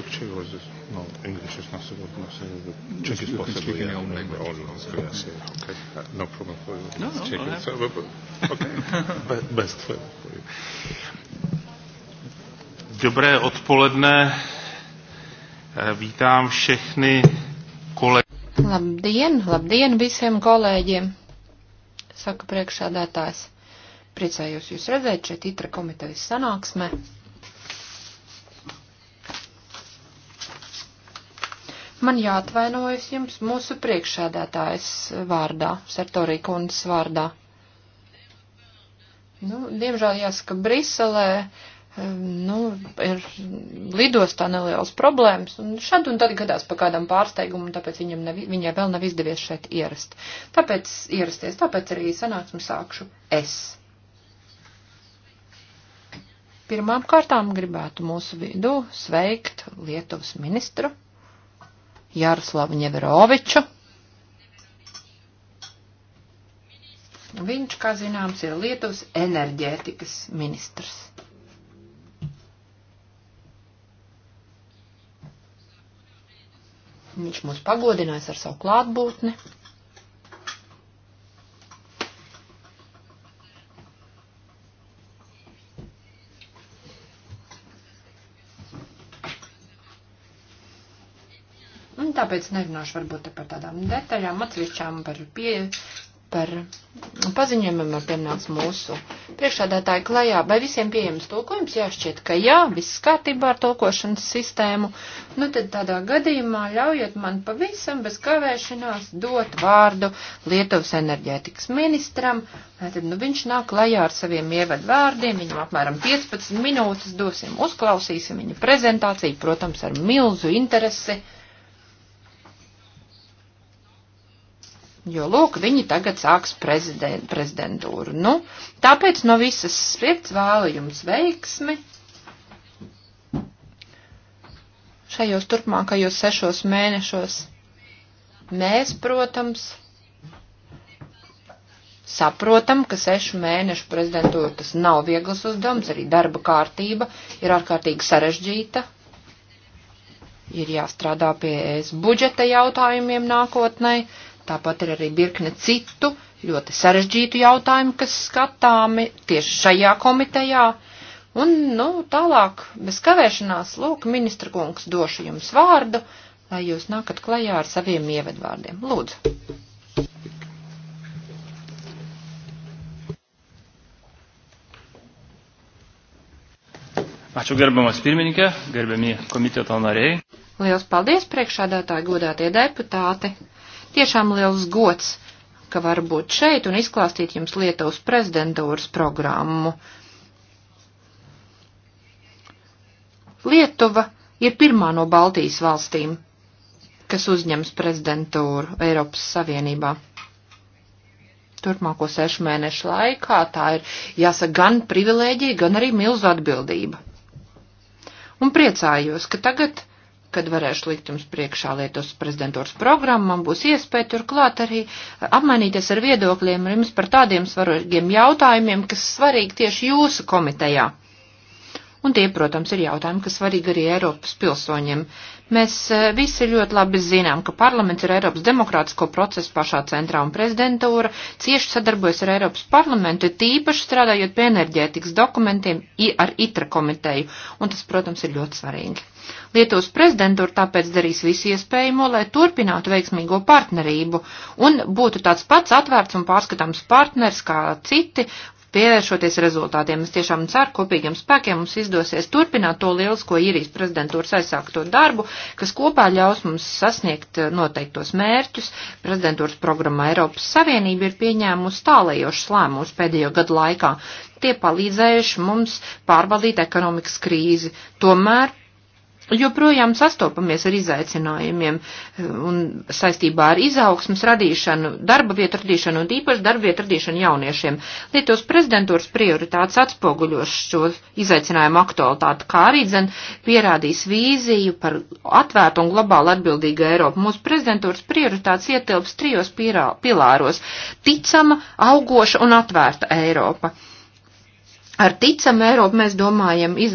picture was this? no English is not so good. No, so the Czech is possible. Yeah, own language. All yes, yeah, okay. Uh, no problem for you. No, no, Czech is, so, okay. Best for you. Dobré odpoledne. Eh, vítám všechny kolegy. Labdien, labdien visiem kolēģiem, saka priekšādātājs. Priecājos jūs redzēt šeit itra komitejas sanāksmē. Man jāatvainojas jums mūsu priekšsēdētājas vārdā, Sartorija kundas vārdā. Nu, diemžēl jāsaka, Briselē eh, nu, ir lidostā nelielas problēmas, un šad un tad gadās pa kādam pārsteigumam, tāpēc viņam nav, viņai vēl nav izdevies šeit ierast. Tāpēc ierasties, tāpēc arī sanāksmu sākšu es. Pirmām kārtām gribētu mūsu vidū sveikt Lietuvas ministru Jaroslavu Ņeveroviču. Viņš, kā zināms, ir Lietuvas enerģētikas ministrs. Viņš mūs pagodinājis ar savu klātbūtni. tāpēc nerunāšu varbūt par tādām detaļām atsevišķām par pie, par paziņojumiem, ar tiem nāc mūsu priekšādātāji klajā. Vai visiem pieejams tulkojums? Jā, šķiet, ka jā, viss kārtībā ar tulkošanas sistēmu. Nu, tad tādā gadījumā ļaujiet man pavisam bez kavēšanās dot vārdu Lietuvas enerģētikas ministram. Tad, nu, viņš nāk klajā ar saviem ievadu vārdiem, viņam apmēram 15 minūtes dosim, uzklausīsim viņa prezentāciju, protams, ar milzu interesi. Jo, lūk, viņi tagad sāks prezident, prezidentūru. Nu, tāpēc no visas sirds vēlu jums veiksmi šajos turpmākajos sešos mēnešos. Mēs, protams, saprotam, ka sešu mēnešu prezidentūra tas nav viegls uzdevums, arī darba kārtība ir ārkārtīgi sarežģīta. Ir jāstrādā pie es budžeta jautājumiem nākotnē, Tāpat ir arī virkne citu ļoti sarežģītu jautājumu, kas skatāmi tieši šajā komitejā. Un, nu, tālāk, bez kavēšanās, lūk, ministra kungs, došu jums vārdu, lai jūs nākat klajā ar saviem ievedvārdiem. Lūdzu. Ačiū gerbamas pirmininkė, gerbiami komiteto nariai. Lielas paldies priekšādātāji, godātie deputāti. Tiešām liels gods, ka var būt šeit un izklāstīt jums Lietuvas prezidentūras programmu. Lietuva ir pirmā no Baltijas valstīm, kas uzņems prezidentūru Eiropas Savienībā. Turpmāko sešu mēnešu laikā tā ir, jāsaka, gan privilēģija, gan arī milzu atbildība. Un priecājos, ka tagad kad varēšu likt jums priekšā Lietuvas prezidentūras programmu, man būs iespēja turklāt arī apmainīties ar viedokļiem ar jums par tādiem svarīgiem jautājumiem, kas svarīgi tieši jūsu komitejā. Un tie, protams, ir jautājumi, kas svarīgi arī Eiropas pilsoņiem. Mēs eh, visi ļoti labi zinām, ka parlaments ir Eiropas demokrātisko procesu pašā centrā un prezidentūra cieši sadarbojas ar Eiropas parlamentu, tīpaši strādājot pie enerģētikas dokumentiem ar ITRA komiteju, un tas, protams, ir ļoti svarīgi. Lietuvas prezidentūra tāpēc darīs visu iespējamo, lai turpinātu veiksmīgo partnerību un būtu tāds pats atvērts un pārskatāms partners kā citi, pievēršoties rezultātiem. Es tiešām ceru, kopīgiem spēkiem mums izdosies turpināt to lielisko īrijas prezidentūras aizsākto darbu, kas kopā ļaus mums sasniegt eh, noteiktos mērķus. Prezidentūras programmā Eiropas Savienība ir pieņēmusi tālējošas lēmumus pēdējo gadu laikā. Tie palīdzējuši mums pārvaldīt ekonomikas krīzi. Tomēr joprojām sastopamies ar izaicinājumiem eh, un saistībā ar izaugsmas radīšanu, darba vietu radīšanu un īpaši darba vietu radīšanu jauniešiem. Lietuvas prezidentūras prioritātes atspoguļos šo izaicinājumu aktualitāti, kā arī dzen pierādīs vīziju par atvērtu un globāli atbildīgu Eiropu. Mūsu prezidentūras prioritātes ietilps trijos pilāros - ticama, augoša un atvērta Eiropa. Ar ticamu Eiropu mēs domājam iz,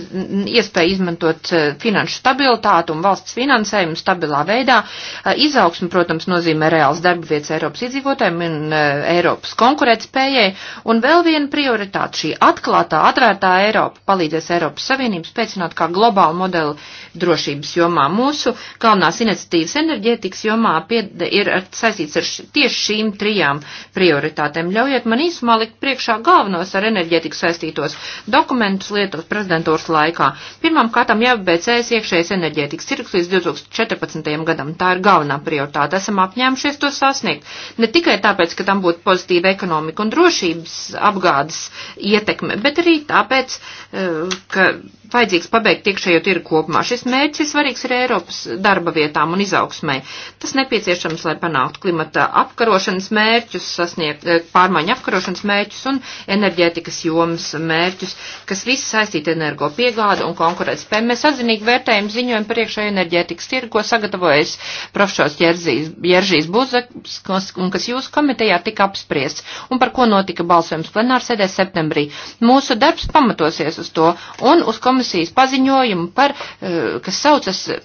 iespēju izmantot eh, finanšu stabilitātu un valsts finansējumu stabilā veidā. Eh, izaugsme, protams, nozīmē reāls darba vietas Eiropas iedzīvotājiem un eh, Eiropas konkurētspējai. Un vēl viena prioritāte šī atklātā, atvērtā Eiropa palīdzēs Eiropas Savienības spēcināt kā globālu modeli drošības jomā. Mūsu galvenās iniciatīvas enerģētikas jomā pied, ir saistīts ar š, tieši šīm trijām prioritātēm. Ļaujiet man īsumā likt priekšā galvenos ar enerģētiku saistītos šos dokumentus Lietuvas prezidentūras laikā. Pirmām kārtām jābeidz ES iekšējais enerģētikas tirgus līdz 2014. gadam. Tā ir galvenā prioritāte. Esam apņēmušies to sasniegt. Ne tikai tāpēc, ka tam būtu pozitīva ekonomika un drošības apgādes ietekme, bet arī tāpēc, eh, ka vajadzīgs pabeigt iekšējo tirgu kopumā. Šis mērķis ir svarīgs arī Eiropas darba vietām un izaugsmai. Tas nepieciešams, lai panāktu klimata apkarošanas mērķus, sasniegt eh, pārmaiņu apkarošanas mērķus un enerģētikas jomas mērķus, kas visi saistīti energo piegādu un konkurētspēju. Mēs atzinīgi vērtējam ziņojumu par iekšējo enerģētikas tirgo sagatavojas profesors Jeržīs Buzaks, un kas jūsu komitejā tika apspriests, un par ko notika balsojums plenārsēdē septembrī. Mūsu darbs pamatosies uz to un uz komiteju komisijas paziņojumu par, eh, kas saucas eh,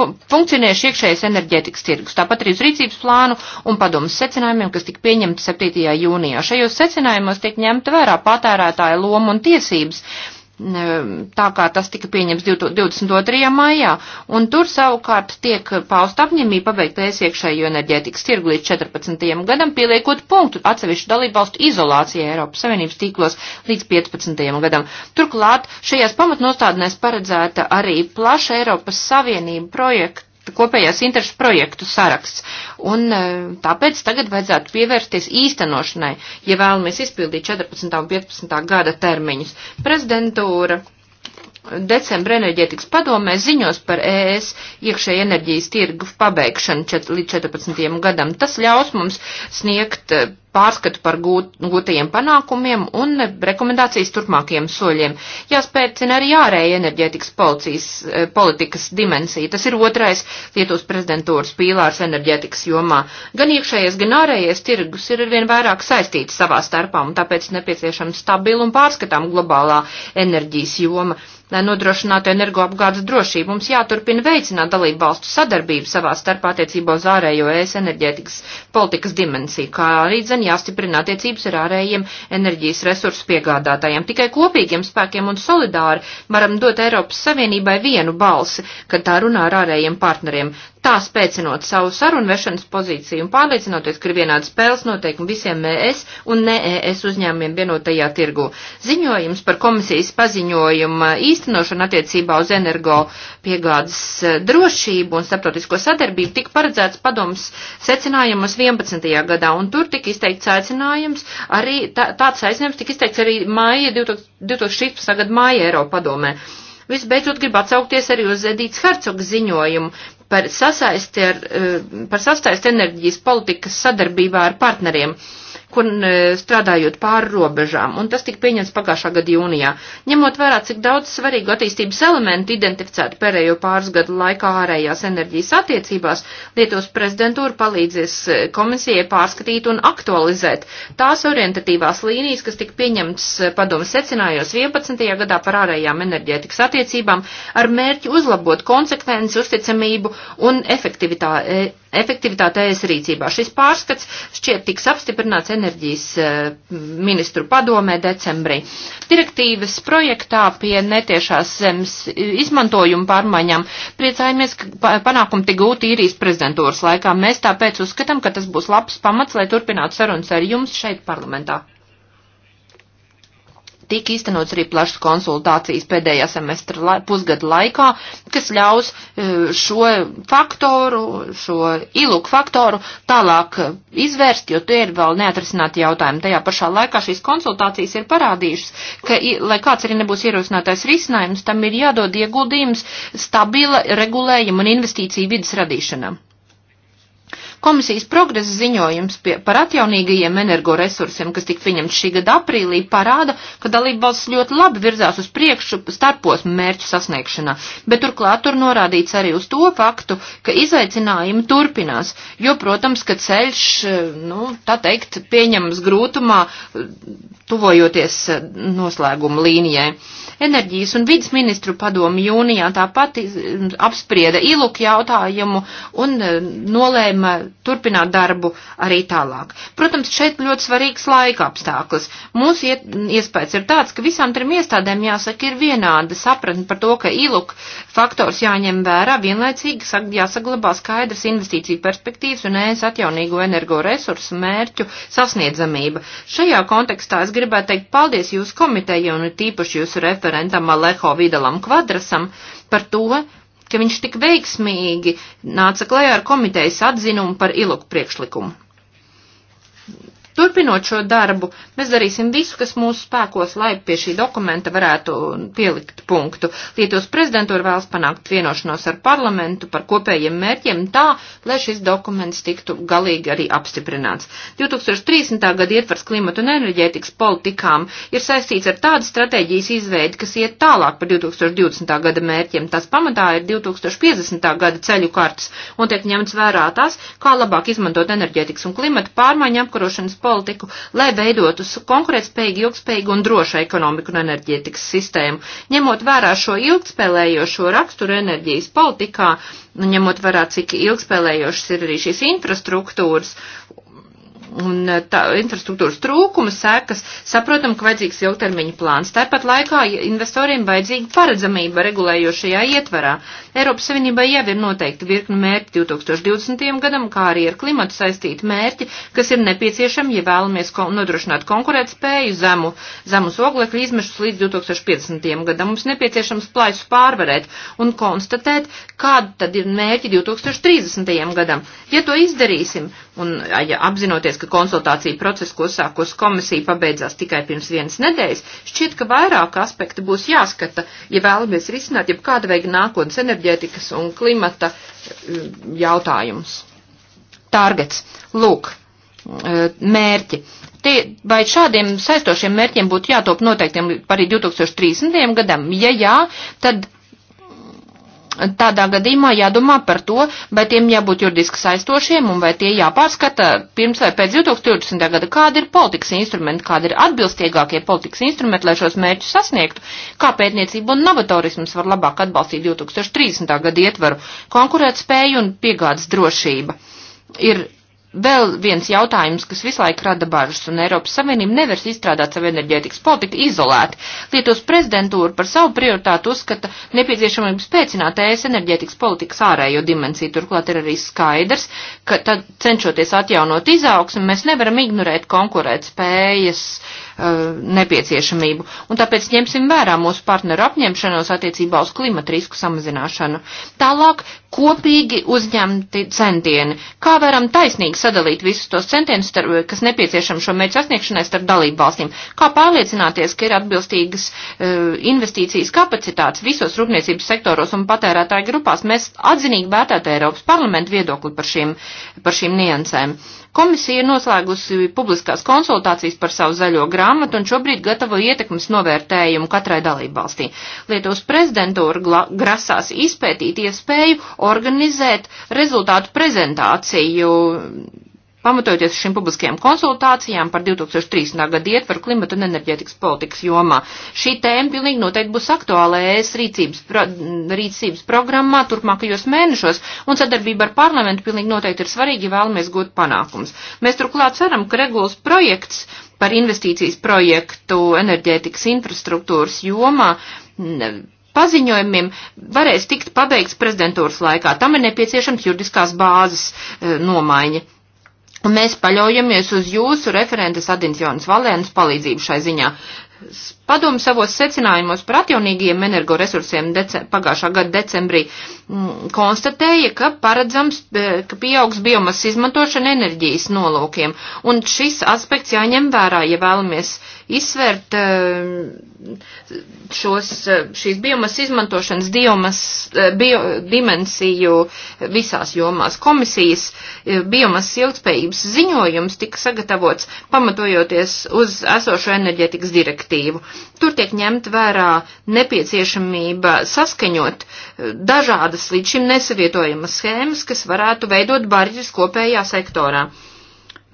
funkcionējuši iekšējais enerģētikas tirgus, tāpat arī uz rīcības plānu un padomus secinājumiem, kas tika pieņemti 7. jūnijā. Šajos secinājumos tiek ņemta vērā patērētāja loma un tiesības tā kā tas tika pieņems 22. maijā, un tur savukārt tiek pausta apņemība pabeigt ES iekšējo enerģētikas tirgu līdz 14. gadam, pieliekot punktu atsevišķu dalībvalstu izolācijai Eiropas Savienības tīklos līdz 15. gadam. Turklāt šajās pamatnostādnēs paredzēta arī plaša Eiropas Savienība projekta kopējās interešu projektu saraksts. Un e, tāpēc tagad vajadzētu pievērsties īstenošanai, ja vēlamies izpildīt 14. un 15. gada termiņus. Prezidentūra decembra enerģētikas padomē ziņos par ES iekšēju enerģijas tirgu pabeigšanu čet, līdz 14. gadam. Tas ļaus mums sniegt e, pārskatu par gūt, gūtajiem panākumiem un rekomendācijas turpmākajiem soļiem. Jāspēcina arī ārēja enerģētikas policijas, eh, politikas dimensija. Tas ir otrais Lietuvas prezidentūras pīlārs enerģētikas jomā. Gan iekšējais, gan ārējais tirgus ir arvien vairāk saistīti savā starpā un tāpēc nepieciešama stabila un pārskatām globālā enerģijas joma. Lai nodrošinātu energoapgādes drošību, mums jāturpina veicināt dalību valstu sadarbību savā starpā attiecībā uz ārējo ES enerģētikas politikas dimensiju, kā arī dzen jāstiprina attiecības ar ārējiem enerģijas resursu piegādātājiem. Tikai kopīgiem spēkiem un solidāri varam dot Eiropas Savienībai vienu balsi, kad tā runā ar ārējiem partneriem tā spēcinot savu sarunvešanas pozīciju un pārliecinoties, ka ir vienāda spēles noteikumi visiem ES un ne ES uzņēmumiem vienotajā tirgu. Ziņojums par komisijas paziņojuma īstenošanu attiecībā uz energo piegādes eh, drošību un starptautisko sadarbību tika paredzēts padoms secinājumus 11. gadā, un tur tika izteikts aicinājums, arī tā, tāds aicinājums tika izteikts arī māja 2016. gada māja Eiropa padomē. Visbeidzot, gribu atsaukties arī uz Edītas Hercoga ziņojumu par sasaisti ar, eh, par sasaisti enerģijas politikas sadarbībā ar partneriem. Uh, kur e, strādājot pāri robežām, un tas tika pieņemts pagājušā gada jūnijā. Ņemot vērā, cik daudz svarīgu attīstības elementu identificētu pērējo pāris gadu laikā ārējās enerģijas attiecībās, Lietuvas prezidentūra palīdzēs e, komisijai pārskatīt un aktualizēt tās orientatīvās līnijas, kas tika pieņemts e, padomu secinājos 11. gadā par ārējām enerģētikas attiecībām ar mērķi uzlabot konsekvenci, uzticamību un efektivitāti efektivitāte ES rīcībā. Šis pārskats šķiet tiks apstiprināts enerģijas eh, ministru padomē decembrī. Direktīvas projektā pie netiešās zemes izmantojuma pārmaiņām priecājamies, ka panākumi tik gūti īrijas prezidentūras laikā. Mēs tāpēc uzskatām, ka tas būs labs pamats, lai turpinātu sarunas ar jums šeit parlamentā tika īstenots arī plašas konsultācijas pēdējā semestra la pusgada laikā, kas ļaus e, šo faktoru, šo ilūku faktoru tālāk e, izvērst, jo tie ir vēl neatrisināti jautājumi. Tajā pašā laikā šīs konsultācijas ir parādījušas, ka, lai kāds arī nebūs ierosinātais risinājums, tam ir jādod ieguldījums stabila regulējuma un investīciju vidas radīšanā. Komisijas progresa ziņojums pie, par atjaunīgajiem energoresursiem, kas tika pieņemts šī gada aprīlī, parāda, ka dalībvalsts ļoti labi virzās uz priekšu starpos mērķu sasniegšanā, bet turklāt tur norādīts arī uz to faktu, ka izaicinājumi turpinās, jo, protams, ka ceļš, nu, tā teikt, pieņemas grūtumā, tuvojoties noslēguma līnijai. Enerģijas un vidas ministru padomu jūnijā tāpat apsprieda ilūku jautājumu un eh, nolēma turpināt darbu arī tālāk. Protams, šeit ļoti svarīgs laika apstākļus. Mūsu iespējas ir tāds, ka visām trim iestādēm jāsaka ir vienāda sapratne par to, ka iluk faktors jāņem vērā, vienlaicīgi jāsaglabā skaidrs investīciju perspektīvas un ēs atjaunīgo energoresursu mērķu sasniedzamība. Šajā kontekstā es gribētu teikt paldies jūsu komiteju un tīpaši jūsu referentam Alejo Vidalam Kvadrasam par to, ka viņš tik veiksmīgi nāca klajā ar komitejas atzinumu par iluku priekšlikumu. Turpinot šo darbu, mēs darīsim visu, kas mūsu spēkos, lai pie šī dokumenta varētu pielikt punktu. Lietuvas prezidentūra vēlas panākt vienošanos ar parlamentu par kopējiem mērķiem tā, lai šis dokuments tiktu galīgi arī apstiprināts. 2030. gada ietvars klimatu un enerģētikas politikām ir saistīts ar tādu stratēģijas izveidi, kas iet tālāk par 2020. gada mērķiem. Tas pamatā ir 2050. gada ceļu kartas un tiek ņemts vērā tas, kā labāk izmantot enerģētikas un klimata pārmaiņu apkarošanas politiku politiku, lai veidotu konkurētspējīgu, ilgspējīgu un drošu ekonomiku un enerģētikas sistēmu. Ņemot vērā šo ilgspēlējošo raksturu enerģijas politikā, nu, ņemot vērā, cik ilgspēlējošas ir arī šīs infrastruktūras un e, tā, infrastruktūras trūkuma sekas, saprotam, ka vajadzīgs ilgtermiņa plāns. Tāpat laikā investoriem vajadzīga paredzamība regulējošajā ietverā. Eiropas Savienībai jau ir noteikti virkni mērķi 2020. gadam, kā arī ar klimatu saistīti mērķi, kas ir nepieciešami, ja vēlamies kon nodrošināt konkurētspēju zemu, zemus oglekļu izmešus līdz 2050. gadam. Mums nepieciešams plaisu pārvarēt un konstatēt, kāda tad ir mērķi 2030. gadam. Ja to izdarīsim, Un ja apzinoties, ka konsultācija process, ko sākos komisija, pabeidzās tikai pirms vienas nedēļas, šķiet, ka vairāk aspekti būs jāskata, ja vēlamies risināt jau kāda veida nākotnes enerģētikas un klimata e, jautājumus. Targets. Lūk, e, mērķi. Tie, vai šādiem saistošiem mērķiem būtu jātop noteiktiem arī 2030. gadam? Ja jā, tad Tādā gadījumā jādomā par to, vai tiem jābūt juridiski saistošiem un vai tie jāpārskata pirms vai pēc 2020. gada, kāda ir politikas instrumenti, kāda ir atbilstīgākie politikas instrumenti, lai šos mērķus sasniegtu, kā pētniecība un novatorisms var labāk atbalstīt 2030. gada ietvaru, konkurētspēju un piegādes drošība. Ir Vēl viens jautājums, kas visu laiku rada bažas, un Eiropas Savienība nevar izstrādāt savu enerģētikas politiku izolēti. Lietuvas prezidentūra par savu prioritātu uzskata nepieciešamību spēcināt ES enerģētikas politikas ārējo dimensiju. Turklāt ir arī skaidrs, ka tad cenšoties atjaunot izaugsmu, mēs nevaram ignorēt konkurēt spējas uh, nepieciešamību. Un tāpēc ņemsim vērā mūsu partneru apņemšanos attiecībā uz klimata risku samazināšanu. Tālāk kopīgi uzņemti centieni. Kā varam taisnīgi sadalīt visus tos centienus, kas nepieciešami šo mērķu sasniegšanai starp dalību valstīm? Kā pārliecināties, ka ir atbilstīgas uh, investīcijas kapacitātes visos rūpniecības sektoros un patērētāju grupās? Mēs atzinīgi vērtētu Eiropas parlamentu viedokli par šīm, par šīm niansēm. Komisija ir noslēgusi publiskās konsultācijas par savu zaļo grāmatu un šobrīd gatavo ietekmes novērtējumu katrai dalību valstī. Lietuvas prezidentūra grasās izpētīt iespēju organizēt rezultātu prezentāciju Pamatojoties šīm publiskajām konsultācijām par 2013. gada ietvaru klimata un enerģētikas politikas jomā, šī tēma pilnīgi noteikti būs aktuāla ES rīcības, pro, rīcības programmā turpmākajos mēnešos, un sadarbība ar parlamentu pilnīgi noteikti ir svarīgi, ja vēlamies gūt panākums. Mēs turklāt ceram, ka regulas projekts par investīcijas projektu enerģētikas infrastruktūras jomā paziņojumiem varēs tikt pabeigts prezidentūras laikā. Tam ir nepieciešams juridiskās bāzes e, nomaiņa. Un mēs paļaujamies uz jūsu referentes Adins Jonas Valēnas palīdzību šai ziņā. Padomu savos secinājumos par atjaunīgiem energoresursiem pagājušā gada decembrī mm, konstatēja, ka paredzams, e, ka pieaugs biomasas izmantošana enerģijas nolūkiem. Un šis aspekts jāņem vērā, ja vēlamies izsvērt e, šos, e, šīs biomasas izmantošanas diomas, bio, dimensiju visās jomās. Komisijas biomasas ilgspējības ziņojums tika sagatavots pamatojoties uz esošo enerģetikas direktīvu. Tur tiek ņemt vērā nepieciešamība saskaņot eh, dažādas līdz šim nesavietojama schēmas, kas varētu veidot barjeras kopējā sektorā.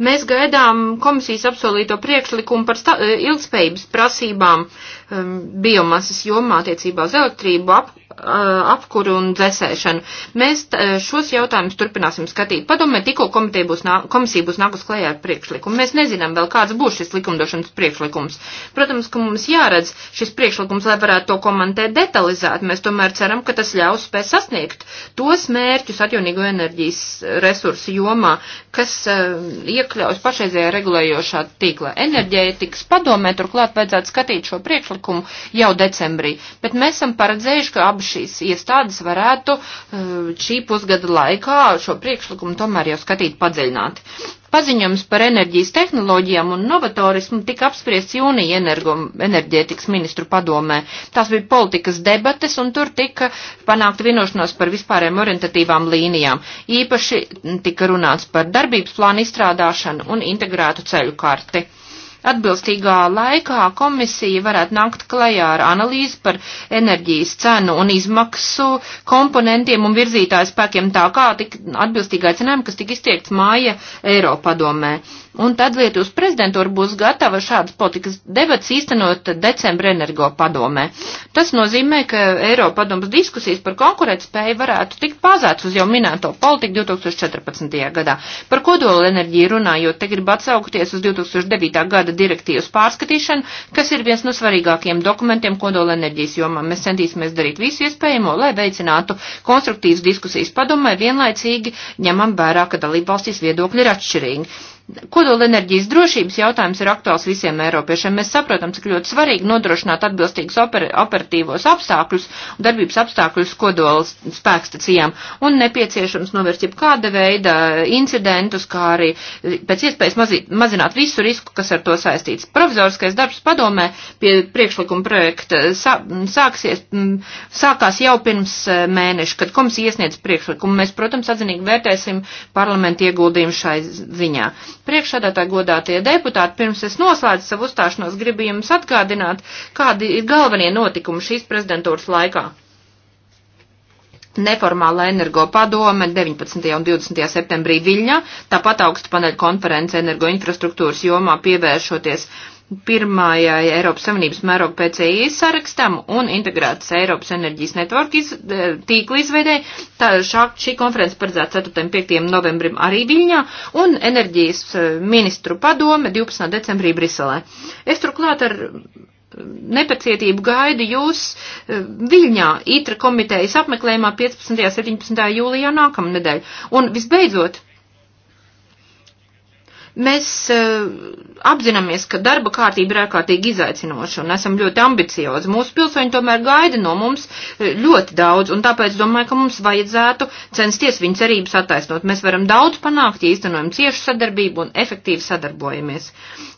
Mēs gaidām komisijas apsolīto priekšlikumu par eh, ilgspējības prasībām um, biomasas jomā attiecībā uz elektrību, ap Uh, apkuru un dzēsēšanu. Mēs uh, šos jautājumus turpināsim skatīt. Padomē, tikko komisija būs, nā, komisija būs nākus klējā ar priekšlikumu. Mēs nezinām vēl, kāds būs šis likumdošanas priekšlikums. Protams, ka mums jāredz šis priekšlikums, lai varētu to komentēt detalizēt. Mēs tomēr ceram, ka tas ļaus spēj sasniegt tos mērķus atjaunīgo enerģijas resursu jomā, kas uh, iekļaus pašreizējā regulējošā tīkla. Enerģētikas padomē turklāt vajadzētu skatīt šo priekšlikumu jau decembrī, bet mēs esam paredzējuši, ka abi šīs iestādes varētu eh, šī pusgada laikā šo priekšlikumu tomēr jau skatīt padziļināti. Paziņojums par enerģijas tehnoloģijām un novatorismu tika apspriests jūnija energo, enerģētikas ministru padomē. Tās bija politikas debates, un tur tika panākta vienošanās par vispārējām orientatīvām līnijām. Īpaši tika runāts par darbības plānu izstrādāšanu un integrētu ceļu karti atbilstīgā laikā komisija varētu nākt klajā ar analīzi par enerģijas cenu un izmaksu komponentiem un virzītāju spēkiem tā kā tik atbilstīgā cenām, kas tika iztiekts māja Eiropadomē. domē. Un tad Lietuvas prezidentūra būs gatava šādas politikas debats īstenot decembra energo padomē. Tas nozīmē, ka Eiropa padomas diskusijas par konkurētspēju varētu tikt pāzēts uz jau minēto politiku 2014. gadā. Par kodolu enerģiju runājot, te gribu atsaukties uz 2009. gada direktīvas pārskatīšanu, kas ir viens no svarīgākajiem dokumentiem kodola enerģijas jomā. Mēs centīsimies darīt visu iespējamo, lai veicinātu konstruktīvas diskusijas padomē, vienlaicīgi ņemam vērā, ka dalībvalstīs viedokļi ir atšķirīgi. Kodola enerģijas drošības jautājums ir aktuāls visiem eiropiešiem. Mēs saprotam, cik ļoti svarīgi nodrošināt atbilstīgus oper operatīvos apstākļus un darbības apstākļus kodola spēkstacijām un nepieciešams novērst jebkāda veida incidentus, kā arī pēc iespējas mazi, mazināt visu risku, kas ar to saistīts. Provizoriskais darbs padomē pie priekšlikuma projekta sā, sāksies, sākās jau pirms e, mēneša, kad komisija iesniedz priekšlikumu. Mēs, protams, atzinīgi vērtēsim parlamentu ieguldījumu šai ziņā. Priekšsēdētāji godātie deputāti, pirms es noslēdzu savu uzstāšanos, gribu jums atgādināt, kādi ir galvenie notikumi šīs prezidentūras laikā neformāla energo padome 19. un 20. septembrī Viļņā, tāpat augstu paneļu konference energo infrastruktūras jomā pievēršoties pirmajai Eiropas Savienības mēroga PCI sarakstam un integrētas Eiropas enerģijas netvorku iz, e, tīkla izveidē. Tā, šā, šī konferences paredzēta 4. un 5. novembrim arī Viļņā un enerģijas e, ministru padome 12. decembrī Briselē. Es turklāt ar nepacietību gaidu jūs e, Viļņā ITRA komitejas apmeklējumā 15. un 17. jūlijā nākamnedēļ. Un visbeidzot, Mēs eh, apzināmies, ka darba kārtība ir ārkārtīgi izaicinoša un esam ļoti ambiciozi. Mūsu pilsoņi tomēr gaida no mums eh, ļoti daudz, un tāpēc domāju, ka mums vajadzētu censties viņu cerības attaisnot. Mēs varam daudz panākt, ja iztenojam ciešu sadarbību un efektīvi sadarbojamies.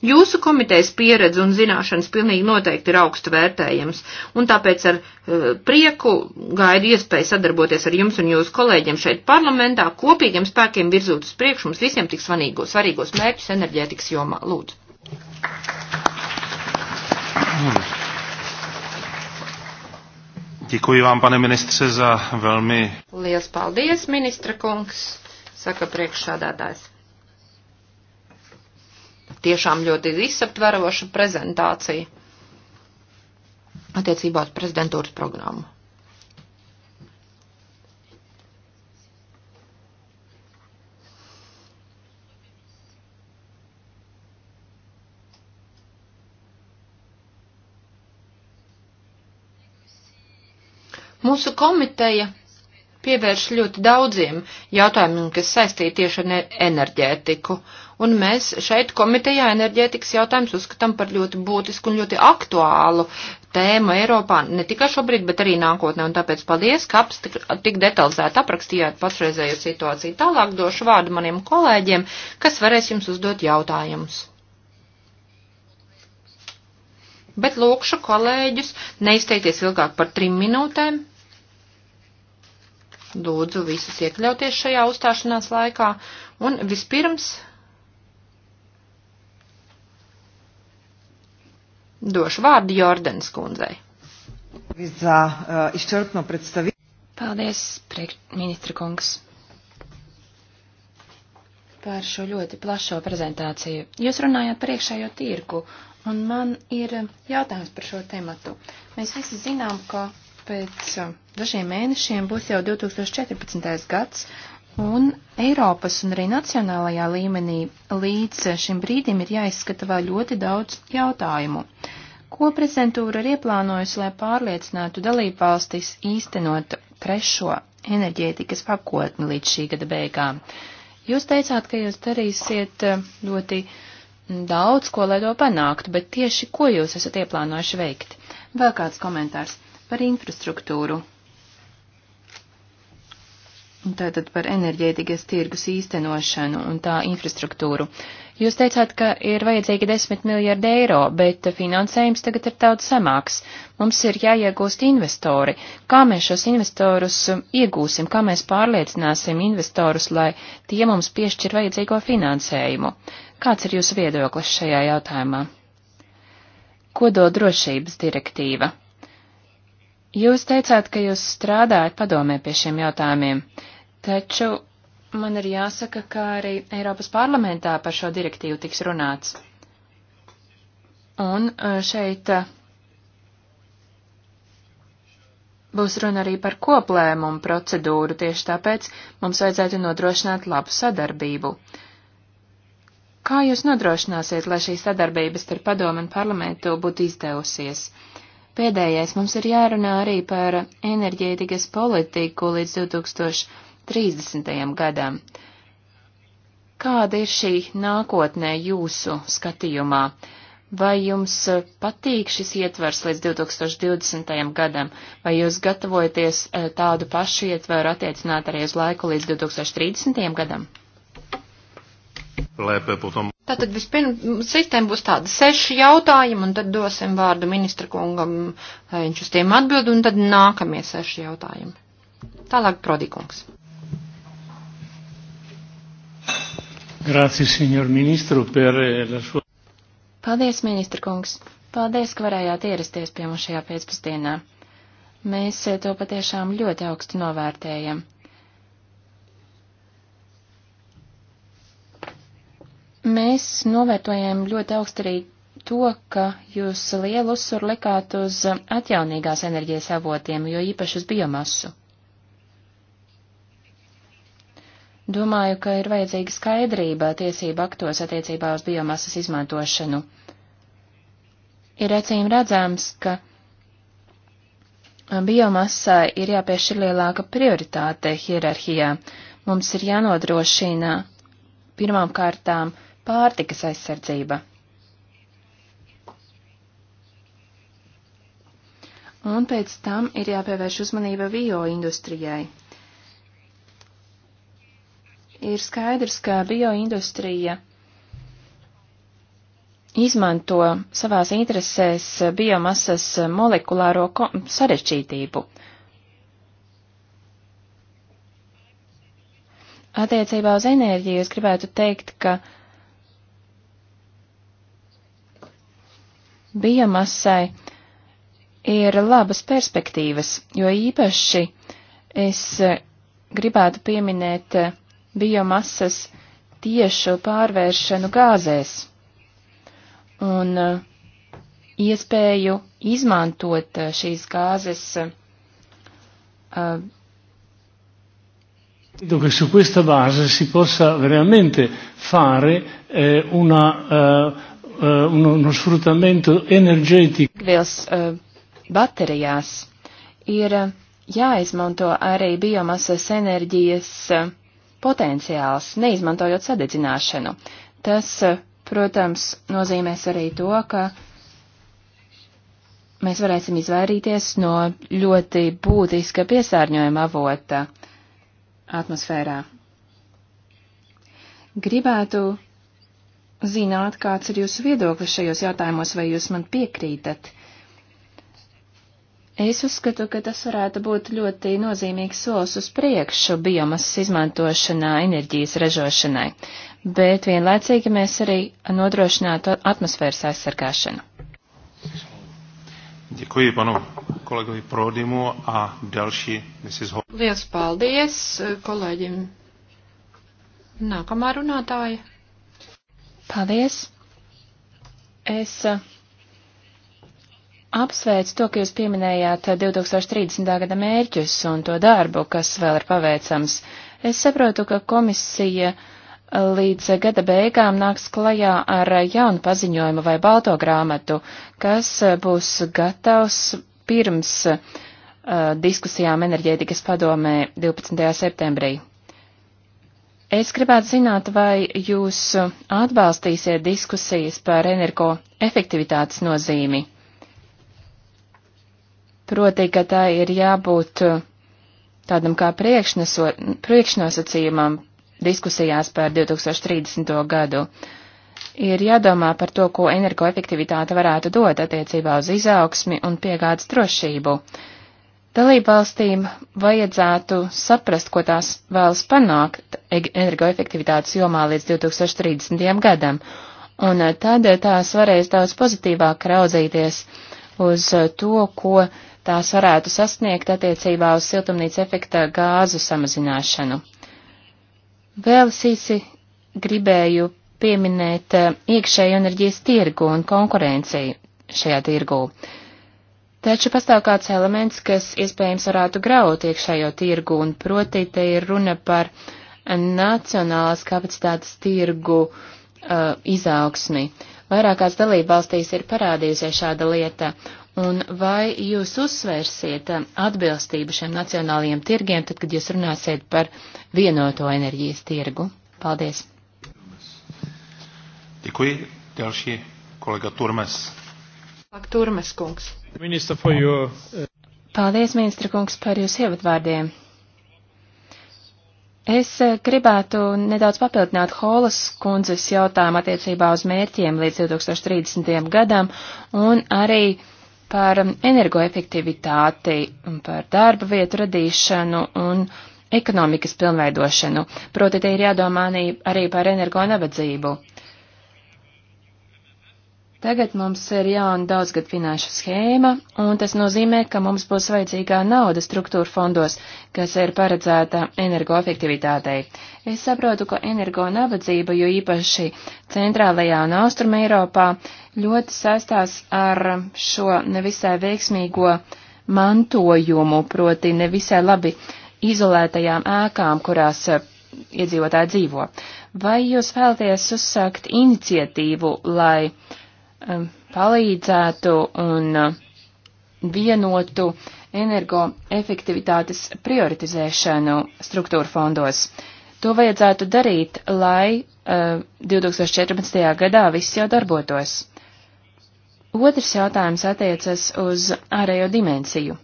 Jūsu komitejas pieredze un zināšanas pilnīgi noteikti ir augstu vērtējams, un tāpēc ar eh, prieku gaidu iespēju sadarboties ar jums un jūsu kolēģiem šeit parlamentā, kopīgiem spēkiem virzot uz priekšu mums visiem tik svarīgos mērķus mērķus enerģētikas jomā. Lūdzu. Hmm. Děkuji vám, pane ministře, za velmi. Lielas paldies, ministra kungs, saka priekšsādātājs. Tiešām ļoti izsaptveroša prezentācija attiecībā uz prezidentūras programmu. Mūsu komiteja pievērš ļoti daudziem jautājumiem, kas saistīti tieši ar enerģētiku. Un mēs šeit komitejā enerģētikas jautājums uzskatām par ļoti būtisku un ļoti aktuālu tēmu Eiropā, ne tikai šobrīd, bet arī nākotnē. Un tāpēc paldies, ka aps tik, tik detalizēti aprakstījāt pašreizējo situāciju. Tālāk došu vārdu maniem kolēģiem, kas varēs jums uzdot jautājumus bet lūkšu kolēģus neizteikties ilgāk par trim minūtēm. Lūdzu visus iekļauties šajā uzstāšanās laikā un vispirms došu vārdu Jordens kundzei. Eh, Paldies, ministra kungs, par šo ļoti plašo prezentāciju. Jūs runājāt par iekšējo tirgu Un man ir jautājums par šo tematu. Mēs visi zinām, ka pēc dažiem mēnešiem būs jau 2014. gads, un Eiropas un arī nacionālajā līmenī līdz šim brīdim ir jāizskata vēl ļoti daudz jautājumu. Ko prezidentūra ir ieplānojusi, lai pārliecinātu dalību valstis īstenot trešo enerģētikas pakotni līdz šī gada beigām? Jūs teicāt, ka jūs darīsiet ļoti. Uh, daudz ko, lai to panāktu, bet tieši ko jūs esat ieplānojuši veikt? Vēl kāds komentārs par infrastruktūru. Tātad par enerģētikas tirgus īstenošanu un tā infrastruktūru. Uh, Jūs teicāt, ka ir vajadzīgi 10 miljardi eiro, bet finansējums tagad ir daudz samāks. Mums ir jāiegūst investori. Kā mēs šos investorus iegūsim, kā mēs pārliecināsim investorus, lai tie mums piešķir vajadzīgo finansējumu? Kāds ir jūsu viedoklis šajā jautājumā? Kododrošības direktīva. Jūs teicāt, ka jūs strādājat padomē pie šiem jautājumiem, taču man ir jāsaka, ka arī Eiropas parlamentā par šo direktīvu tiks runāts. Un e, šeit e, būs runa arī par koplēmumu procedūru, tieši tāpēc mums vajadzētu nodrošināt labu sadarbību. Kā jūs nodrošināsiet, lai šī sadarbības starp padomu un parlamentu būtu izdevusies? Pēdējais mums ir jārunā arī par enerģētikas politiku līdz 2020. 30. gadam. Kāda ir šī nākotnē jūsu skatījumā? Vai jums e, patīk šis ietvers līdz 2020. gadam, vai jūs gatavojaties e, tādu pašu ietveru attiecināt arī uz laiku līdz 2030. gadam? Lēpē, potom. Tātad vispirms sistēma būs tāda seši jautājumi, un tad dosim vārdu ministra kungam, lai viņš uz tiem atbild, un tad nākamie seši jautājumi. Tālāk, Prodikungs. Grāci, signor ministru, per eh, la sua. Paldies, ministra kungs. Paldies, ka varējāt ierasties pie mums šajā pēcpusdienā. Mēs eh, to patiešām ļoti augstu novērtējam. Mēs novērtojam ļoti augstu arī to, ka jūs lielu uzsvaru likāt uz atjaunīgās enerģijas avotiem, jo īpaši uz biomasu. Domāju, ka ir vajadzīga skaidrība tiesība aktos attiecībā uz biomasas izmantošanu. Ir acīm redzams, ka biomasai ir jāpiešķir lielāka prioritāte hierarhijā. Mums ir jānodrošina pirmām kārtām pārtikas aizsardzība. Un pēc tam ir jāpievērš uzmanība bio industrijai. Ir skaidrs, ka bioindustrija izmanto savās interesēs biomasas molekulāro sarežģītību. Attiecībā uz enerģiju es gribētu teikt, ka biomasai ir labas perspektīvas, jo īpaši es gribētu pieminēt biomasas tiešu pārvēršanu gāzēs un uh, iespēju izmantot uh, šīs gāzes. Credo uh, che su questa base si possa veramente fare eh, una, eh, eh uno, uno sfruttamento energetico. Vils, eh, baterijās ir eh, jāizmanto arī biomasas enerģijas eh, potenciāls, neizmantojot sadedzināšanu. Tas, eh, protams, nozīmēs arī to, ka mēs varēsim izvairīties no ļoti būtiska piesārņojuma avota atmosfērā. Gribētu zināt, kāds ir jūsu viedoklis šajos jautājumos, vai jūs man piekrītat. Es uzskatu, ka tas varētu būt ļoti nozīmīgs solis uz priekšu biomasas izmantošanā enerģijas ražošanai, bet vienlaicīgi mēs arī nodrošinātu atmosfēras aizsargāšanu. Děkuji panu kolegovi Prodimu a další Mrs. Ho. Liels paldies kolēģim. Nākamā runātāja. Paldies. Es uh, apsveicu to, ka jūs pieminējāt 2030. gada mērķus un to darbu, kas vēl ir paveicams. Es saprotu, ka komisija līdz gada beigām nāks klajā ar jaunu paziņojumu vai balto grāmatu, kas būs gatavs pirms uh, diskusijām enerģētikas padomē 12. septembrī. Es gribētu zināt, vai jūs atbalstīsiet diskusijas par energo efektivitātes nozīmi Proti, ka tā ir jābūt uh, tādam kā priekšnosacījumam diskusijās par 2030. gadu. Ir jādomā par to, ko energoefektivitāte varētu dot attiecībā uz izaugsmi un piegādes drošību. Dalībvalstīm vajadzētu saprast, ko tās vēlas panākt e-, energoefektivitātes jomā līdz 2030. gadam, un uh, tad tās varēs daudz pozitīvāk raudzīties uz uh, to, ko tās varētu sasniegt attiecībā uz siltumnīca efekta gāzu samazināšanu. Vēl sīsi gribēju pieminēt eh, iekšēju enerģijas tirgu un konkurenciju šajā tirgū. Taču pastāv kāds elements, kas iespējams varētu graut iekšējo tirgu, un proti te ir runa par nacionālās kapacitātes tirgu uh, izaugsmi. Vairākās dalībvalstīs ir parādījusies šāda lieta, Un vai jūs uzsvērsiet um, atbilstību šiem nacionālajiem tirgiem, tad, kad jūs runāsiet par vienoto enerģijas tirgu? Paldies. Děkuji. Další kolega Turmes. Pak Turmes kungs. Ministra for your... Uh, Paldies, ministra kungs, par jūsu ievadvārdiem. Es uh, gribētu nedaudz papildināt Holas kundzes jautājumu attiecībā uz mērķiem līdz 2030. gadam un arī par um, energoefektivitāti, um, par darba vietu radīšanu un ekonomikas pilnveidošanu. Proti, te ir jādomā arī par energo nabadzību. Tagad mums ir jauna daudzgad finanšu schēma, un tas nozīmē, ka mums būs vajadzīgā nauda struktūra fondos, kas ir paredzēta energoefektivitātei. Es saprotu, ka energo nabadzība, jo īpaši centrālajā un austruma Eiropā, ļoti saistās ar šo nevisai veiksmīgo mantojumu, proti nevisai labi izolētajām ēkām, kurās eh, iedzīvotāji dzīvo. Vai jūs vēlaties uzsākt iniciatīvu, lai Um, palīdzētu un uh, vienotu energoefektivitātes prioritizēšanu struktūra fondos. To vajadzētu darīt, lai uh, 2014. gadā viss jau darbotos. Otrs jautājums attiecas uz ārējo dimensiju.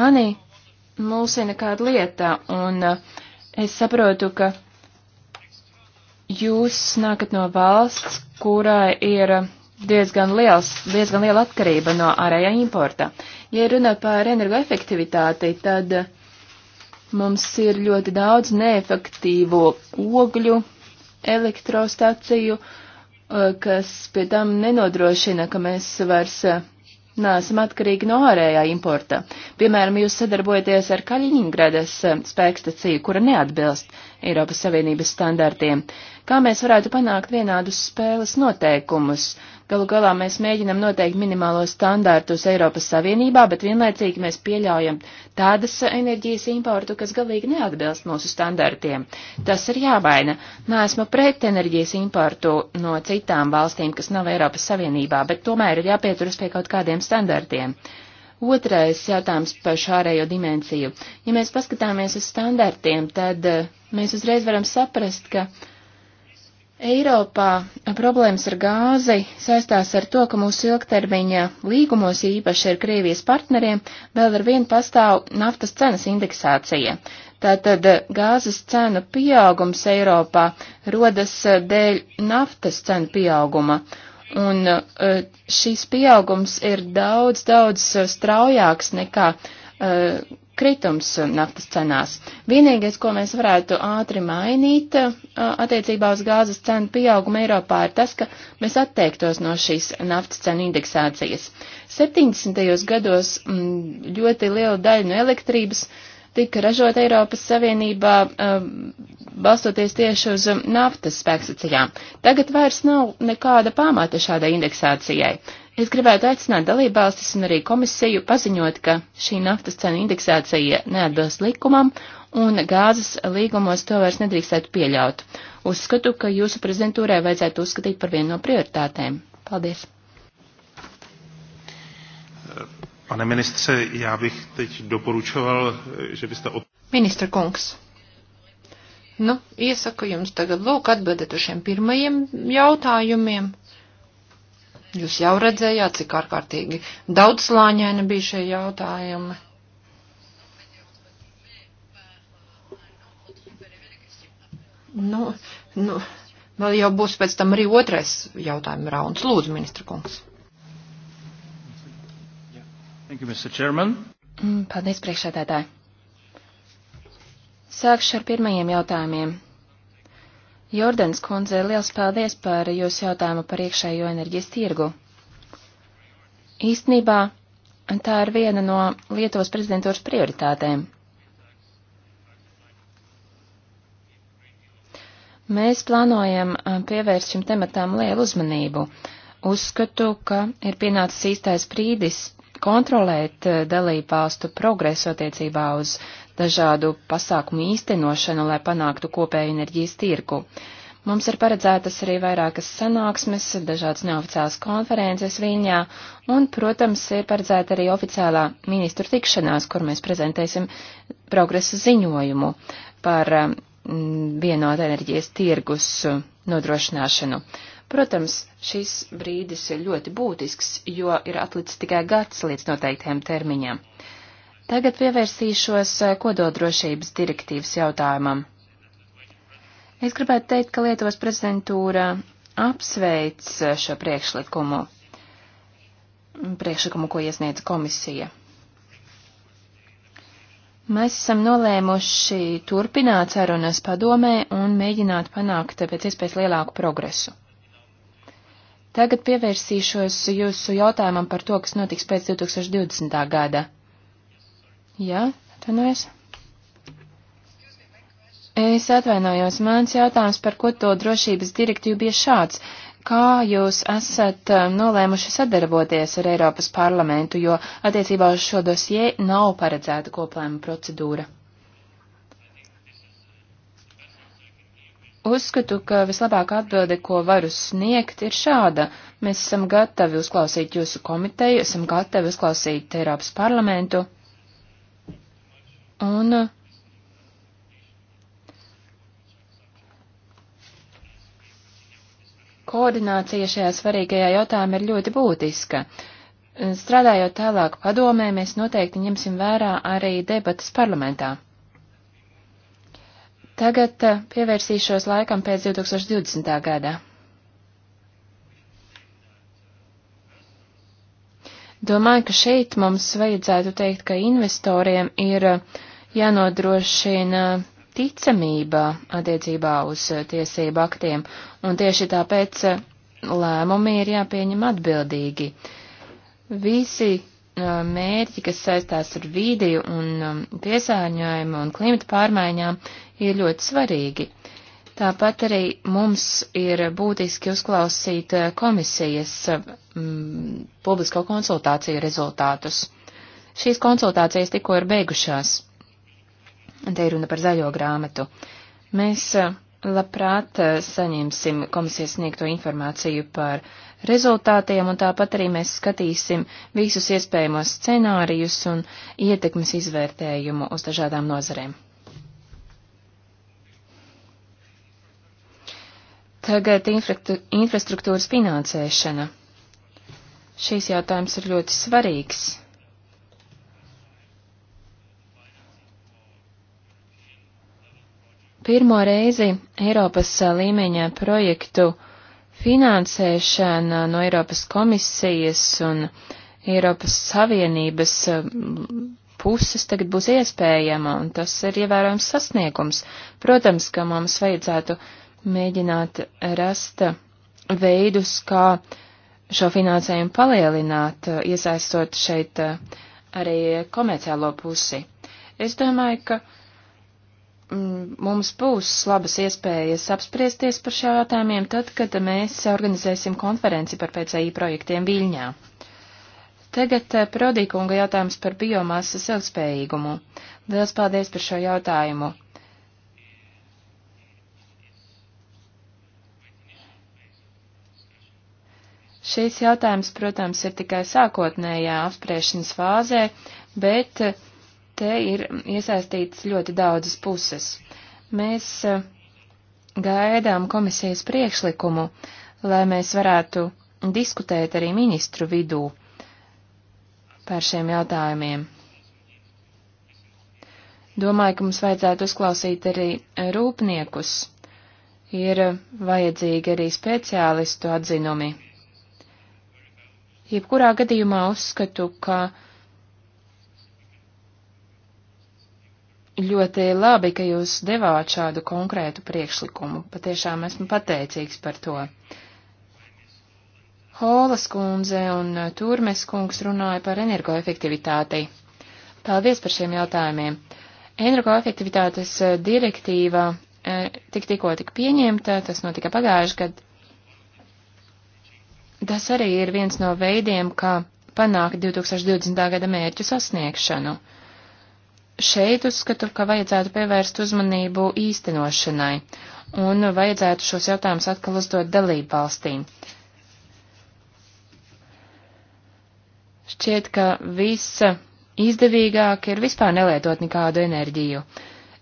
Mani mulsina kāda lieta, un uh, es saprotu, ka Jūs nākat no valsts, kurai ir diezgan, liels, diezgan liela atkarība no ārējā importa. Ja runa par energoefektivitāti, tad mums ir ļoti daudz neefektīvo ogļu elektrostaciju, eh, kas pie tam nenodrošina, ka mēs vairs eh, neesam atkarīgi no ārējā importa. Piemēram, jūs sadarbojaties ar Kaļiņingradas eh, spēkstaciju, kura neatbilst Eiropas Savienības standartiem. Kā mēs varētu panākt vienādus spēles noteikumus Galu galā mēs mēģinam noteikt minimālos standārtus Eiropas Savienībā, bet vienlaicīgi mēs pieļaujam tādas enerģijas importu, kas galīgi neatbilst mūsu standartiem. Tas ir jābaina. Nēsmu pret enerģijas importu no citām valstīm, kas nav Eiropas Savienībā, bet tomēr ir jāpieturas pie kaut kādiem standartiem. Otrais jautājums par šārējo dimensiju. Ja mēs paskatāmies uz standartiem, tad eh, mēs uzreiz varam saprast, ka Eiropā problēmas ar gāzi saistās ar to, ka mūsu ilgtermiņa līgumos īpaši ar Krievijas partneriem vēl ar vienu pastāv naftas cenas indeksācija. Tātad eh, gāzes cenu pieaugums Eiropā rodas eh, dēļ naftas cenu pieauguma. Un eh, šīs pieaugums ir daudz, daudz straujāks nekā kritums naftas cenās. Vienīgais, ko mēs varētu ātri mainīt attiecībā uz gāzes cenu pieaugumu Eiropā, ir tas, ka mēs atteiktos no šīs naftas cenu indeksācijas. 70. gados ļoti liela daļa no elektrības tika ražot Eiropas Savienībā balstoties tieši uz naftas spēksacijām. Tagad vairs nav nekāda pamata šādai indeksācijai. Es gribētu aicināt dalībvalstis un arī komisiju paziņot, ka šī naftas cenu indeksācija neatbilst likumam un gāzes līgumos to vairs nedrīkstētu pieļaut. Uzskatu, ka jūsu prezidentūrai vajadzētu uzskatīt par vienu no prioritātēm. Paldies! Pane ministře, já bych teď doporučoval, že byste... Od... Ministr Kungs. Nu, iesaku jums tagad lūk atbildēt uz šiem pirmajiem jautājumiem. Jūs jau redzējāt, cik ārkārtīgi daudz slāņaini bija šie jautājumi. Nu, nu, vēl jau būs pēc tam arī otrais jautājuma rauns. Lūdzu, ministra kungs. Thank you, Mr. Chairman. Mm, paldies, priekšsēdētāji. Sākšu ar pirmajiem jautājumiem. Jordans kundze, liels paldies par jūsu jautājumu par iekšējo enerģijas tirgu. Īstenībā tā ir viena no Lietuvas prezidentūras prioritātēm. Mēs plānojam pievērst šim tematam lielu uzmanību. Uzskatu, ka ir pienācis īstais brīdis kontrolēt dalībvalstu progresu attiecībā uz dažādu pasākumu īstenošanu, lai panāktu kopēju enerģijas tirgu. Mums ir paredzētas arī vairākas sanāksmes, dažādas neoficiālas konferences Viņā, un, protams, ir paredzēta arī oficiālā ministru tikšanās, kur mēs prezentēsim progresa ziņojumu par vienot enerģijas tirgus nodrošināšanu. Protams, šis brīdis ir ļoti būtisks, jo ir atlicis tikai gads līdz noteiktiem termiņam. Tagad pievērsīšos eh, kododrošības direktīvas jautājumam. Es gribētu teikt, ka Lietuvas prezidentūra apsveic eh, šo priekšlikumu, mm, priekšlikumu, ko iesniedz komisija. Mēs esam nolēmuši turpināt sarunas padomē un mēģināt panākt pēc iespējas lielāku progresu. Tagad pievērsīšos jūsu jautājumam par to, kas notiks pēc 2020. gada. Jā, atvainojos. Nu es atvainojos, mans jautājums par ko to drošības direktīvu bija šāds. Kā jūs esat um, nolēmuši sadarboties ar Eiropas parlamentu, jo attiecībā uz šo dosie nav paredzēta koplēma procedūra? Uzskatu, ka vislabākā atbilde, ko varu sniegt, ir šāda. Mēs esam gatavi uzklausīt jūsu komiteju, esam gatavi uzklausīt Eiropas parlamentu. Un koordinācija šajā svarīgajā jautājumā ir ļoti būtiska. Strādājot tālāk padomē, mēs noteikti ņemsim vērā arī debatas parlamentā. Tagad eh, pievērsīšos laikam pēc 2020. gadā. Domāju, ka šeit mums vajadzētu teikt, ka investoriem ir uh, jānodrošina ticamība attiecībā uz eh, tiesību aktiem, un tieši tāpēc eh, lēmumi ir jāpieņem atbildīgi. Visi eh, mērķi, kas saistās ar vīdi un um, piesārņojumu un klimata pārmaiņām, ir ļoti svarīgi. Tāpat arī mums ir būtiski uzklausīt komisijas mm, publisko konsultāciju rezultātus. Šīs konsultācijas tikko ir beigušās. Un te ir runa par zaļo grāmatu. Mēs eh, labprāt eh, saņemsim komisijas sniegto informāciju par rezultātiem, un tāpat arī mēs skatīsim visus iespējamos scenārijus un ietekmes izvērtējumu uz dažādām nozarēm. Tagad infrastruktūras finansēšana. Šīs jautājums ir ļoti svarīgs. pirmo reizi Eiropas līmeņa projektu finansēšana no Eiropas komisijas un Eiropas Savienības mm, puses tagad būs iespējama, un tas ir ievērojams sasniegums. Protams, ka mums vajadzētu mēģināt rast veidus, kā šo finansējumu palielināt, iesaistot šeit eh, arī komerciālo pusi. Es domāju, ka Mm, mums būs labas iespējas apspriesties par šiem jautājumiem tad, kad mēs organizēsim konferenci par PCI projektiem Viļņā. Tagad eh, Prodīkunga jautājums par biomasas ilgspējīgumu. Liels paldies par šo jautājumu. Šīs jautājums, protams, ir tikai sākotnējā apspriešanas fāzē, bet uh, Te ir iesaistītas ļoti daudzas puses. Mēs eh, gaidām komisijas priekšlikumu, lai mēs varētu diskutēt arī ministru vidū par šiem jautājumiem. Domāju, ka mums vajadzētu uzklausīt arī rūpniekus. Ir vajadzīgi arī speciālistu atzinumi. Jebkurā gadījumā uzskatu, ka Ļoti labi, ka jūs devāt šādu konkrētu priekšlikumu. Patiešām esmu pateicīgs par to. Holas kundze un Turmes kungs runāja par energoefektivitāti. Paldies par šiem jautājumiem. Energoefektivitātes direktīva e, tik tikko tika pieņemta, tas notika pagājuši gadu. Tas arī ir viens no veidiem, kā panākt 2020. gada mērķu sasniegšanu šeit uzskatu, ka vajadzētu pievērst uzmanību īstenošanai un vajadzētu šos jautājumus atkal uzdot dalību valstīm. Šķiet, ka viss izdevīgāk ir vispār nelietot nekādu enerģiju.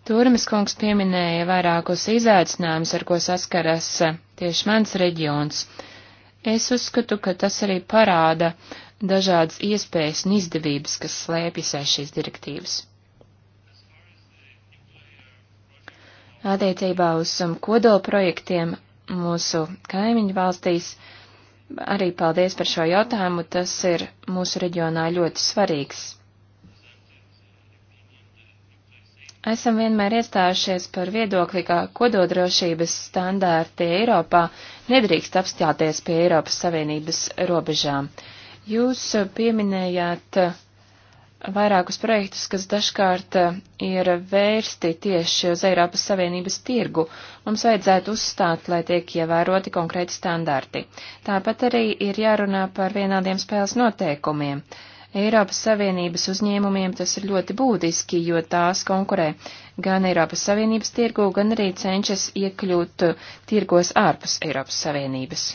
Turmas kungs pieminēja vairākus izaicinājumus, ar ko saskaras tieši mans reģions. Es uzskatu, ka tas arī parāda dažādas iespējas un izdevības, kas slēpjas aiz šīs direktīvas. attiecībā uz um, kodola projektiem mūsu kaimiņu valstīs. Arī paldies par šo jautājumu, tas ir mūsu reģionā ļoti svarīgs. Esam vienmēr iestājušies par viedokli, ka kododrošības standārti Eiropā nedrīkst apstāties pie Eiropas Savienības robežām. Jūs pieminējāt uh, vairākus projektus, kas dažkārt eh, ir vērsti tieši uz Eiropas Savienības tirgu. Mums vajadzētu uzstāt, lai tiek ievēroti konkrēti standarti. Tāpat arī ir jārunā par vienādiem spēles noteikumiem. Eiropas Savienības uzņēmumiem tas ir ļoti būtiski, jo tās konkurē gan Eiropas Savienības tirgu, gan arī cenšas iekļūt tirgos ārpus Eiropas Savienības.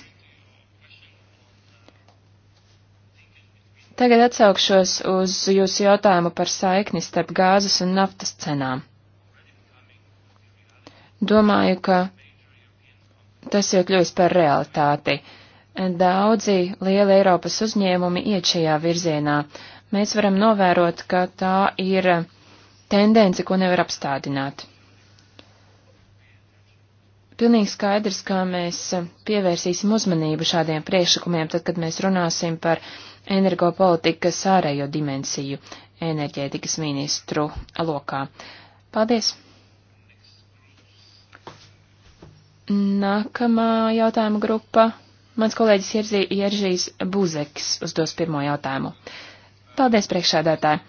Tagad atsaukšos uz jūsu jautājumu par saikni starp gāzes un naftas cenām. Domāju, ka tas jau kļūst par realitāti. Daudzi lieli Eiropas uzņēmumi iet šajā virzienā. Mēs varam novērot, ka tā ir tendence, ko nevar apstādināt. Pilnīgi skaidrs, kā mēs pievērsīsim uzmanību šādiem priekšlikumiem, tad, kad mēs runāsim par energopolitikas ārējo dimensiju enerģētikas ministru lokā. Paldies! Nākamā jautājuma grupa. Mans kolēģis Jerzy, Jeržīs Buzeks uzdos pirmo jautājumu. Paldies, priekšādātāji!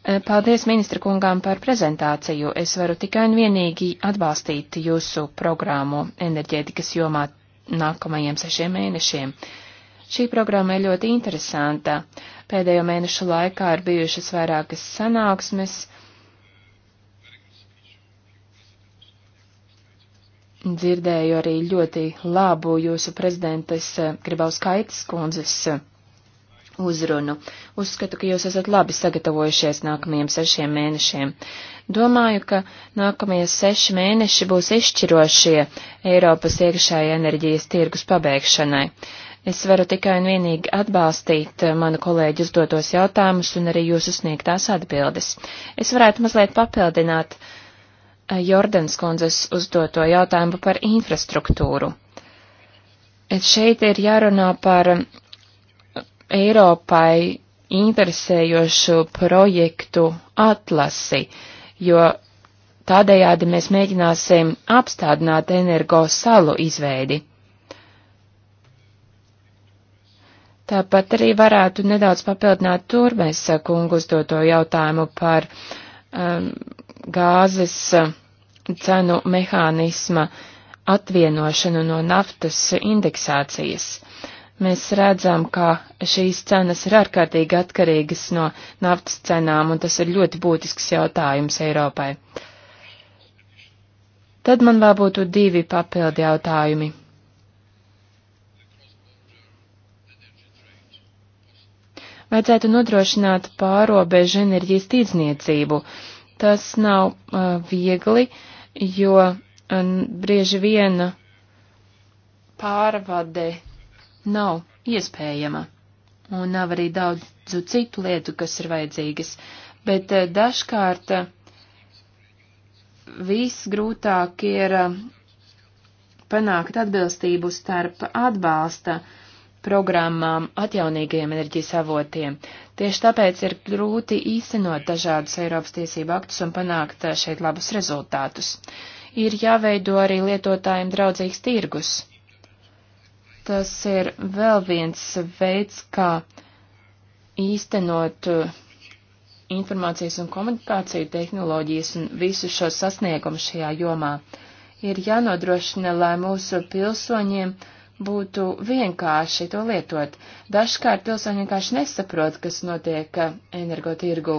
Eh, paldies ministra kungām par prezentāciju. Es varu tikai un vienīgi atbalstīt jūsu programmu enerģētikas jomā nākamajiem sešiem mēnešiem. Uh, Šī programma ir ļoti interesanta. Pēdējo mēnešu laikā ir bijušas vairākas sanāksmes. Dzirdēju arī ļoti labu jūsu prezidentes eh, Gribaus Kaitas kundzes eh, uzrunu. Uzskatu, ka jūs esat labi sagatavojušies nākamajiem sešiem mēnešiem. Domāju, ka nākamie seši mēneši būs izšķirošie Eiropas iekšējai enerģijas tirgus pabeigšanai. Es varu tikai un vienīgi atbalstīt eh, manu kolēģi uzdotos jautājumus un arī jūsu sniegtās atbildes. Es varētu mazliet papildināt eh, Jordans kundzes uzdoto jautājumu par infrastruktūru. Et šeit ir jārunā par eh, Eiropai interesējošu projektu atlasi, jo tādējādi mēs mēģināsim apstādināt energo salu izveidi. Tāpat arī varētu nedaudz papildināt turmēs kungu uzdoto jautājumu par um, gāzes uh, cenu mehānisma atvienošanu no naftas indeksācijas. Mēs redzam, ka šīs cenas ir ārkārtīgi atkarīgas no naftas cenām, un tas ir ļoti būtisks jautājums Eiropai. Tad man vēl būtu divi papildi jautājumi. Vajadzētu nodrošināt pārobežu enerģijas tīdzniecību. Tas nav uh, viegli, jo uh, brieži viena pārvade nav iespējama. Un nav arī daudzu citu lietu, kas ir vajadzīgas. Bet uh, dažkārt uh, viss grūtāk ir uh, panākt atbilstību starp atbalsta programmām atjaunīgajiem enerģijas avotiem. Tieši tāpēc ir grūti īstenot dažādus Eiropas tiesību aktus un panākt eh, šeit labus rezultātus. Ir jāveido arī lietotājiem draudzīgs tirgus. Tas ir vēl viens veids, kā īstenot eh, informācijas un komunikāciju tehnoloģijas un visu šo sasniegumu šajā jomā. Ir jānodrošina, lai mūsu pilsoņiem uh, būtu vienkārši to lietot. Dažkārt pilsoņi vienkārši nesaprot, kas notiek eh, energotirgū.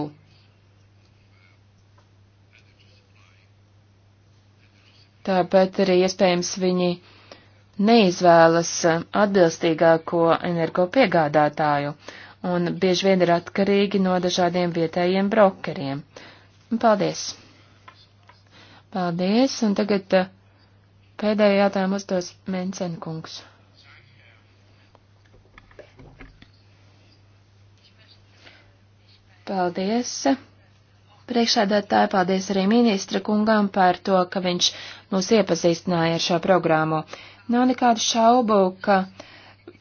Tāpat arī iespējams viņi neizvēlas eh, atbilstīgāko energopiegādātāju un bieži vien ir atkarīgi no dažādiem vietējiem brokeriem. Paldies! Paldies, un tagad eh, pēdējā jautājumu uzdos Mensenkungs. Paldies! Priekšādātāji paldies arī ministra kungam par to, ka viņš mūs iepazīstināja ar šo programmu. Nav nekādu šaubu, ka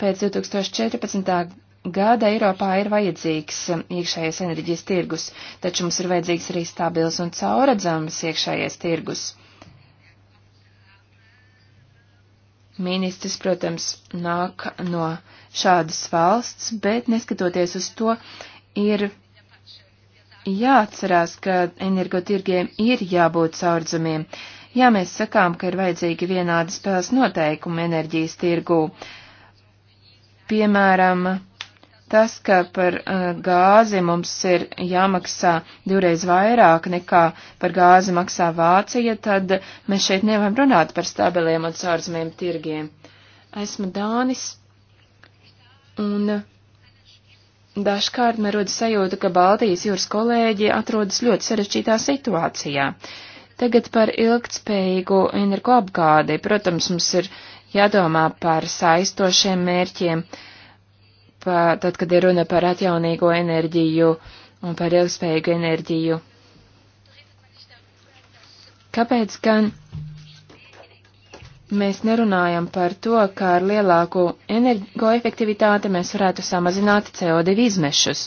pēc 2014. gada Eiropā ir vajadzīgs iekšējais enerģijas tirgus, taču mums ir vajadzīgs arī stabils un cauradzams iekšējais tirgus. Ministrs, protams, nāk no šādas valsts, bet neskatoties uz to, ir jāatcerās, ka energotirgiem ir jābūt caurdzumiem. Ja mēs sakām, ka ir vajadzīgi vienādi spēles noteikumi enerģijas tirgū, piemēram, tas, ka par uh, gāzi mums ir jāmaksā divreiz vairāk nekā par gāzi maksā Vācija, tad mēs šeit nevaram runāt par stabiliem un caurzemiem tirgiem. Esmu Dānis, un Dažkārt man rodas sajūta, ka Baltijas jūras kolēģi atrodas ļoti sarežģītā situācijā. Tagad par ilgtspējīgu energoapgādi. Protams, mums ir jādomā par saistošiem mērķiem, par, tad, kad ir runa par atjaunīgo enerģiju un par ilgspējīgu enerģiju. Kāpēc gan mēs nerunājam par to, kā ar lielāku energoefektivitāti mēs varētu samazināt CO2 izmešus.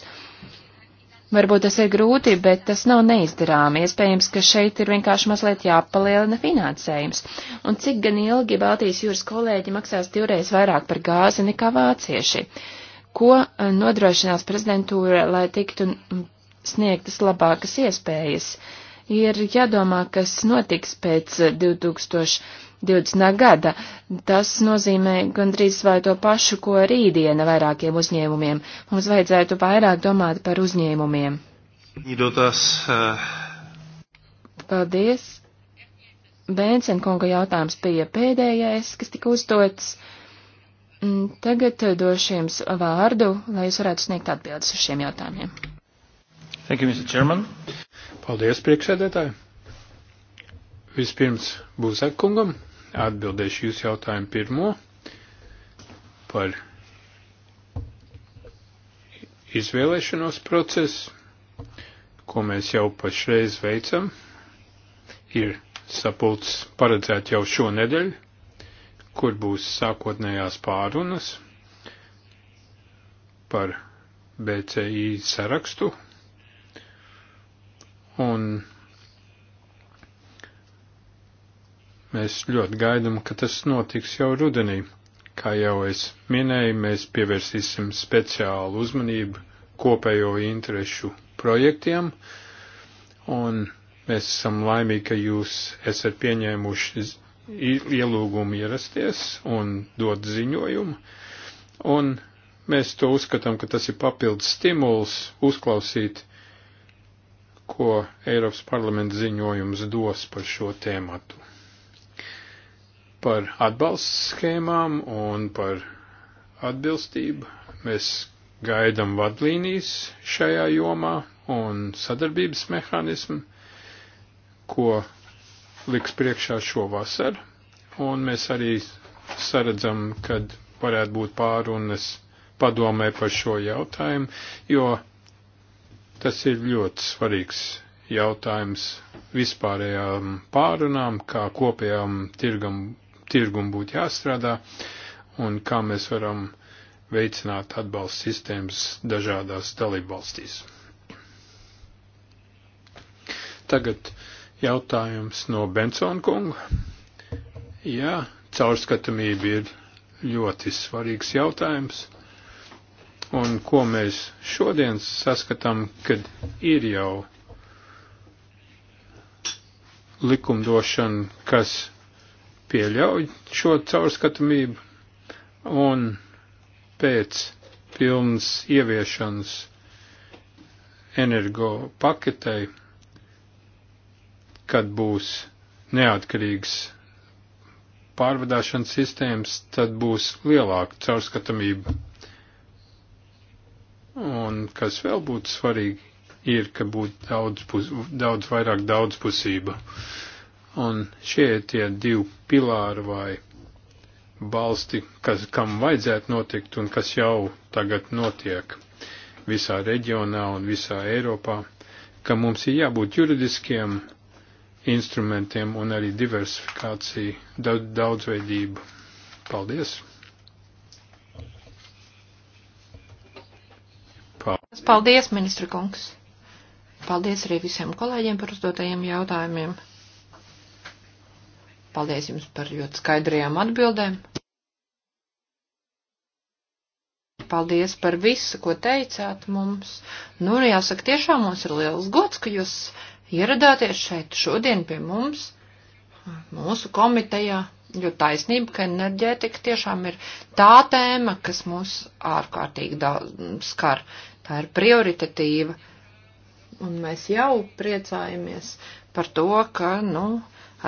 Varbūt tas ir grūti, bet tas nav neizdarāmi. Iespējams, ka šeit ir vienkārši mazliet jāpalielina finansējums. Un cik gan ilgi Baltijas jūras kolēģi maksās divreiz vairāk par gāzi nekā vācieši? Ko eh, nodrošinās prezidentūra, lai tiktu mm, sniegtas labākas iespējas? Ir jādomā, kas notiks pēc 2000. Eh, 20. gada. Tas nozīmē gandrīz vai to pašu, ko rītdiena vairākiem uzņēmumiem. Mums vajadzētu vairāk domāt par uzņēmumiem. Idotas, uh... Paldies. Bēnsenkonga jautājums bija pēdējais, kas tika uzdots. Mm, tagad došu jums vārdu, lai jūs varētu sniegt atbildes uz šiem jautājumiem. Thank you, Mr. Chairman. Paldies, priekšsēdētāji. Vispirms Būzekungam atbildēšu jūs jautājumu pirmo par izvēlēšanos procesu, ko mēs jau pašreiz veicam. Ir sapulcs paredzēt jau šonedēļ, kur būs sākotnējās pārunas par BCI sarakstu. Un Mēs ļoti gaidam, ka tas notiks jau rudenī. Kā jau es minēju, mēs pievērsīsim speciālu uzmanību kopējo interešu projektiem, un mēs esam laimīgi, ka jūs esat pieņēmuši ielūgumu ierasties un dot ziņojumu, un mēs to uzskatām, ka tas ir papildus stimuls uzklausīt, ko Eiropas parlamenta ziņojums dos par šo tēmatu par atbalsts schēmām un par atbilstību. Mēs gaidam vadlīnijas šajā jomā un sadarbības mehānismu, ko liks priekšā šovasar, un mēs arī saredzam, kad varētu būt pārunas padomē par šo jautājumu, jo tas ir ļoti svarīgs jautājums vispārējām pārunām, kā kopējām tirgam tirgumu būtu jāstrādā un kā mēs varam veicināt atbalsta sistēmas dažādās dalībvalstīs. Tagad jautājums no Bensona kunga. Jā, caurskatamība ir ļoti svarīgs jautājums. Un ko mēs šodien saskatām, kad ir jau likumdošana, kas pieļauj šo caurskatamību un pēc pilnas ieviešanas energo paketei, kad būs neatkarīgs pārvadāšanas sistēmas, tad būs lielāka caurskatamība. Un kas vēl būtu svarīgi, ir, ka būtu daudz, pus, daudz vairāk daudzpusība. Uh, Un šie ir tie divi pilāri vai balsti, kas, kam vajadzētu notikt un kas jau tagad notiek visā reģionā un visā Eiropā, ka mums ir jābūt juridiskiem instrumentiem un arī diversifikācija, daudzveidība. Paldies! Paldies, ministra kungs! Paldies arī visiem kolēģiem par uzdotajiem jautājumiem! Paldies jums par ļoti skaidrajām atbildēm. Paldies par visu, ko teicāt mums. Nu, jāsaka, tiešām mums ir liels gods, ka jūs ieradāties šeit šodien pie mums, mūsu komitejā. Jo taisnība, ka enerģētika tiešām ir tā tēma, kas mūs ārkārtīgi daudz skar. Tā ir prioritatīva. Un mēs jau priecājamies par to, ka, nu,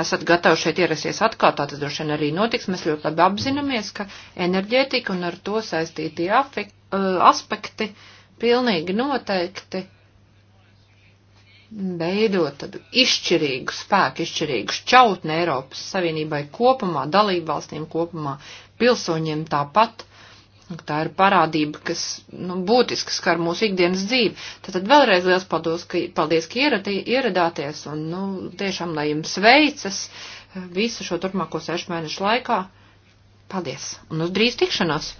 esat gatavi šeit ierasties atkal, tā tas droši vien arī notiks. Mēs ļoti labi apzināmies, ka enerģētika un ar to saistītie afek, eh, aspekti pilnīgi noteikti veidot tādu izšķirīgu spēku, izšķirīgu šķautni Eiropas Savienībai kopumā, dalībvalstīm kopumā, pilsoņiem tāpat Nu, tā ir parādība, kas nu, būtiski skar mūsu ikdienas dzīvi. Tātad vēlreiz liels paldies, ka, paldies, ka ieradī, ieradāties un nu, tiešām lai jums veicas eh, visu šo turpmāko sešu mēnešu laikā. Paldies un uz drīz tikšanos!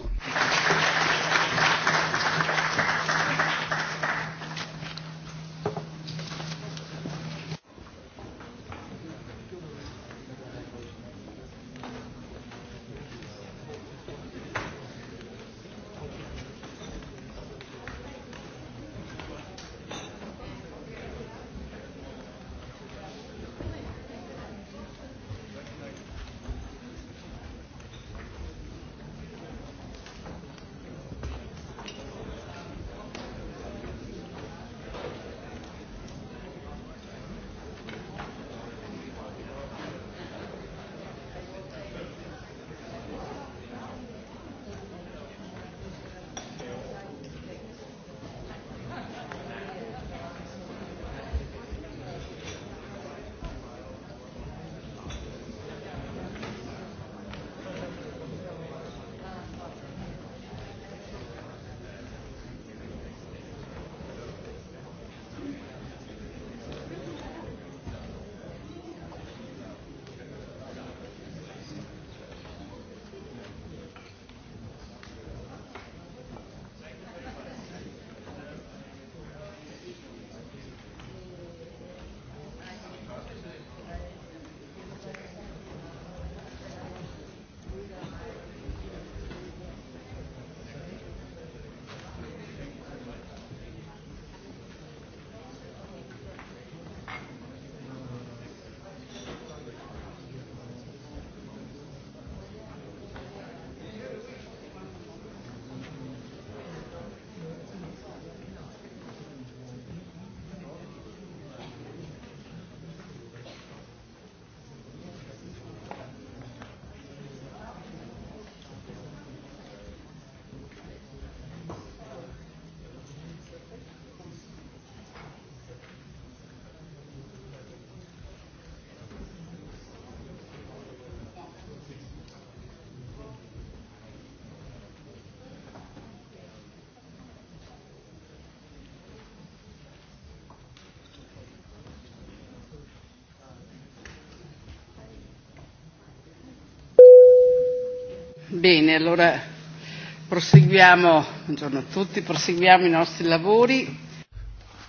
Bene, allora proseguiamo, buongiorno a tutti, proseguiamo i nostri lavori.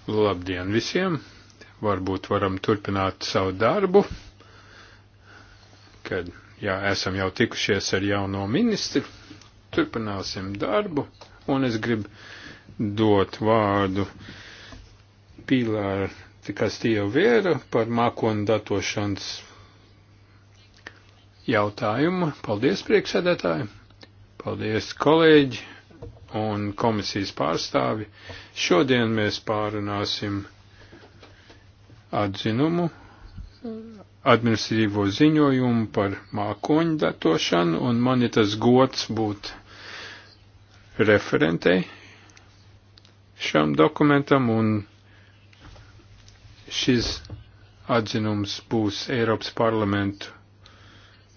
Labdien visiem! Varbūt varam turpināt savu darbu, kad jā, esam jau tikušies ar jauno ministru, turpināsim darbu, un es gribu dot vārdu Pīlāra Kastījo Viera par mākonu datošanas jautājumu. Paldies, priekšsēdētāji! Paldies, kolēģi un komisijas pārstāvi! Šodien mēs pārunāsim atzinumu administratīvo ziņojumu par mākoņu datošanu, un man ir tas gods būt referentei šam dokumentam, un šis atzinums būs Eiropas parlamentu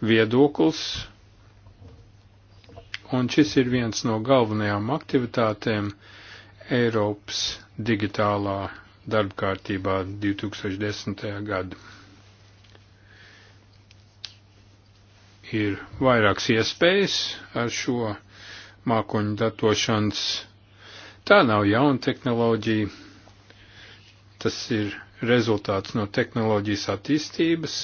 viedoklis, un šis ir viens no galvenajām aktivitātēm Eiropas digitālā darba kārtībā 2010. gadu. Ir vairākas iespējas ar šo mākoņu datošanas. Tā nav jauna tehnoloģija, tas ir rezultāts no tehnoloģijas attīstības,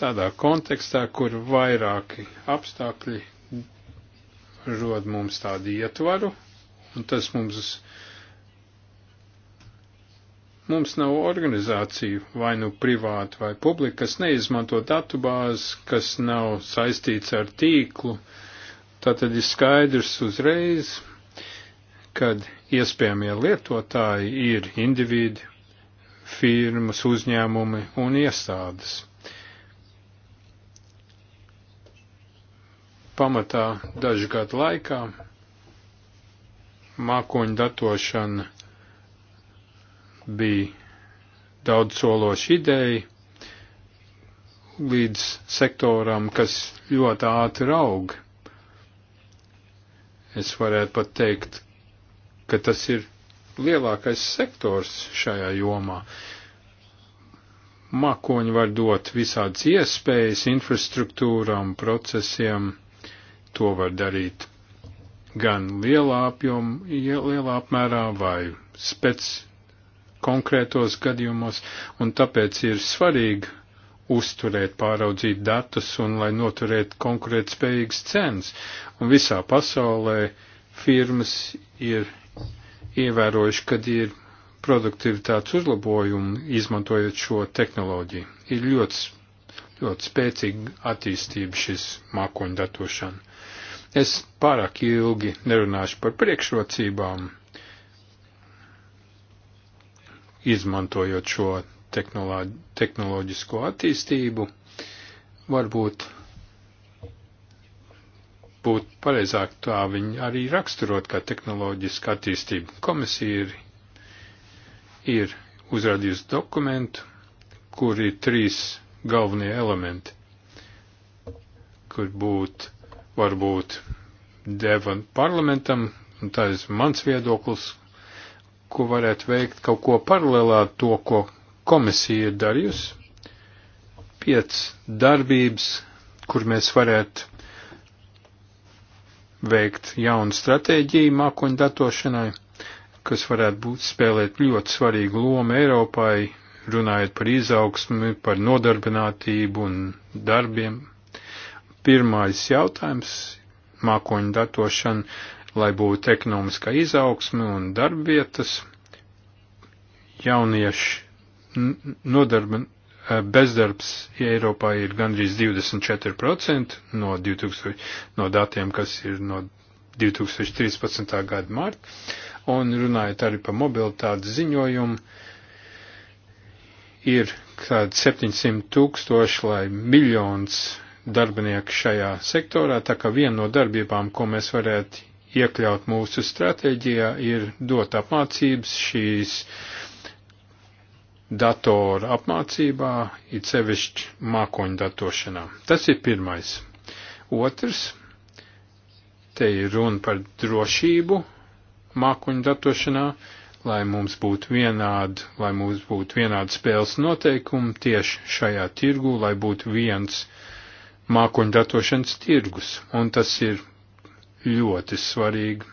tādā kontekstā, kur vairāki apstākļi rod mums tādu ietvaru, un tas mums, mums nav organizāciju, vai nu privāta vai publika, kas neizmanto datubāzes, kas nav saistīts ar tīklu, tātad ir skaidrs uzreiz, kad iespējamie lietotāji ir individi, firmas, uzņēmumi un iestādes. pamatā dažu gadu laikā mākoņu datošana bija daudz sološa ideja līdz sektoram, kas ļoti ātri aug. Es varētu pat teikt, ka tas ir lielākais sektors šajā jomā. Mākoņi var dot visādas iespējas infrastruktūram, procesiem To var darīt gan lielā apjomā, lielā apmērā vai spēc konkrētos gadījumos, un tāpēc ir svarīgi uzturēt, pāraudzīt datus un lai noturētu konkurētspējīgas cenas. Un visā pasaulē firmas ir ievērojuši, kad ir produktivitātes uzlabojumi, izmantojot šo tehnoloģiju. Ir ļoti, ļoti spēcīga attīstība šis mākoņu datošana. Es pārāk ilgi nerunāšu par priekšrocībām, izmantojot šo tehnoloģisko attīstību. Varbūt būtu pareizāk tā viņu arī raksturot kā tehnoloģisku attīstību. Komisija ir, ir uzrādījusi dokumentu, kur ir trīs galvenie elementi, kur būtu varbūt deva parlamentam, un tā ir mans viedoklis, ko varētu veikt kaut ko paralēlā to, ko komisija ir darījusi. Piec darbības, kur mēs varētu veikt jaunu stratēģiju mākoņu datošanai, kas varētu būt spēlēt ļoti svarīgu lomu Eiropai, runājot par izaugsmi, par nodarbinātību un darbiem, Pirmais jautājums - mākoņu datošana, lai būtu ekonomiskā izaugsme un darbvietas. Jaunieši nodarba eh, bezdarbs Eiropā ir gandrīz 24% no, 2000, no datiem, kas ir no 2013. gada marta, un runājot arī par mobilitātes ziņojumu, ir kādi 700 tūkstoši, lai miljons darbinieki šajā sektorā, tā ka viena no darbībām, ko mēs varētu iekļaut mūsu stratēģijā, ir dot apmācības šīs datora apmācībā, it sevišķi mākoņu datošanā. Tas ir pirmais. Otrs, te ir runa par drošību mākoņu datošanā, lai mums būtu vienādi, lai mums būtu vienādi spēles noteikumi tieši šajā tirgu, lai būtu viens uh, mākoņu datošanas tirgus, un tas ir ļoti svarīgi,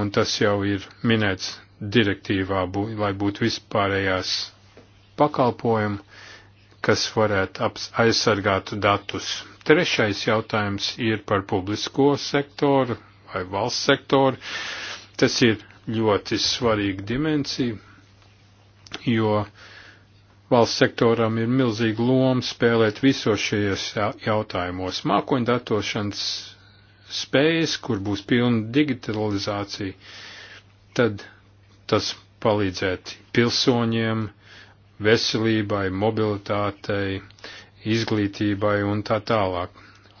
un tas jau ir minēts direktīvā, bū, lai būtu vispārējās pakalpojumi, kas varētu aizsargāt datus. Trešais jautājums ir par publisko sektoru vai valsts sektoru. Tas ir ļoti svarīga dimensija, jo uh, valsts sektoram ir milzīga loma spēlēt visos šajos jautājumos. Mākoņdatošanas spējas, kur būs pilna digitalizācija, tad tas palīdzēt pilsoņiem, veselībai, mobilitātei, izglītībai un tā tālāk.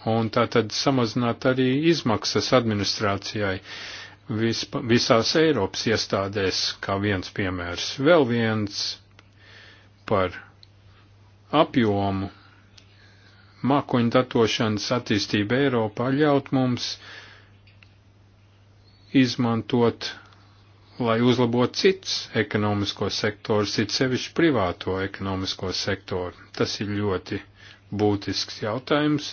Un tā tad samazināt arī izmaksas administrācijai vis, visās Eiropas iestādēs, kā viens piemērs. Vēl viens par apjomu mākoņu datošanas attīstību Eiropā ļaut mums izmantot, lai uzlabotu cits ekonomisko sektoru, cits sevišķi privāto ekonomisko sektoru. Tas ir ļoti būtisks jautājums,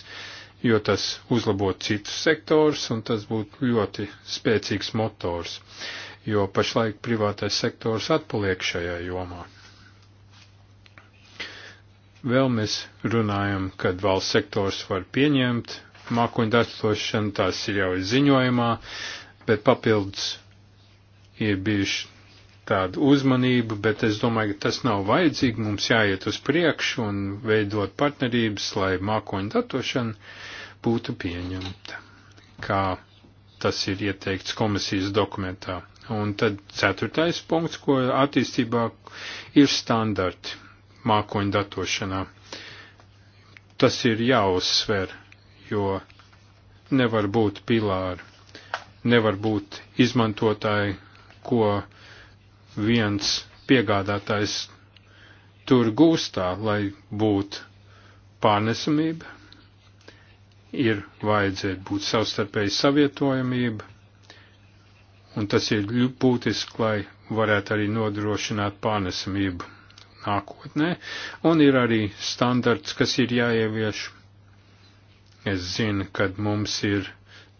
jo tas uzlabot citus sektors un tas būtu ļoti spēcīgs motors, jo pašlaik privātais sektors atpaliek šajā jomā. Vēl mēs runājam, kad valsts sektors var pieņemt mākoņu datošanu, tās ir jau ziņojumā, bet papildus ir bijuši tāda uzmanība, bet es domāju, ka tas nav vajadzīgi, mums jāiet uz priekšu un veidot partnerības, lai mākoņu datošana būtu pieņemta, kā tas ir ieteikts komisijas dokumentā. Un tad ceturtais punkts, ko attīstībā ir standarti mākoņu datošanā. Tas ir jāuzsver, jo nevar būt pilāri, nevar būt izmantotāji, ko viens piegādātājs tur gūstā, lai būtu pārnesamība, ir vajadzētu būt savstarpēji savietojamība, un tas ir būtiski, lai varētu arī nodrošināt pārnesamību nākotnē, un ir arī standarts, kas ir jāievieš. Es zinu, kad mums ir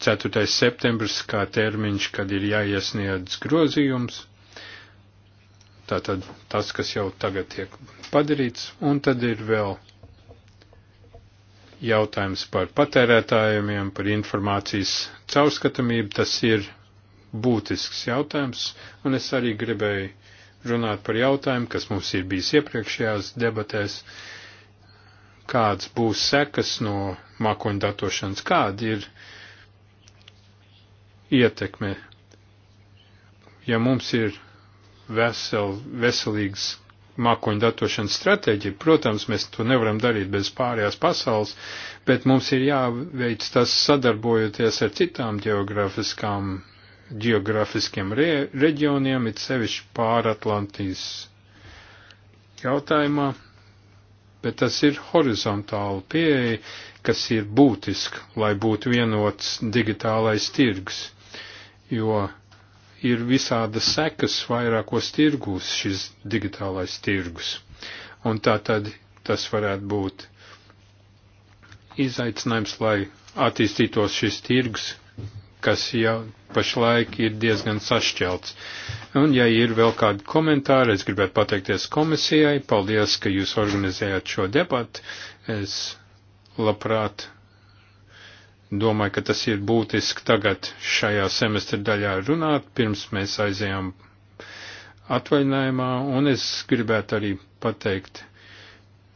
4. septembris kā termiņš, kad ir jāiesniedz grozījums. Tātad tas, kas jau tagad tiek padarīts, un tad ir vēl jautājums par patērētājiem, par informācijas caurskatamību, tas ir būtisks jautājums, un es arī gribēju runāt par jautājumu, kas mums ir bijis iepriekšējās debatēs, kāds būs sekas no mākoņu datošanas, kāda ir ietekme. Ja mums ir vesel, veselīgs mākoņu datošanas stratēģija, protams, mēs to nevaram darīt bez pārējās pasaules, bet mums ir jāveic tas sadarbojoties ar citām geogrāfiskām geogrāfiskiem re reģioniem, it sevišķi pāratlantijas jautājumā, bet tas ir horizontāla pieeja, kas ir būtiska, lai būtu vienots digitālais tirgs, jo ir visādas sekas vairākos tirgus šis digitālais tirgus. Un tā tad tas varētu būt izaicinājums, lai attīstītos šis tirgus kas jau pašlaik ir diezgan sašķelts. Un, ja ir vēl kādi komentāri, es gribētu pateikties komisijai. Paldies, ka jūs organizējāt šo debatu. Es labprāt domāju, ka tas ir būtiski tagad šajā semestra daļā runāt, pirms mēs aizējām atvaļinājumā, un es gribētu arī pateikt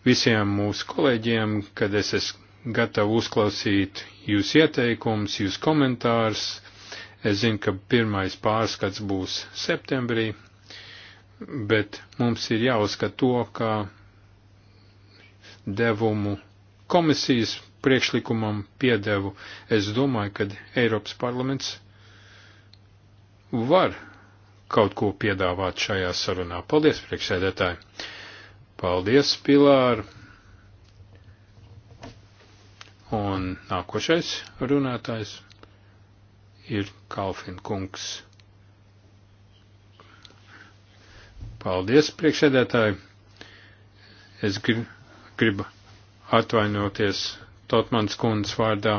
visiem mūsu kolēģiem, kad es esmu gatavi uzklausīt jūs ieteikums, jūs komentārs. Es zinu, ka pirmais pārskats būs septembrī, bet mums ir jāuzskat to, ka devumu komisijas priekšlikumam piedevu. Es domāju, ka Eiropas parlaments var kaut ko piedāvāt šajā sarunā. Paldies, priekšsēdētāji! Paldies, Pilāra! Un nākošais runātājs ir Kalfin kungs. Paldies, priekšsēdētāji. Es grib, gribu atvainoties Totmans kundas vārdā,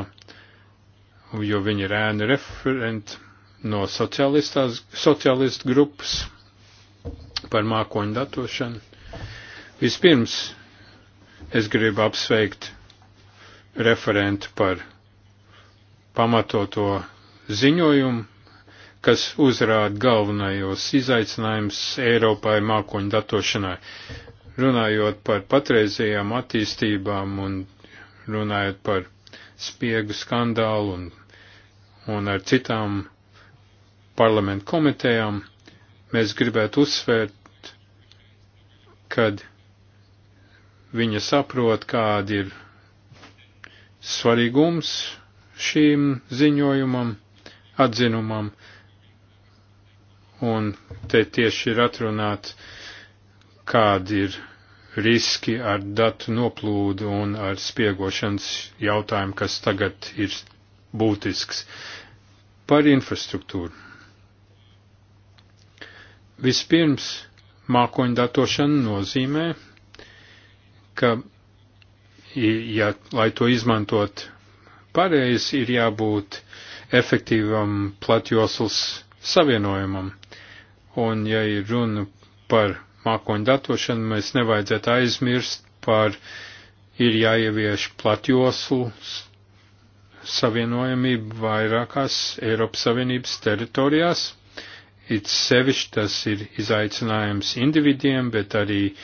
jo viņa ir ēna referent no sociālistu grupas par mākoņu datošanu. Vispirms es gribu apsveikt referentu par pamatoto ziņojumu, kas uzrāda galvenajos izaicinājumus Eiropai mākoņu datošanai. Runājot par patreizējām attīstībām un runājot par spiegu skandālu un, un ar citām parlamentu komitejām, mēs gribētu uzsvērt, kad viņa saprot, kādi ir svarīgums šīm ziņojumam, atzinumam, un te tieši ir atrunāt, kādi ir riski ar datu noplūdu un ar spiegošanas jautājumu, kas tagad ir būtisks. Par infrastruktūru. Vispirms mākoņdatošana nozīmē, ka ja, lai to izmantot pareizi, ir jābūt efektīvam platjoslas savienojumam. Un, ja ir runa par mākoņu datošanu, mēs nevajadzētu aizmirst par ir jāievieš platjoslu savienojamību vairākās Eiropas Savienības teritorijās. It sevišķi tas ir izaicinājums individiem, bet arī uh,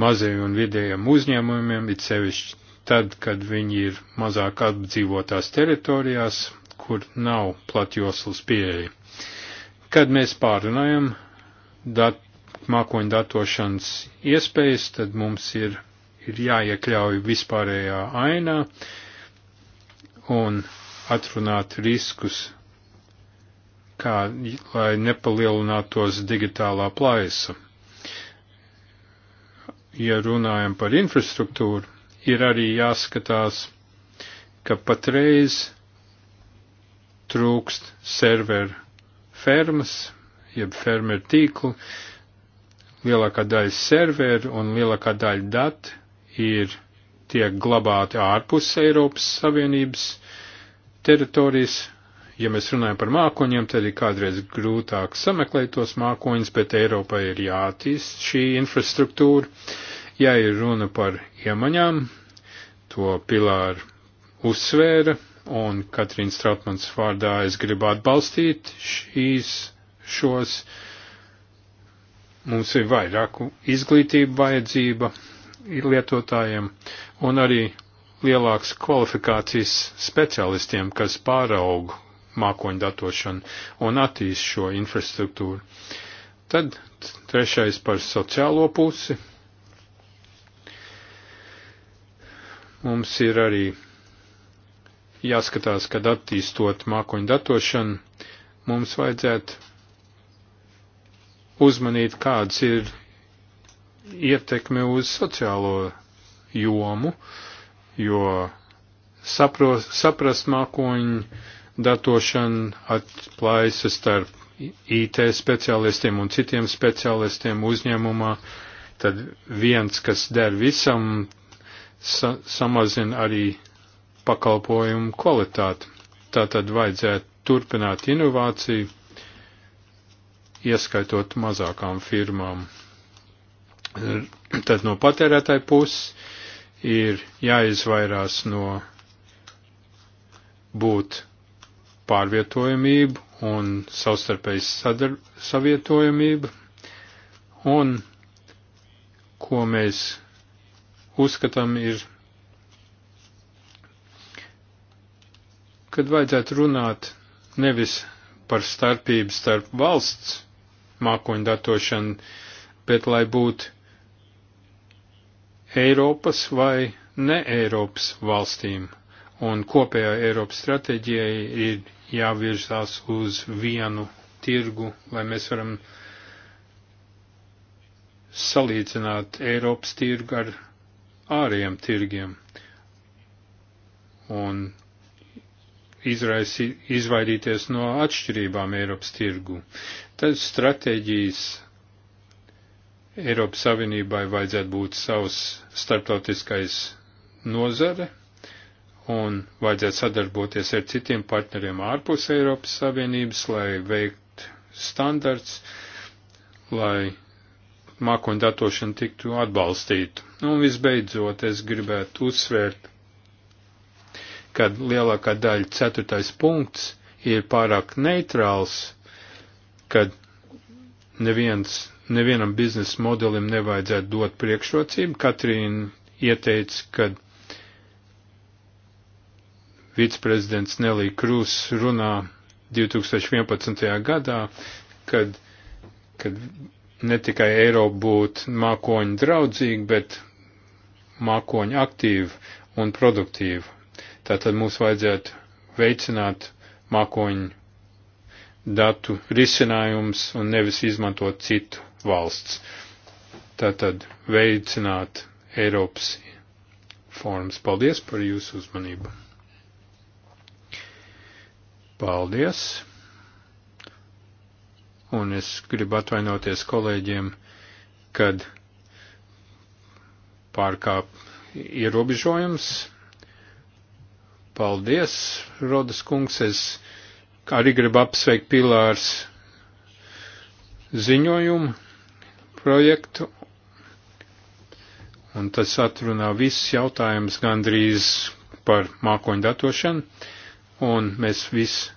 mazajiem un vidējiem uzņēmumiem, it sevišķi tad, kad viņi ir mazāk apdzīvotās teritorijās, kur nav platjoslas pieeja. Kad mēs pārunājam dat, mākoņu datošanas iespējas, tad mums ir, ir jāiekļauj vispārējā ainā un atrunāt riskus, kā lai nepalielinātos digitālā plaisa ja runājam par infrastruktūru, ir arī jāskatās, ka patreiz trūkst serveru fermas, jeb fermeru tīklu, lielākā daļa serveru un lielākā daļa dati ir tiek glabāti ārpus Eiropas Savienības teritorijas, ja mēs runājam par mākoņiem, tad ir kādreiz grūtāk sameklēt tos mākoņus, bet Eiropai ir jātīst šī infrastruktūra. Ja ir runa par iemaņām, to pilāru uzsvēra, un Katrīna Strautmans vārdā es gribu atbalstīt šīs, šos. Mums ir vairāku izglītību vajadzība lietotājiem, un arī lielāks kvalifikācijas specialistiem, kas pāraugu mākoņu datošanu un attīst šo infrastruktūru. Tad trešais par sociālo pusi. Mums ir arī jāskatās, kad attīstot mākoņu datošanu, mums vajadzētu uzmanīt, kāds ir ietekme uz sociālo jomu, jo sapros, saprast mākoņu datošana, atplaisa starp IT speciālistiem un citiem speciālistiem uzņēmumā, tad viens, kas der visam, sa samazina arī pakalpojumu kvalitāti. Tā tad vajadzētu turpināt inovāciju, ieskaitot mazākām firmām. Tad no patērētāja puses ir jāizvairās no būt pārvietojamību un savstarpējas savietojamību, un ko mēs uzskatām ir, kad vajadzētu runāt nevis par starpību starp valsts mākoņu datošanu, bet lai būtu Eiropas vai ne Eiropas valstīm, un kopējā Eiropas stratēģijai ir jāvirzās uz vienu tirgu, lai mēs varam salīdzināt Eiropas tirgu ar ārējiem tirgiem un izraisi, izvairīties no atšķirībām Eiropas tirgu. Tad stratēģijas Eiropas Savienībai vajadzētu būt savs starptautiskais nozare un vajadzētu sadarboties ar citiem partneriem ārpus Eiropas Savienības, lai veikt standarts, lai mākoņu datošana tiktu atbalstīta. Nu, un visbeidzot, es gribētu uzsvērt, ka lielākā daļa ceturtais punkts ir pārāk neitrāls, kad neviens, nevienam biznesa modelim nevajadzētu dot priekšrocību. Katrīna ieteica, kad viceprezidents Nelī Krūs runā 2011. gadā, kad, kad ne tikai Eiropa būtu mākoņu draudzīga, bet mākoņu aktīva un produktīva. Tātad mums vajadzētu veicināt mākoņu datu risinājums un nevis izmantot citu valsts. Tātad veicināt Eiropas formas. Paldies par jūsu uzmanību! Paldies! Un es gribu atvainoties kolēģiem, kad pārkāp ierobežojums. Paldies, Rodas kungs, es arī gribu apsveikt Pilārs ziņojumu projektu, un tas atrunā viss jautājums gandrīz par mākoņu datošanu, un mēs viss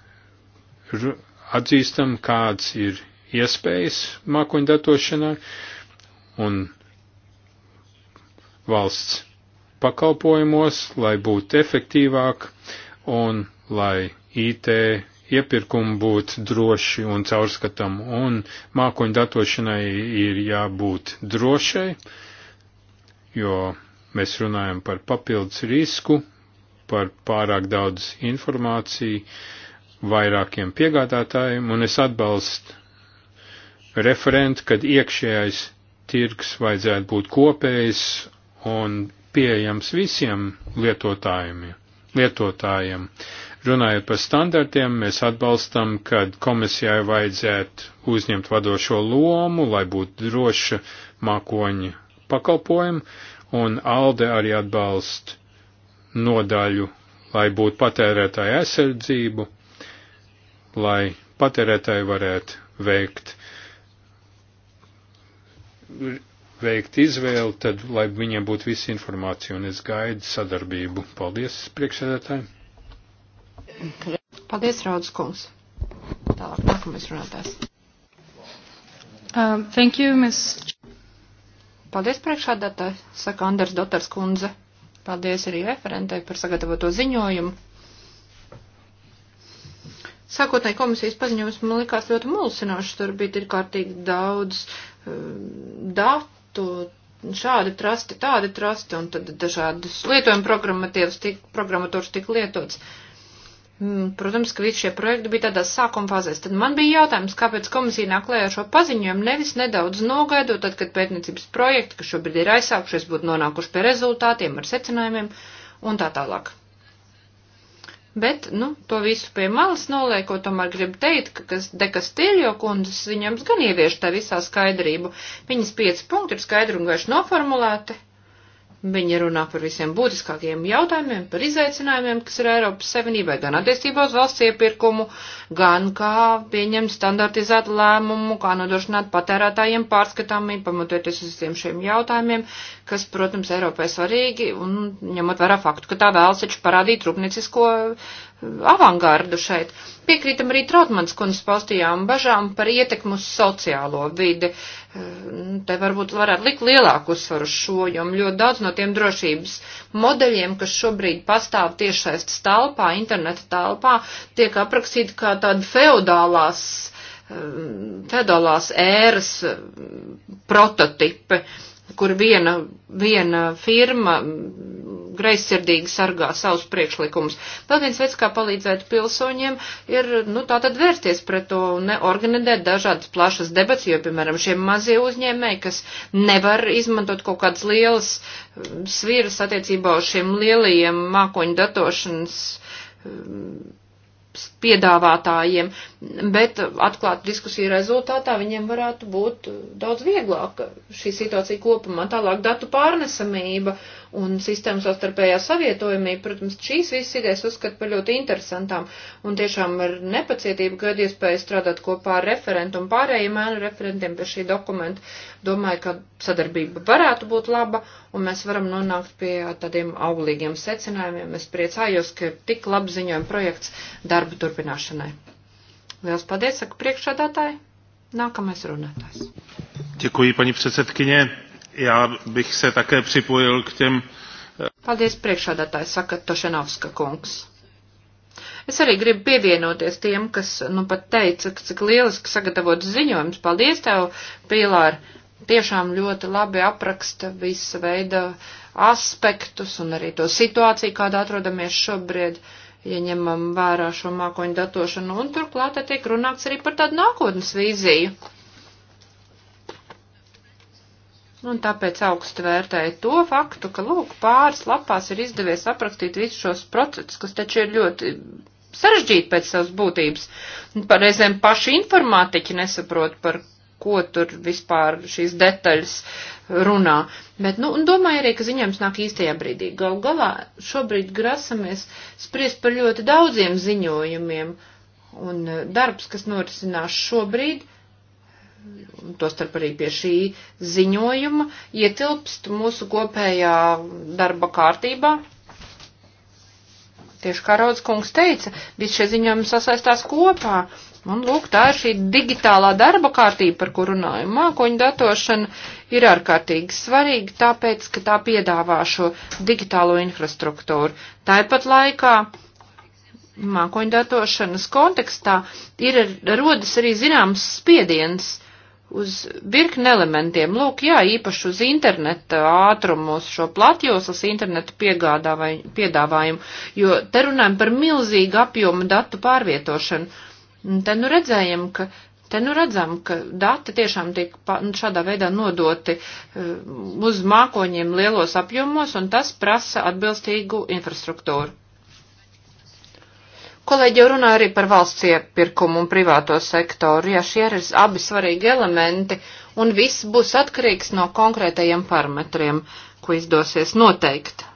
atzīstam, kāds ir iespējas mākoņu datošanā un valsts pakalpojumos, lai būtu efektīvāk un lai IT iepirkumi būtu droši un caurskatam, un mākoņu datošanai ir jābūt drošai, jo mēs runājam par papildus risku, par pārāk daudz informāciju, vairākiem piegādātājiem, un es atbalstu referentu, kad iekšējais tirgs vajadzētu būt kopējs un pieejams visiem lietotājiem. lietotājiem. Runājot par standartiem, mēs atbalstam, ka komisijai vajadzētu uzņemt vadošo lomu, lai būtu droša mākoņa pakalpojuma, un ALDE arī atbalst nodaļu, lai būtu patērētāja aizsardzību lai patērētāji varētu veikt, veikt izvēli, tad lai viņiem būtu visa informācija un es gaidu sadarbību. Paldies, priekšsēdētāji! Paldies, Raudas kungs! Tālāk, nākamais runātājs. Um, thank you, Ms. Paldies, priekšādātāji, saka Anders Dotars kundze. Paldies arī referentei par sagatavoto ziņojumu. Sākotnēji komisijas paziņojums man likās ļoti mulsinošs, tur bija ir kārtīgi daudz uh, datu, šādi trasti, tādi trasti, un tad dažādas lietojuma programmatūras tika tik lietots. Mm, protams, ka visi šie projekti bija tādās sākuma fāzēs. Tad man bija jautājums, kāpēc komisija nāk klējā ar šo paziņojumu, nevis nedaudz nogaidot, tad, kad pētniecības projekti, kas šobrīd ir aizsākušies, būtu nonākuši pie rezultātiem ar secinājumiem un tā tālāk. Bet, nu, to visu pie malas nolieko, tomēr gribu teikt, ka kas, dekastīļo kundzes viņam gan ievieš tā visā skaidrību. Viņas pieci punkti ir skaidri un gaiši noformulēti. Viņa runā par visiem būtiskākajiem jautājumiem, par izaicinājumiem, kas ir Eiropas Savienībai, gan attiecībā uz valsts iepirkumu, gan kā pieņemt standartizētu lēmumu, kā nodrošināt patērētājiem pārskatāmību, pamatoties uz visiem šiem jautājumiem, kas, protams, Eiropai svarīgi, un ņemot vērā faktu, ka tā vēlas taču parādīt rūpniecisko uh, avangardu šeit. Piekrītam arī Trautmans kundzes paustījām bažām par ietekmu uz sociālo vidi. Eh, nu, te varbūt varētu likt lielāku uzsvaru šo, jo ļoti daudz no tiem drošības modeļiem, kas šobrīd pastāv tiešsaistes telpā, interneta telpā, tiek aprakstīti kā tāda feodālās eh, feodālās ēras eh, prototipi, kur viena, viena firma greizsirdīgi sargā savus priekšlikumus. Vēl viens veids, kā palīdzēt pilsoņiem, ir, nu, tā tad vērsties pret to un organizēt dažādas plašas debats, jo, piemēram, šie mazie uzņēmēji, kas nevar izmantot kaut kādas lielas um, sviras attiecībā uz šiem lielajiem mākoņu datošanas um, piedāvātājiem bet atklāt diskusiju rezultātā viņiem varētu būt daudz vieglāk šī situācija kopumā. Tālāk datu pārnesamība un sistēmas savstarpējā savietojamība, protams, šīs visas idejas uzskata par ļoti interesantām un tiešām ar nepacietību gadu iespēju strādāt kopā ar referentu un pārējiem ēnu referentiem pie šī dokumenta. Domāju, ka sadarbība varētu būt laba un mēs varam nonākt pie tādiem auglīgiem secinājumiem. Es priecājos, ka tik labziņojam projekts darba turpināšanai. Liels paldies, saka priekšādātāji. Nākamais runātājs. Děkuji, paní předsedkyně. Já bych se také připojil k těm. Paldies, priekšādātājs, saka Tošenovska kungs. Es arī gribu pievienoties tiem, kas nu pat teica, cik lieliski sagatavot ziņojums. Paldies tev, Pīlār! Tiešām ļoti labi apraksta visa veida aspektus un arī to situāciju, kādā atrodamies šobrīd. Uh, ja ņemam vērā šo mākoņu datošanu, un turklāt tiek runāts arī par tādu nākotnes vīziju. Un tāpēc augstu vērtēju to faktu, ka, lūk, pāris lapās ir izdevies aprakstīt visus šos procesus, kas taču ir ļoti sarežģīti pēc savas būtības. Pareizēm paši informātiķi nesaprot, par ko tur vispār šīs detaļas runā. Bet, nu, un domāju arī, ka ziņojums nāk īstajā brīdī. Gal galā šobrīd grasamies spriest par ļoti daudziem ziņojumiem, un e, darbs, kas norisinās šobrīd, tostarp arī pie šī ziņojuma, ietilpst mūsu kopējā darba kārtībā. Tieši kā Rauds kungs teica, visi šie ziņojumi sasaistās kopā, Un lūk, tā ir šī digitālā darba kārtība, par kur runājam. Mākoņu datošana ir ārkārtīgi svarīga, tāpēc, ka tā piedāvā šo digitālo infrastruktūru. Tāpat laikā mākoņu datošanas kontekstā ir rodas arī zināms spiediens uz virkni elementiem. Lūk, jā, īpaši uz interneta ātrumu, uz šo platjoslas internetu piedāvājumu, jo te runājam par milzīgu apjomu datu pārvietošanu Tad nu redzējām, ka Te nu redzam, ka dati tiešām tiek nu, šādā veidā nodoti eh, uz mākoņiem lielos apjomos, un tas prasa atbilstīgu infrastruktūru. Kolēģi jau runā arī par valsts iepirkumu un privāto sektoru, ja šie ir abi svarīgi elementi, un viss būs atkarīgs no konkrētajiem parametriem, ko izdosies noteikt.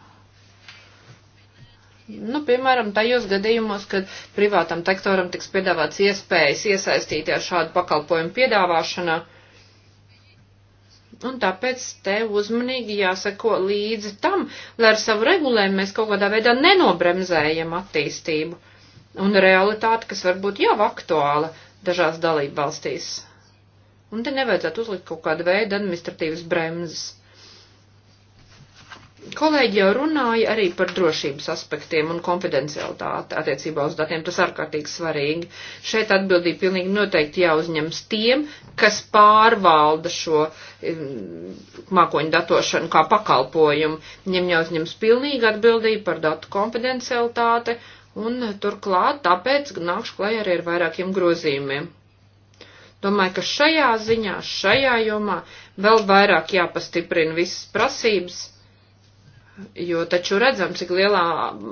Nu, piemēram, tajos gadījumos, kad privātam sektoram tiks piedāvāts iespējas iesaistīties šādu pakalpojumu piedāvāšanā, un tāpēc te uzmanīgi jāsako līdzi tam, lai ar savu regulējumu mēs kaut kādā veidā nenobremzējam attīstību un realitāti, kas varbūt jau aktuāla dažās dalību valstīs. Un te nevajadzētu uzlikt kaut kādu veidu administratīvas bremzes. Kolēģi jau runāja arī par drošības aspektiem un konfidencialitāti attiecībā uz datiem. Tas ārkārtīgi svarīgi. Šeit atbildība pilnīgi noteikti jāuzņems tiem, kas pārvalda šo mm, mākoņu datošanu kā pakalpojumu. Viņiem jāuzņems pilnīga atbildība par datu konfidencialitāti un turklāt tāpēc nākšu klajā arī ar vairākiem grozījumiem. Domāju, ka šajā ziņā, šajā jomā vēl vairāk jāpastiprina visas prasības Jo taču redzam, cik lielā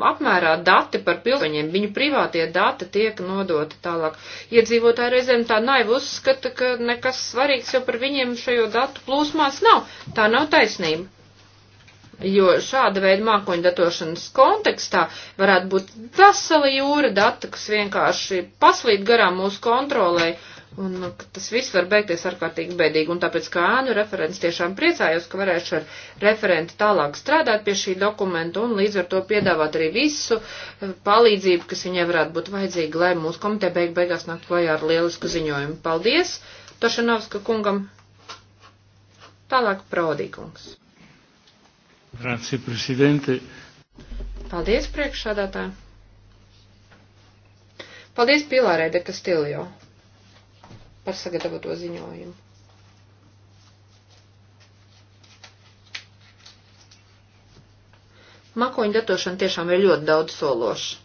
apmērā dati par pilsoņiem, viņu privātie dati tiek nodoti tālāk. Iedzīvotāji reizēm tā naivi uzskata, ka nekas svarīgs jau par viņiem šajo datu plūsmās nav. Tā nav taisnība. Jo šāda veida mākoņu datošanas kontekstā varētu būt vesela jūra data, kas vienkārši paslīd garām mūsu kontrolē Un nu, tas viss var beigties ārkārtīgi bēdīgi, un tāpēc kā ānu referents tiešām priecājos, ka varēšu ar referenti tālāk strādāt pie šī dokumenta un līdz ar to piedāvāt arī visu eh, palīdzību, kas viņai varētu būt vajadzīga, lai mūsu komiteja beig beigās nāk klajā ar lielisku ziņojumu. Paldies Tošanovska kungam. Tālāk Prodīkungs. Grazie, prezidente. Paldies priekšsādātājai. Paldies Pilārēde Kastiljo par sagatavoto ziņojumu. Mākoņu datošana tiešām ir ļoti daudz sološa.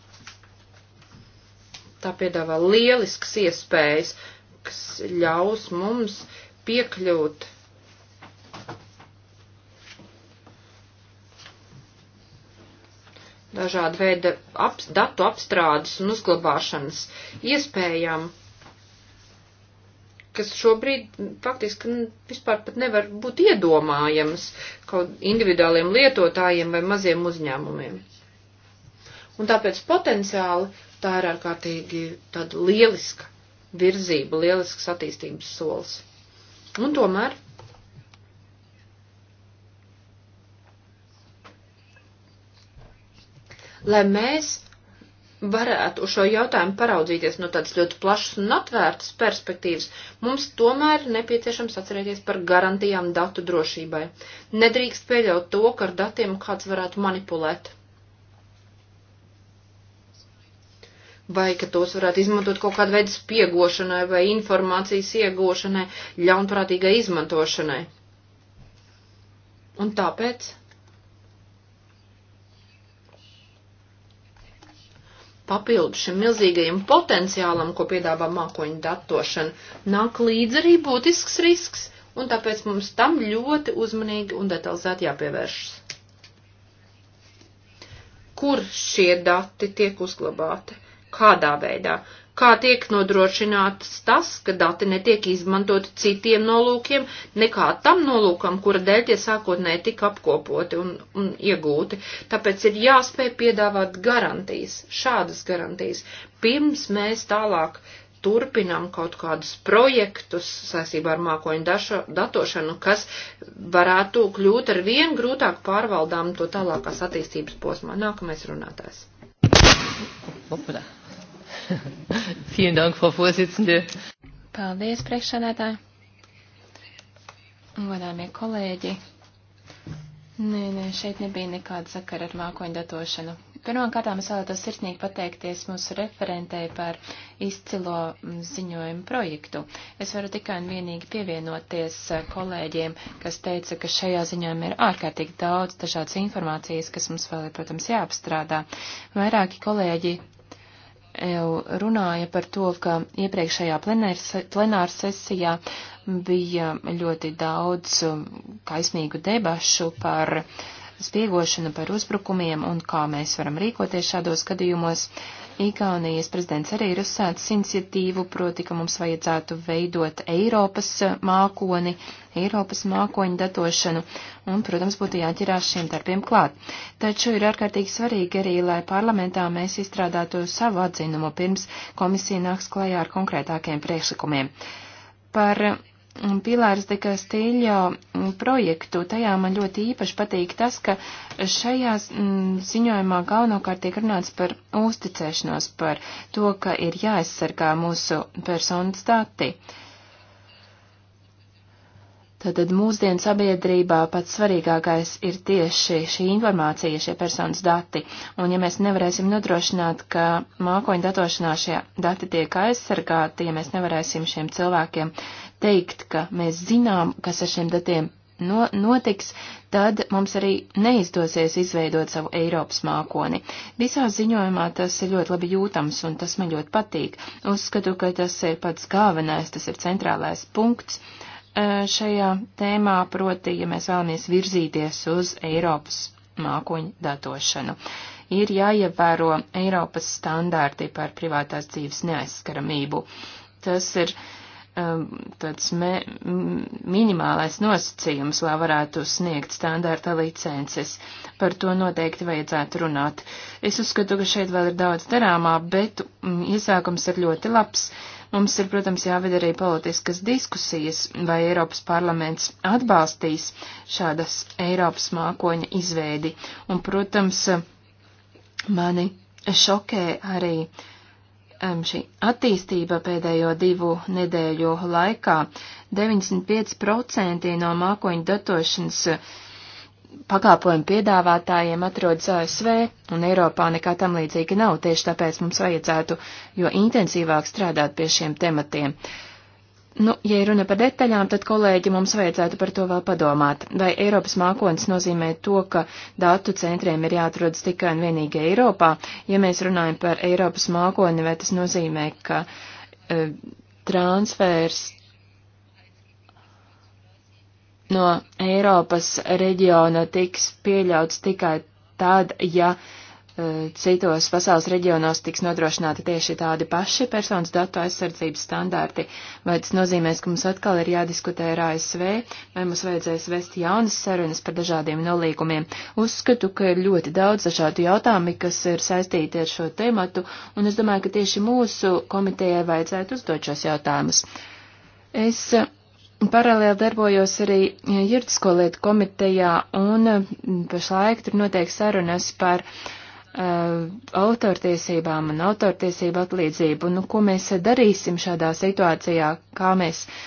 Tā piedāvā lielisks iespējas, kas ļaus mums piekļūt dažādu veidu ap, datu apstrādes un uzglabāšanas iespējām kas šobrīd mm, faktiski nu, vispār pat nevar būt iedomājams kaut individuāliem lietotājiem vai maziem uzņēmumiem. Un tāpēc potenciāli tā ir ārkārtīgi tāda lieliska virzība, lielisks attīstības solis. Un tomēr lai mēs varētu uz šo jautājumu paraudzīties no tādas ļoti plašas un atvērtas perspektīvas, mums tomēr ir nepieciešams atcerēties par garantijām datu drošībai. Nedrīkst pieļaut to, ka ar datiem kāds varētu manipulēt. Vai ka tos varētu izmantot kaut kādu veidu spiegošanai vai informācijas iegūšanai, ļaunprātīgai izmantošanai. Un tāpēc papildu šim milzīgajam potenciālam, ko piedāvā mākoņu datošana, nāk līdz arī būtisks risks, un tāpēc mums tam ļoti uzmanīgi un detalizēti jāpievēršas. Kur šie dati tiek uzglabāti? Kādā veidā? kā tiek nodrošināts tas, ka dati netiek izmantoti citiem nolūkiem, nekā tam nolūkam, kura dēļ tie sākotnēji tika apkopoti un, un iegūti. Tāpēc ir jāspēj piedāvāt garantijas, šādas garantijas, pirms mēs tālāk turpinām kaut kādus projektus saistībā ar mākoņu dašo, datošanu, kas varētu kļūt ar vien grūtāk pārvaldām to tālākās attīstības posmā. Nākamais runātājs. Populā. Vielen Dank, Frau Vorsitzende. Paldies, priekšsēdētāji. Godāmie kolēģi. Nē, nē, šeit nebija nekāda sakara ar mākoņu datošanu. Pirmkārt, es vēlētos sirsnīgi pateikties mūsu referentei par izcilo mm, ziņojumu projektu. Es varu tikai un vienīgi pievienoties eh, kolēģiem, kas teica, ka šajā ziņojumā ir ārkārtīgi daudz dažādas informācijas, kas mums vēl ir, protams, jāapstrādā. Vairāki kolēģi jau e runāja par to, ka iepriekšējā plenāra sesijā bija ļoti daudz um, kaismīgu debašu par spiegošanu, par uzbrukumiem un kā mēs varam rīkoties šādos gadījumos. Uh, Igaunijas prezidents arī ir uzsācis iniciatīvu, proti, ka mums vajadzētu veidot Eiropas eh, mākoni, Eiropas mākoņu datošanu, un, protams, būtu jāķerās šiem darbiem klāt. Taču ir ārkārtīgi svarīgi arī, lai parlamentā mēs izstrādātu savu atzinumu pirms komisija nāks klajā ar konkrētākiem priekšlikumiem. Par Pilārs de Kastīļo projektu. Tajā man ļoti īpaši patīk tas, ka šajā mm, ziņojumā galvenokārt tiek runāts par uzticēšanos, par to, ka ir jāaizsargā mūsu personas dati. Uh, Tātad mūsdienu sabiedrībā pats svarīgākais ir tieši šī informācija, šie personas dati, un ja mēs nevarēsim nodrošināt, ka mākoņu datošanā šie dati tiek aizsargāti, ja mēs nevarēsim šiem cilvēkiem teikt, ka mēs zinām, kas ar šiem datiem no, notiks, tad mums arī neizdosies izveidot savu Eiropas mākoni. Visā ziņojumā tas ir ļoti labi jūtams, un tas man ļoti patīk. Uzskatu, ka tas ir pats galvenais, tas ir centrālais punkts, Eh, šajā tēmā, proti, ja mēs vēlamies virzīties uz Eiropas mākoņu datošanu. Ir jāievēro Eiropas standārti par privātās dzīves neaizskaramību. Tas ir eh, tāds me, minimālais nosacījums, lai varētu sniegt standārta licences. Par to noteikti vajadzētu runāt. Es uzskatu, ka šeit vēl ir daudz darāmā, bet mm, iesākums ir ļoti labs. Mums ir, protams, jāved arī politiskas diskusijas, vai Eiropas parlaments atbalstīs šādas Eiropas mākoņa izveidi. Un, protams, mani šokē arī um, šī attīstība pēdējo divu nedēļu laikā. 95% no mākoņu datošanas pakalpojumu piedāvātājiem atrodas ASV un Eiropā nekā tam līdzīga nav, tieši tāpēc mums vajadzētu jo intensīvāk strādāt pie šiem tematiem. Nu, ja runa par detaļām, tad, kolēģi, mums vajadzētu par to vēl padomāt. Vai Eiropas mākonis nozīmē to, ka datu centriem ir jāatrodas tikai un vienīgi Eiropā? Ja mēs runājam par Eiropas mākoni, vai tas nozīmē, ka e, transfers no Eiropas reģiona tiks pieļauts tikai tad, ja e, citos pasaules reģionos tiks nodrošināti tieši tādi paši personas datu aizsardzības standarti, vai tas nozīmēs, ka mums atkal ir jādiskutē ar ASV, vai mums vajadzēs vest jaunas sarunas par dažādiem nolīgumiem. Uzskatu, ka ir ļoti daudz dažādu jautājumu, kas ir saistīti ar šo tematu, un es domāju, ka tieši mūsu komitejai vajadzētu uzdot šos jautājumus. Es Paralēli darbojos arī juridisko lietu komitejā un pašlaik tur notiek sarunas par uh, autortiesībām un autortiesību atlīdzību. Nu, ko mēs darīsim šādā situācijā, kā mēs uh,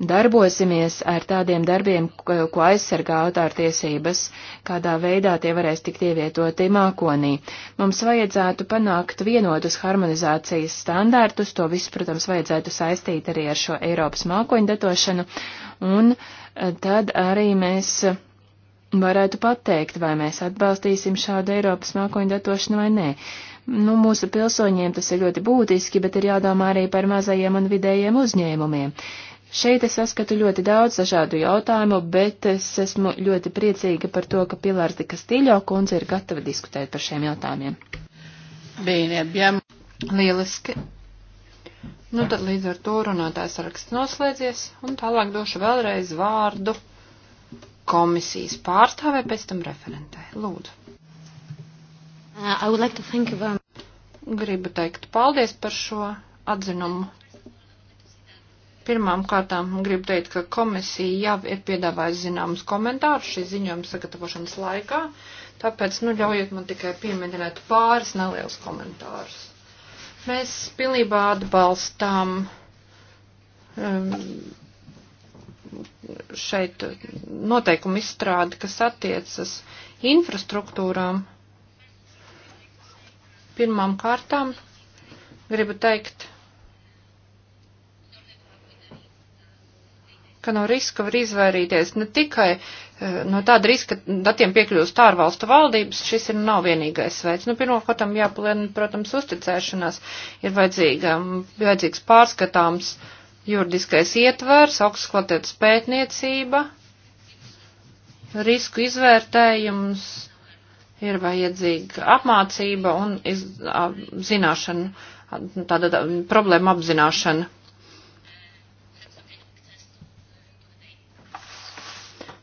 darbosimies ar tādiem darbiem, ko, ko aizsargā autortiesības, kādā veidā tie varēs tikt ievietoti mākonī. Mums vajadzētu panākt vienotus harmonizācijas standārtus, to visu, protams, vajadzētu saistīt arī ar šo Eiropas mākoņu datošanu, un eh, tad arī mēs varētu pateikt, vai mēs atbalstīsim šādu Eiropas mākoņu datošanu vai nē. Nu, mūsu pilsoņiem tas ir ļoti būtiski, bet ir jādomā arī par mazajiem un vidējiem uzņēmumiem. Šeit es saskatu ļoti daudz dažādu jautājumu, bet es esmu ļoti priecīga par to, ka Pilārs Dika Stīļo kundze ir gatava diskutēt par šiem jautājumiem. Bīniem, jā. Lieliski. Nu tad līdz ar to runātājs raksts noslēdzies, un tālāk došu vēlreiz vārdu komisijas pārstāvē, pēc tam referentē. Lūdzu. Uh, like Gribu teikt paldies par šo atzinumu Pirmām kārtām gribu teikt, ka komisija jau ir piedāvājusi zināmas komentārus šī ziņojuma sagatavošanas laikā, tāpēc, nu, ļaujiet man tikai pieminēt pāris nelielus komentārus. Mēs pilnībā atbalstām um, šeit noteikumu izstrādi, kas attiecas infrastruktūrām. Pirmām kārtām gribu teikt, ka no riska var izvairīties ne tikai eh, no tāda riska datiem piekļūst ārvalstu valdības, šis ir nav vienīgais veids. Nu, pirmkārt, jāpalielina, protams, uzticēšanās, ir vajadzīga, vajadzīgs pārskatāms juridiskais ietvers, augstsklātētas pētniecība, risku izvērtējums, ir vajadzīga apmācība un iz, a, zināšana, tāda tā, problēma apzināšana.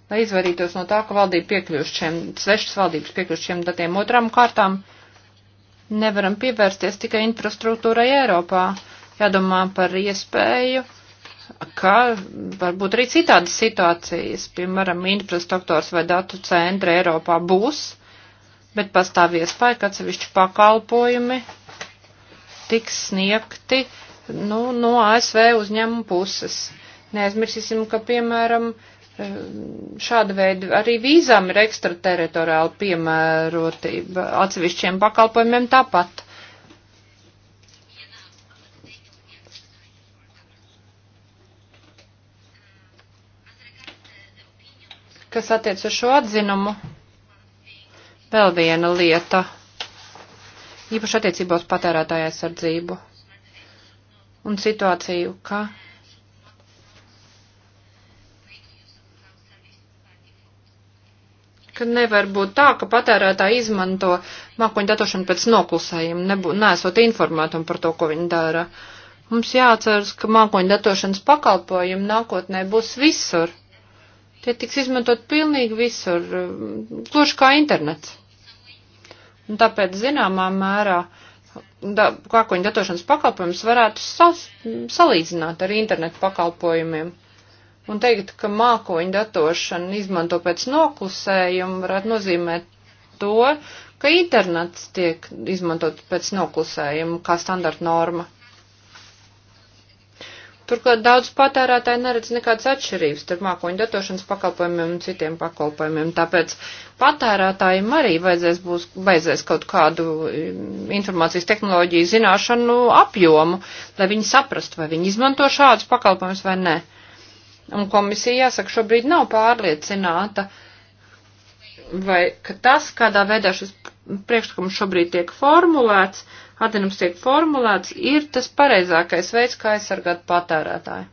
lai izvairītos no tā, ka valdība piekļūst šiem, svešas valdības piekļūst šiem datiem. Otram kārtām nevaram pievērsties tikai infrastruktūrai Eiropā. Jādomā par iespēju, ka varbūt arī citādas situācijas, piemēram, infrastruktūras vai datu centri Eiropā būs, bet pastāv iespēja, ka atsevišķi pakalpojumi tiks sniegti nu, no ASV uzņēmumu puses. Neaizmirsīsim, ka, piemēram, uh, Ehm, šāda veida arī vīzām ir ekstrateritoriāla piemērotība atsevišķiem pakalpojumiem tāpat. Kas attiec uz šo atzinumu? Vēl viena lieta. Īpaši attiecībā uz patērētāju aizsardzību un situāciju, ka ka nevar būt tā, ka patērētāji izmanto mākoņu datošanu pēc noklusējuma, nebū, nesot informētumu par to, ko viņi dara. Mums jāatceras, ka mākoņu datošanas pakalpojumi nākotnē būs visur. Tie tiks izmantot pilnīgi visur, gluži kā internets. Un tāpēc, zināmā mērā, da, kākoņu datošanas pakalpojums varētu sas, salīdzināt ar internetu pakalpojumiem un teikt, ka mākoņu datošana izmanto pēc noklusējuma varētu nozīmēt to, ka internets tiek izmantot pēc noklusējuma kā standarta norma. Turklāt daudz patērētāji neredz nekādas atšķirības starp mākoņu datošanas pakalpojumiem un citiem pakalpojumiem, tāpēc patērētājiem arī vajadzēs, būs, vajadzēs kaut kādu mm, informācijas tehnoloģiju zināšanu apjomu, lai viņi saprastu, vai viņi izmanto šādus pakalpojumus vai nē. Ne un komisija, jāsaka, šobrīd nav pārliecināta, vai ka tas, kādā veidā šis priekšlikums šobrīd tiek formulēts, atzinums tiek formulēts, ir tas pareizākais veids, kā aizsargāt patērētāju.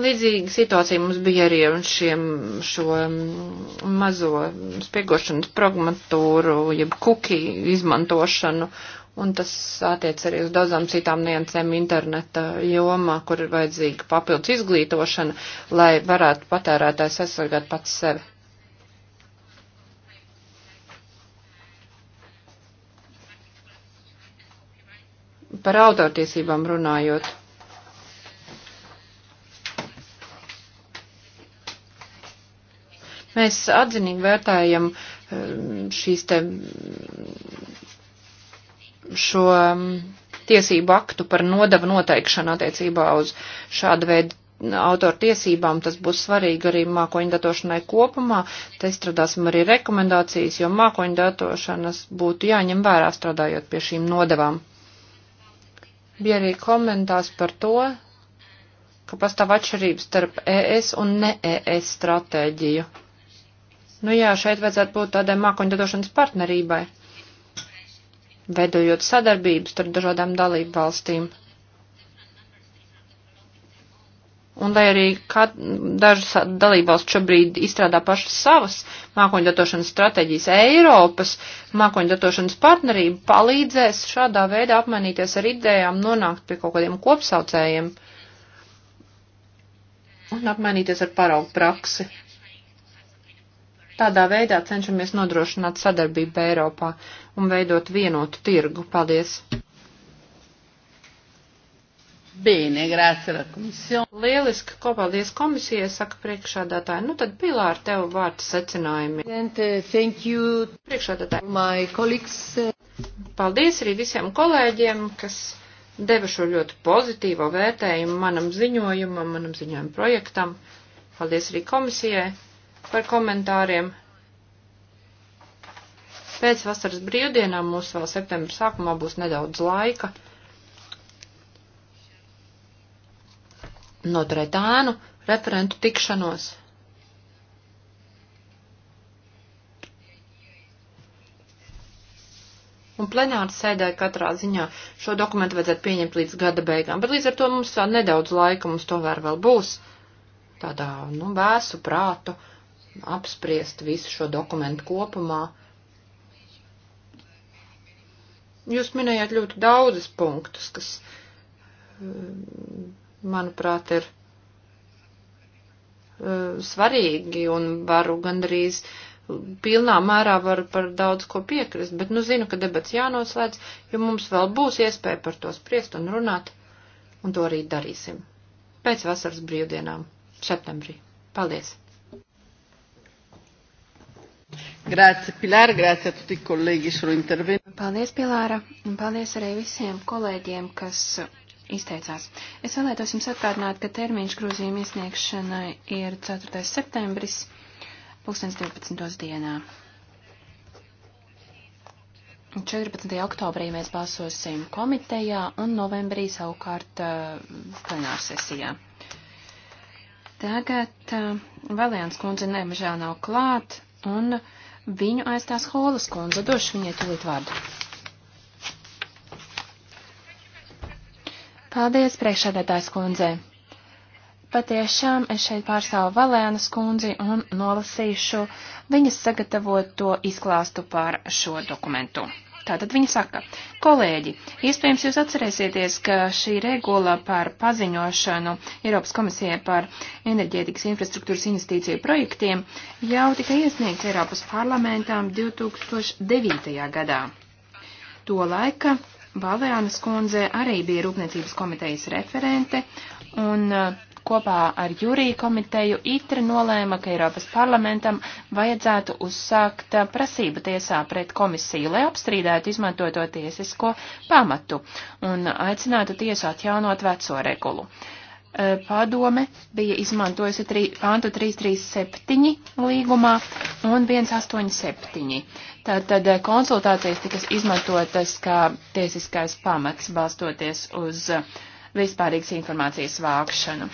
Līdzīga situācija mums bija arī ar šiem, šo mm, mazo spiegošanas programmatūru, jeb kuki izmantošanu, un tas attiec arī uz daudzām citām niansēm interneta jomā, kur ir vajadzīga papildus izglītošana, lai varētu patērētājs aizsargāt pats sevi. Par autortiesībām runājot. Mēs atzinīgi vērtējam um, šīs te šo mm, tiesību aktu par nodevu noteikšanu attiecībā uz šādu veidu mm, autoru tiesībām, tas būs svarīgi arī mākoņu datošanai kopumā, te strādāsim arī rekomendācijas, jo mākoņu datošanas būtu jāņem vērā strādājot pie šīm nodevām. Bija arī komentārs par to, ka pastāv atšķirības starp ES un ne ES stratēģiju. Nu jā, šeit vajadzētu būt tādai mākoņu datošanas partnerībai veidojot sadarbības starp dažādām dalību valstīm. Un lai arī dažas dalībvalsts šobrīd izstrādā pašas savas mākoņdatošanas stratēģijas, Eiropas mākoņdatošanas partnerība palīdzēs šādā veidā apmainīties ar idejām, nonākt pie kaut kādiem kopsaucējiem un apmainīties ar paraugu praksi. Tādā veidā cenšamies nodrošināt sadarbību Eiropā un veidot vienotu tirgu. Paldies! Bene, grazie la komisija. Lieliski, ko paldies komisijai, saka priekšādātāji. Nu tad, Pilār, tev vārds secinājumi. And, uh, thank you. Priekšādātāji. My colleagues. Eh, paldies arī visiem kolēģiem, kas deva šo ļoti pozitīvo vērtējumu manam ziņojumam, manam ziņojuma projektam. Paldies arī komisijai par komentāriem. Pēc vasaras brīvdienām mums vēl septembra sākumā būs nedaudz laika noturēt ēnu referentu tikšanos. Un plenāra sēdē katrā ziņā šo dokumentu vajadzētu pieņemt līdz gada beigām, bet līdz ar to mums nedaudz laika mums tomēr vēl būs tādā, nu, vēsu prātu apspriest visu šo dokumentu kopumā. Jūs minējāt ļoti daudzas punktus, kas, eh, manuprāt, ir eh, svarīgi un varu gandrīz pilnā mērā var par daudz ko piekrist, bet nu zinu, ka debats jānoslēdz, jo mums vēl būs iespēja par to spriest un runāt, un to arī darīsim. Pēc vasaras brīvdienām, septembrī. Paldies! Grazie, Pilāra, grazie a tutti i colleghi suo intervento. Paldies, Pilāra, un paldies arī visiem kolēģiem, kas izteicās. Es vēlētos jums atgādināt, ka termiņš grozījuma iesniegšanai ir 4. septembris, 2012. dienā. 14. oktobrī mēs balsosim komitejā un novembrī savukārt eh, plenārsesijā. Tagad eh, Valēns kundze nemžēl nav klāt un. Viņu aizstās Holas kundze. Došu viņai tūlīt vārdu. Paldies, priekšādētājs kundzei. Patiešām es šeit pārstāvu Valēnas kundzi un nolasīšu viņas sagatavoto izklāstu par šo dokumentu. Tātad viņa saka, kolēģi, iespējams jūs atcerēsieties, ka šī regula par paziņošanu Eiropas komisijai par enerģētikas infrastruktūras investīciju projektiem jau tika iesniegts Eiropas parlamentām 2009. gadā. To laika Balēnas kundze arī bija Rūpniecības komitejas referente, un uh, kopā ar jūriju komiteju ITRE nolēma, ka Eiropas parlamentam vajadzētu uzsākt uh, prasību tiesā pret komisiju, lai apstrīdētu izmantoto tiesisko pamatu un aicinātu tiesu atjaunot veco regulu. Uh, padome bija izmantojusi tri, pantu 337 līgumā un 187. Tātad uh, konsultācijas tika izmantotas kā tiesiskais pamats, balstoties uz uh, vispārīgas informācijas vākšanu.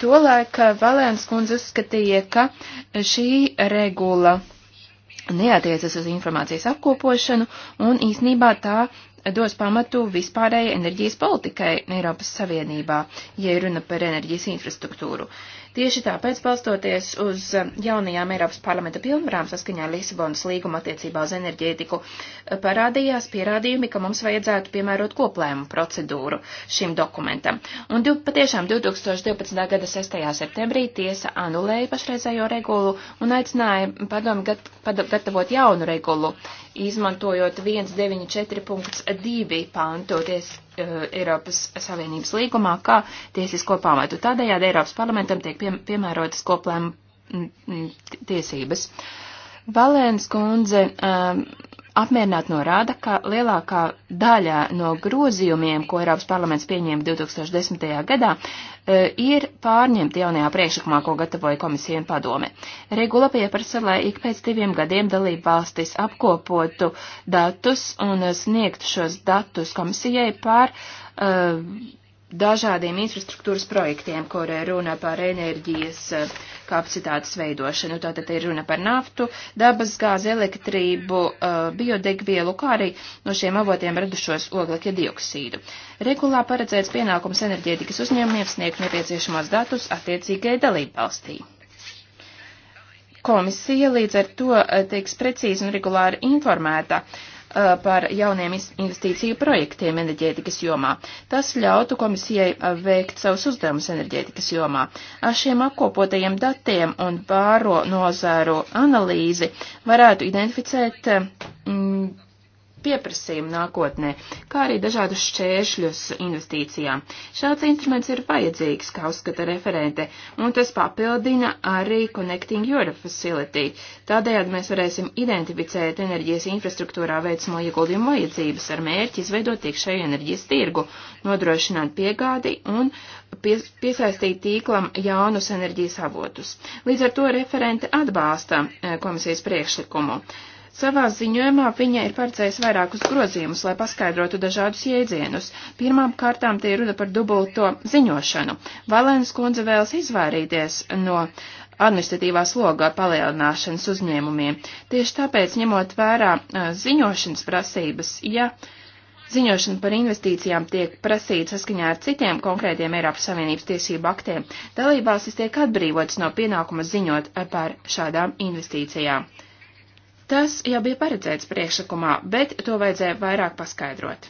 Tolēk eh, Valēns kundze uzskatīja, ka šī regula neatiecas uz informācijas apkopošanu un īsnībā tā dos pamatu vispārējai enerģijas politikai Eiropas Savienībā, ja runa par enerģijas infrastruktūru. Uh, Tieši tāpēc, balstoties uz um, jaunajām Eiropas parlamenta pilnvarām saskaņā Lisabonas līguma attiecībā uz enerģētiku, uh, parādījās pierādījumi, ka mums vajadzētu piemērot koplēmu procedūru šim dokumentam. Un div, patiešām 2012. gada 6. septembrī tiesa anulēja pašreizējo regulu un aicināja padomu gat, pad, gatavot jaunu regulu, izmantojot 194.2 pantu ties, Eh, Eiropas Savienības līgumā, kā tiesisko pamatu. Tādējādi Eiropas parlamentam tiek pie, piemērotas koplēm mm, mm, tiesības. Valēns kundze um, apmierināt norāda, ka lielākā daļa no grozījumiem, ko Eiropas parlaments pieņēma 2010. gadā, e, ir pārņemti jaunajā priekšlikumā, ko gatavoja komisija un padome. Regula pieprasa, lai ik pēc diviem gadiem dalību valstis apkopotu datus un sniegtu šos datus komisijai par uh, dažādiem infrastruktūras projektiem, kur eh, runa par enerģijas eh, kapacitātes veidošanu. Tātad ir runa par naftu, dabas gāzi, elektrību, eh, biodegvielu, kā arī no šiem avotiem radušos oglekļa dioksīdu. Regulā paredzēts pienākums enerģētikas uzņēmumiem sniegt nepieciešamos datus attiecīgai dalībvalstī. Komisija līdz ar to tiks precīzi un regulāri informēta uh, Uh, par jauniem investīciju projektiem enerģētikas jomā. Tas ļautu komisijai uh, veikt savus uzdevumus enerģētikas jomā. Ar šiem apkopotajiem datiem un pāro nozāru analīzi varētu identificēt uh, pieprasījumu nākotnē, kā arī dažādus šķēršļus investīcijām. Šāds instruments ir vajadzīgs, kā uzskata referente, un tas papildina arī Connecting Europe Facility. Tādējādi mēs varēsim identificēt enerģijas infrastruktūrā veicamo ieguldījumu vajadzības ar mērķi izveidot iekšēju enerģijas tirgu, nodrošināt piegādi un pies piesaistīt tīklam jaunus enerģijas avotus. Līdz ar to referente atbalsta eh, komisijas priekšlikumu. Savā ziņojumā viņa ir paredzējusi vairākus grozījumus, lai paskaidrotu dažādus jēdzienus. Pirmām kārtām tie runa par dubulto ziņošanu. Valēnas kundze vēlas izvairīties no administratīvā slogā palielināšanas uzņēmumiem. Tieši tāpēc, ņemot vērā ziņošanas prasības, ja ziņošana par investīcijām tiek prasīta saskaņā ar citiem konkrētiem Eiropas Savienības tiesību aktiem, dalībvalstis tiek atbrīvotas no pienākuma ziņot par šādām investīcijām. Tas jau bija paredzēts priekšlikumā, bet to vajadzēja vairāk paskaidrot.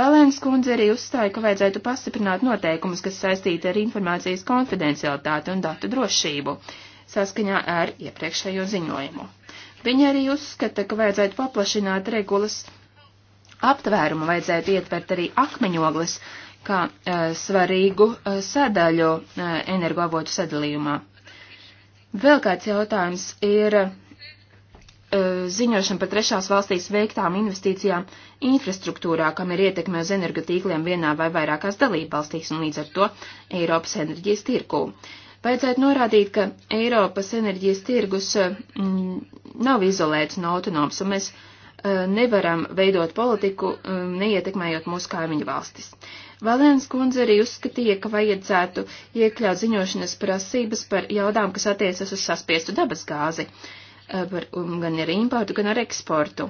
Valēns kundze arī uzstāja, ka vajadzētu pastiprināt noteikumus, kas saistīti ar informācijas konfidencialitāti un datu drošību, saskaņā ar iepriekšējo ziņojumu. Viņa arī uzskata, ka vajadzētu paplašināt regulas aptvērumu, vajadzētu ietvert arī akmeņogles kā e, svarīgu e, sadaļu e, energoavotu sadalījumā. Vēl kāds jautājums ir Eh, ziņošana par trešās valstīs veiktām investīcijām infrastruktūrā, kam ir ietekme uz energotīkliem vienā vai vairākās dalībvalstīs un līdz ar to Eiropas enerģijas tirkū. Vajadzētu norādīt, ka Eiropas enerģijas tirgus eh, m, mm, nav izolēts un autonoms, un mēs m, eh, nevaram veidot politiku, m, neietekmējot mūsu kaimiņu valstis. Valēns kundze arī uzskatīja, ka vajadzētu iekļaut ziņošanas prasības par jaudām, kas attiecas uz saspiestu dabas gāzi. Uh, Eh, par, um, gan ar importu, gan ar eksportu,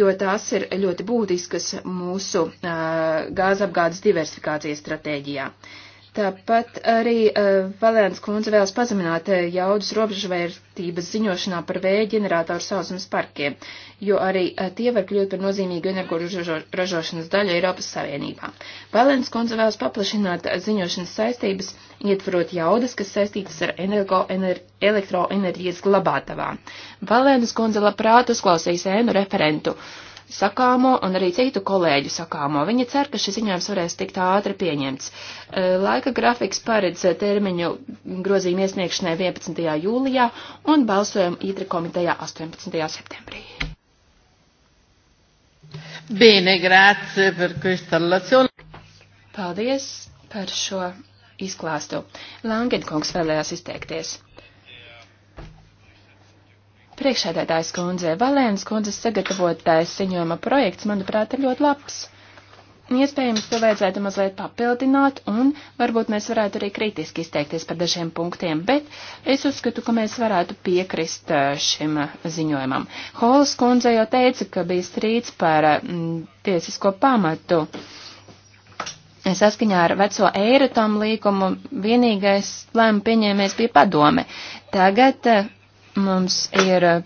jo tās ir ļoti būtiskas mūsu eh, gāzapgādes diversifikācijas stratēģijā. Uh, Tāpat arī uh, Valēns kundze vēlas pazemināt uh, jaudas robežvērtības ziņošanā par vēja ģeneratoru sausums parkiem, jo arī uh, tie var kļūt par nozīmīgu energoražošanas daļu Eiropas Savienībā. Valēns kundze vēlas paplašināt ziņošanas saistības, ietverot jaudas, kas saistītas ar energo, ener, elektroenerģijas glabātavām. Valēnas kundze labprāt uzklausīs ēnu referentu. Uh, sakāmo un arī citu kolēģu sakāmo. Viņa cer, ka šis ziņojums varēs tikt ātri pieņemts. E, laika grafiks paredz termiņu grozījuma iesniegšanai 11. jūlijā un balsojumu ītri komitejā 18. septembrī. Bene, grazie per questa relazione. Paldies par šo izklāstu. Langenkungs vēlējās izteikties. Priekšēdētājs kundze, Valēnas kundzes sagatavotais ziņojuma projekts, manuprāt, ir ļoti labs. Iespējams, to vajadzētu mazliet papildināt, un varbūt mēs varētu arī kritiski izteikties par dažiem punktiem, bet es uzskatu, ka mēs varētu piekrist šim ziņojumam. Holas kundze jau teica, ka bija strīds par m, tiesisko pamatu. Saskaņā ar veco Eiratom līkumu vienīgais lēma pieņēmējs bija padome. Tagad Mums ir eh,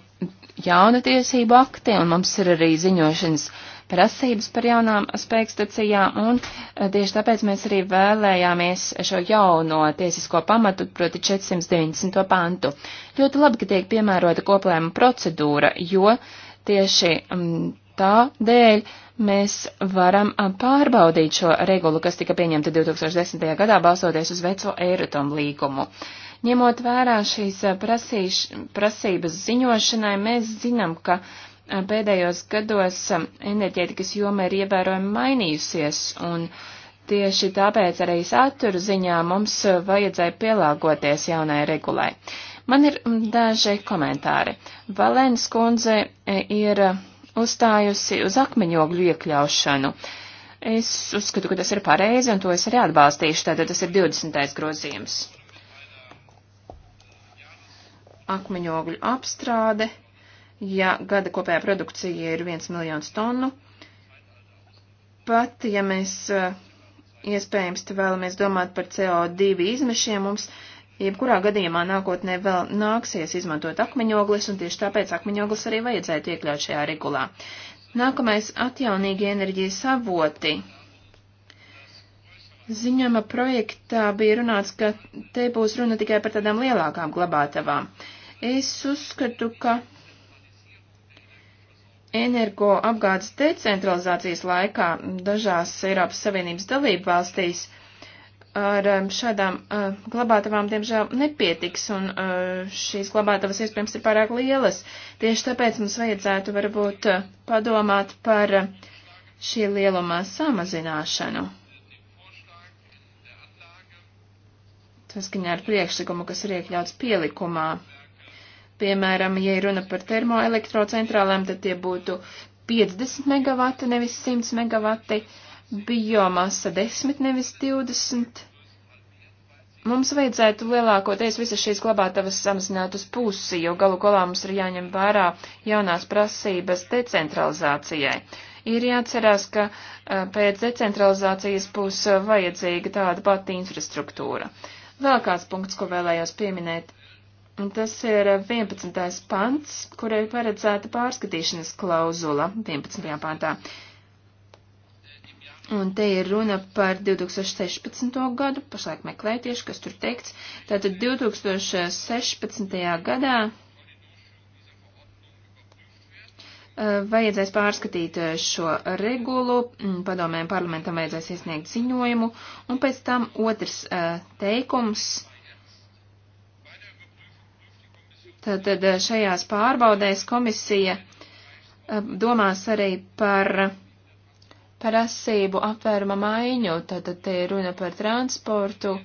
jauna tiesība akti, un mums ir arī ziņošanas prasības par jaunām spēkstacijām, un eh, tieši tāpēc mēs arī vēlējāmies šo jauno tiesisko pamatu, proti 490. pantu. Ļoti labi, ka tiek piemērota koplēma procedūra, jo tieši mm, tā dēļ mēs varam eh, pārbaudīt šo regulu, kas tika pieņemta 2010. gadā, balsoties uz veco Eiratom līgumu. Uh, Ņemot vērā šīs eh, prasīš, prasības ziņošanai, mēs zinām, ka eh, pēdējos gados eh, enerģētikas joma ir ievērojami mainījusies, un tieši tāpēc arī satura ziņā mums vajadzēja pielāgoties jaunai regulai. Man ir mm, daži komentāri. Valēns kundze ir uzstājusi uz akmeņogļu iekļaušanu. Es uzskatu, ka tas ir pareizi, un to es arī atbalstīšu, tātad tas ir 20. grozījums akmeņogļu apstrāde, ja gada kopējā produkcija ir 1 miljons tonu. Pat, ja mēs eh, iespējams vēlamies domāt par CO2 izmešiem, mums jebkurā gadījumā nākotnē vēl nāksies izmantot akmeņogles, un tieši tāpēc akmeņogles arī vajadzētu iekļaut šajā regulā. Nākamais - atjaunīgi enerģijas avoti. Ziņojuma projektā bija runāts, ka te būs runa tikai par tādām lielākām glabātavām. Es uzskatu, ka energo apgādes decentralizācijas laikā dažās Eiropas Savienības dalību valstīs ar um, šādām uh, glabātavām, diemžēl, nepietiks, un uh, šīs glabātavas iespējams ir pārāk lielas. Tieši tāpēc mums vajadzētu varbūt uh, padomāt par uh, šī lielumā samazināšanu. saskaņā ar priekšlikumu, kas ir iekļauts pielikumā. Piemēram, ja runa par termoelektrocentrālēm, tad tie būtu 50 MW, nevis 100 MW, biomasa 10, nevis 20. Mums vajadzētu lielākoties visas šīs glabātavas samazināt uz pusi, jo galu galā mums ir jāņem vērā jaunās prasības decentralizācijai ir jāatcerās, ka eh, pēc decentralizācijas būs eh, vajadzīga tāda pati infrastruktūra. Vēl kāds punkts, ko vēlējos pieminēt. Tas ir 11. pants, kurai paredzēta pārskatīšanas klauzula 11. pantā. Un te ir runa par 2016. gadu, pašlaik meklēju tieši, kas tur teikts. Tātad 2016. gadā Eh, vajadzēs pārskatīt eh, šo regulu, mm, padomēm parlamentam vajadzēs iesniegt ziņojumu, un pēc tam otrs eh, teikums. Tad šajās pārbaudēs komisija domās arī par prasību apvērma maiņu, tad te ir runa par transportu,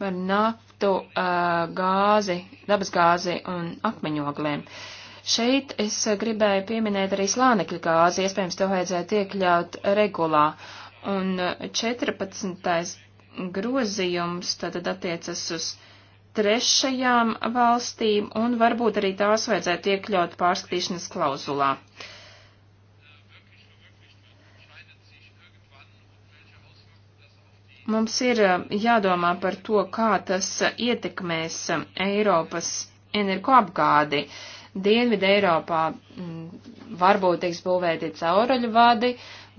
par naf, citu uh, gāzi, dabasgāzi un akmeņogliem. Šeit es gribēju pieminēt arī slānekļa gāzi, iespējams, to vajadzētu iekļaut regulā. Un 14. Uh, grozījums tātad attiecas uz trešajām valstīm, un varbūt arī tās vajadzētu iekļaut pārskatīšanas klauzulā. Uh, Mums ir eh, jādomā par to, kā tas eh, ietekmēs eh, Eiropas energoapgādi. Dienvidu Eiropā mm, varbūt tiks būvēti cauruļu vadi,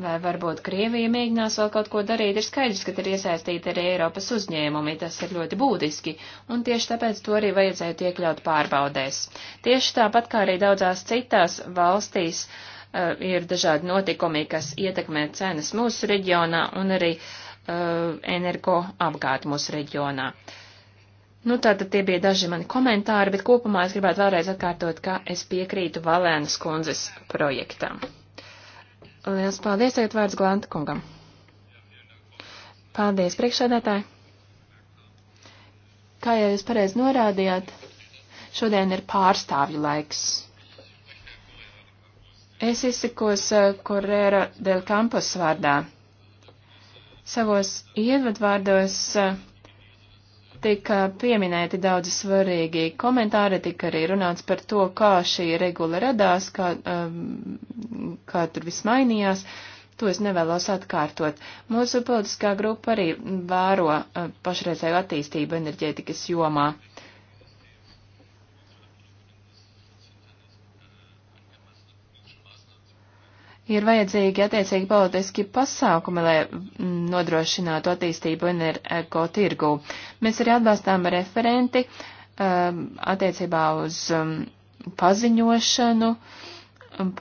vai varbūt Krievija mēģinās vēl kaut ko darīt. Ir skaidrs, ka ir iesaistīti arī Eiropas uzņēmumi, tas ir ļoti būtiski, un tieši tāpēc to arī vajadzētu iekļaut pārbaudēs. Tieši tāpat kā arī daudzās citās valstīs ir dažādi notikumi, kas ietekmē cenas mūsu reģionā un arī uh, Uh, energo apgādi mūsu reģionā. Nu, tātad tie bija daži mani komentāri, bet kopumā es gribētu vēlreiz atkārtot, ka es piekrītu Valēnas kundzes projektam. Liels paldies, tagad vārds Glanta kungam. Paldies, priekšsēdētāji. Kā jau jūs pareizi norādījāt, šodien ir pārstāvju laiks. Es izsakos uh, Correra del Campos vārdā. Savos ievadvārdos eh, tika pieminēti daudzi svarīgi komentāri, tika arī runāts par to, kā šī regula radās, kā, um, kā tur viss mainījās. To es nevēlos atkārtot. Mūsu politiskā grupa arī vēro uh, pašreizēju attīstību enerģētikas jomā. Uh, Ir vajadzīgi attiecīgi politiski pasākumi, lai mm, nodrošinātu attīstību energo tirgū. Mēs arī atbalstām referenti um, attiecībā uz um, paziņošanu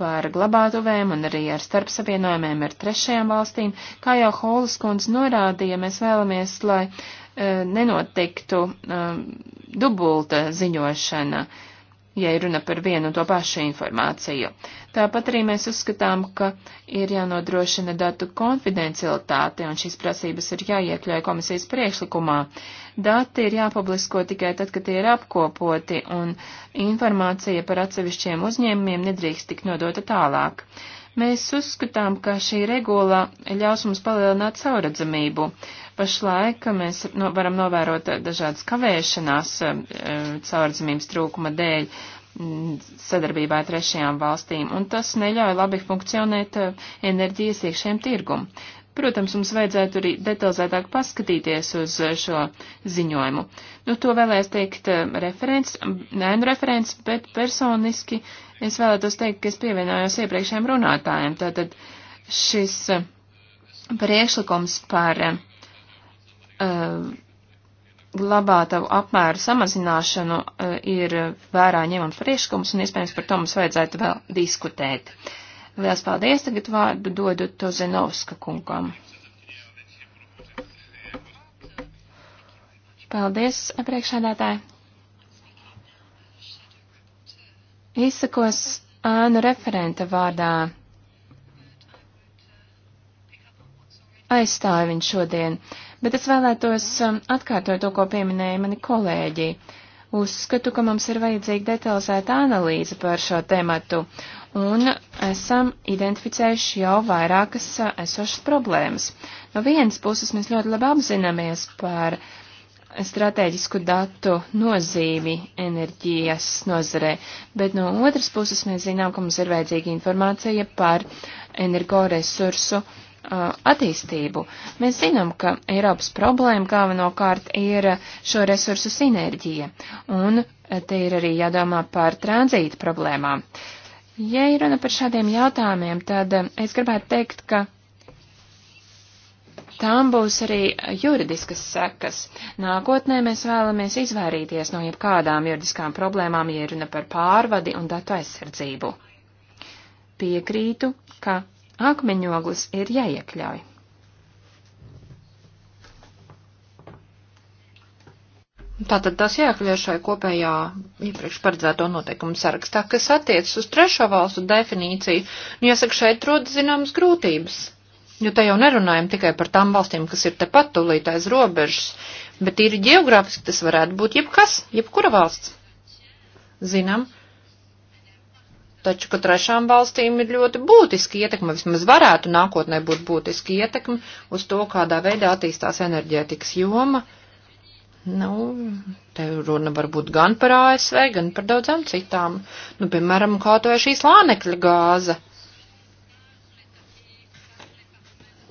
par glabātuvēm un arī ar starpsavienojumiem ar trešajām valstīm. Kā jau Holas kundze norādīja, mēs vēlamies, lai e, nenotiktu e, dubulta ziņošana, ja ir runa par vienu un to pašu informāciju. Tāpat arī mēs uzskatām, ka ir jānodrošina datu konfidencialitāte, un šīs prasības ir jāiekļauj komisijas priekšlikumā. Dati ir jāpublisko tikai tad, kad tie ir apkopoti, un informācija par atsevišķiem uzņēmumiem nedrīkst tik nodota tālāk. Mēs uzskatām, ka šī regula ļaus mums palielināt sauradzamību. Pašlaik mēs no, varam novērot dažādas kavēšanās e, eh, eh, caurdzimības trūkuma dēļ, Mm, sadarbībā ar trešajām valstīm, un tas neļauj labi funkcionēt eh, enerģijas iekšējiem tirgum. Protams, mums vajadzētu arī detalizētāk paskatīties uz eh, šo ziņojumu. Nu, to vēlēs teikt eh, referents, nē, nu referents, bet personiski es vēlētos teikt, ka es pievienojos iepriekšējiem runātājiem. Tātad šis priekšlikums par uh, labātavu apmēru samazināšanu eh, ir vērā ņemams priekšlikums, un iespējams par to mums vajadzētu vēl diskutēt. Lielas paldies, tagad vārdu dodu Tozenovska kungam. Paldies, priekšādātāji. Izsakos ānu referenta vārdā. Aizstāju viņu šodien. Uh, Bet es vēlētos um, atkārtot to, ko pieminēja mani kolēģi. Uzskatu, ka mums ir vajadzīga detalizēta analīze par šo tematu, un esam identificējuši jau vairākas uh, esošas problēmas. No vienas puses mēs ļoti labi apzināmies par stratēģisku datu nozīmi enerģijas nozarē, bet no otras puses mēs zinām, ka mums ir vajadzīga informācija par energoresursu Uh, attīstību. Mēs zinām, ka Eiropas problēma galvenokārt ir šo resursu sinerģija, un uh, te ir arī jādomā par tranzīta problēmām. Ja ir runa par šādiem jautājumiem, tad uh, es gribētu teikt, ka tām būs arī juridiskas sekas. Nākotnē mēs vēlamies izvairīties no jebkādām juridiskām problēmām, ja runa par pārvadi un datu aizsardzību. Piekrītu, ka akmeņogus ir jāiekļauj. Tātad tas jāiekļauj šai kopējā iepriekš paredzēto noteikumu sarakstā, kas attiecas uz trešo valstu definīciju. Nu, jāsaka, šeit rodas zināmas grūtības, jo te jau nerunājam tikai par tām valstīm, kas ir tepat tūlīt aiz robežas, bet ir ģeogrāfiski tas varētu būt jebkas, jebkura valsts. Zinām, Taču, ka trešām valstīm ir ļoti būtiski ietekme, vismaz varētu nākotnē būt būtiski ietekme uz to, kādā veidā attīstās enerģētikas joma. Nu, te runa var būt gan par ASV, gan par daudzām citām. Nu, piemēram, kā to ir šī slānekļa gāze.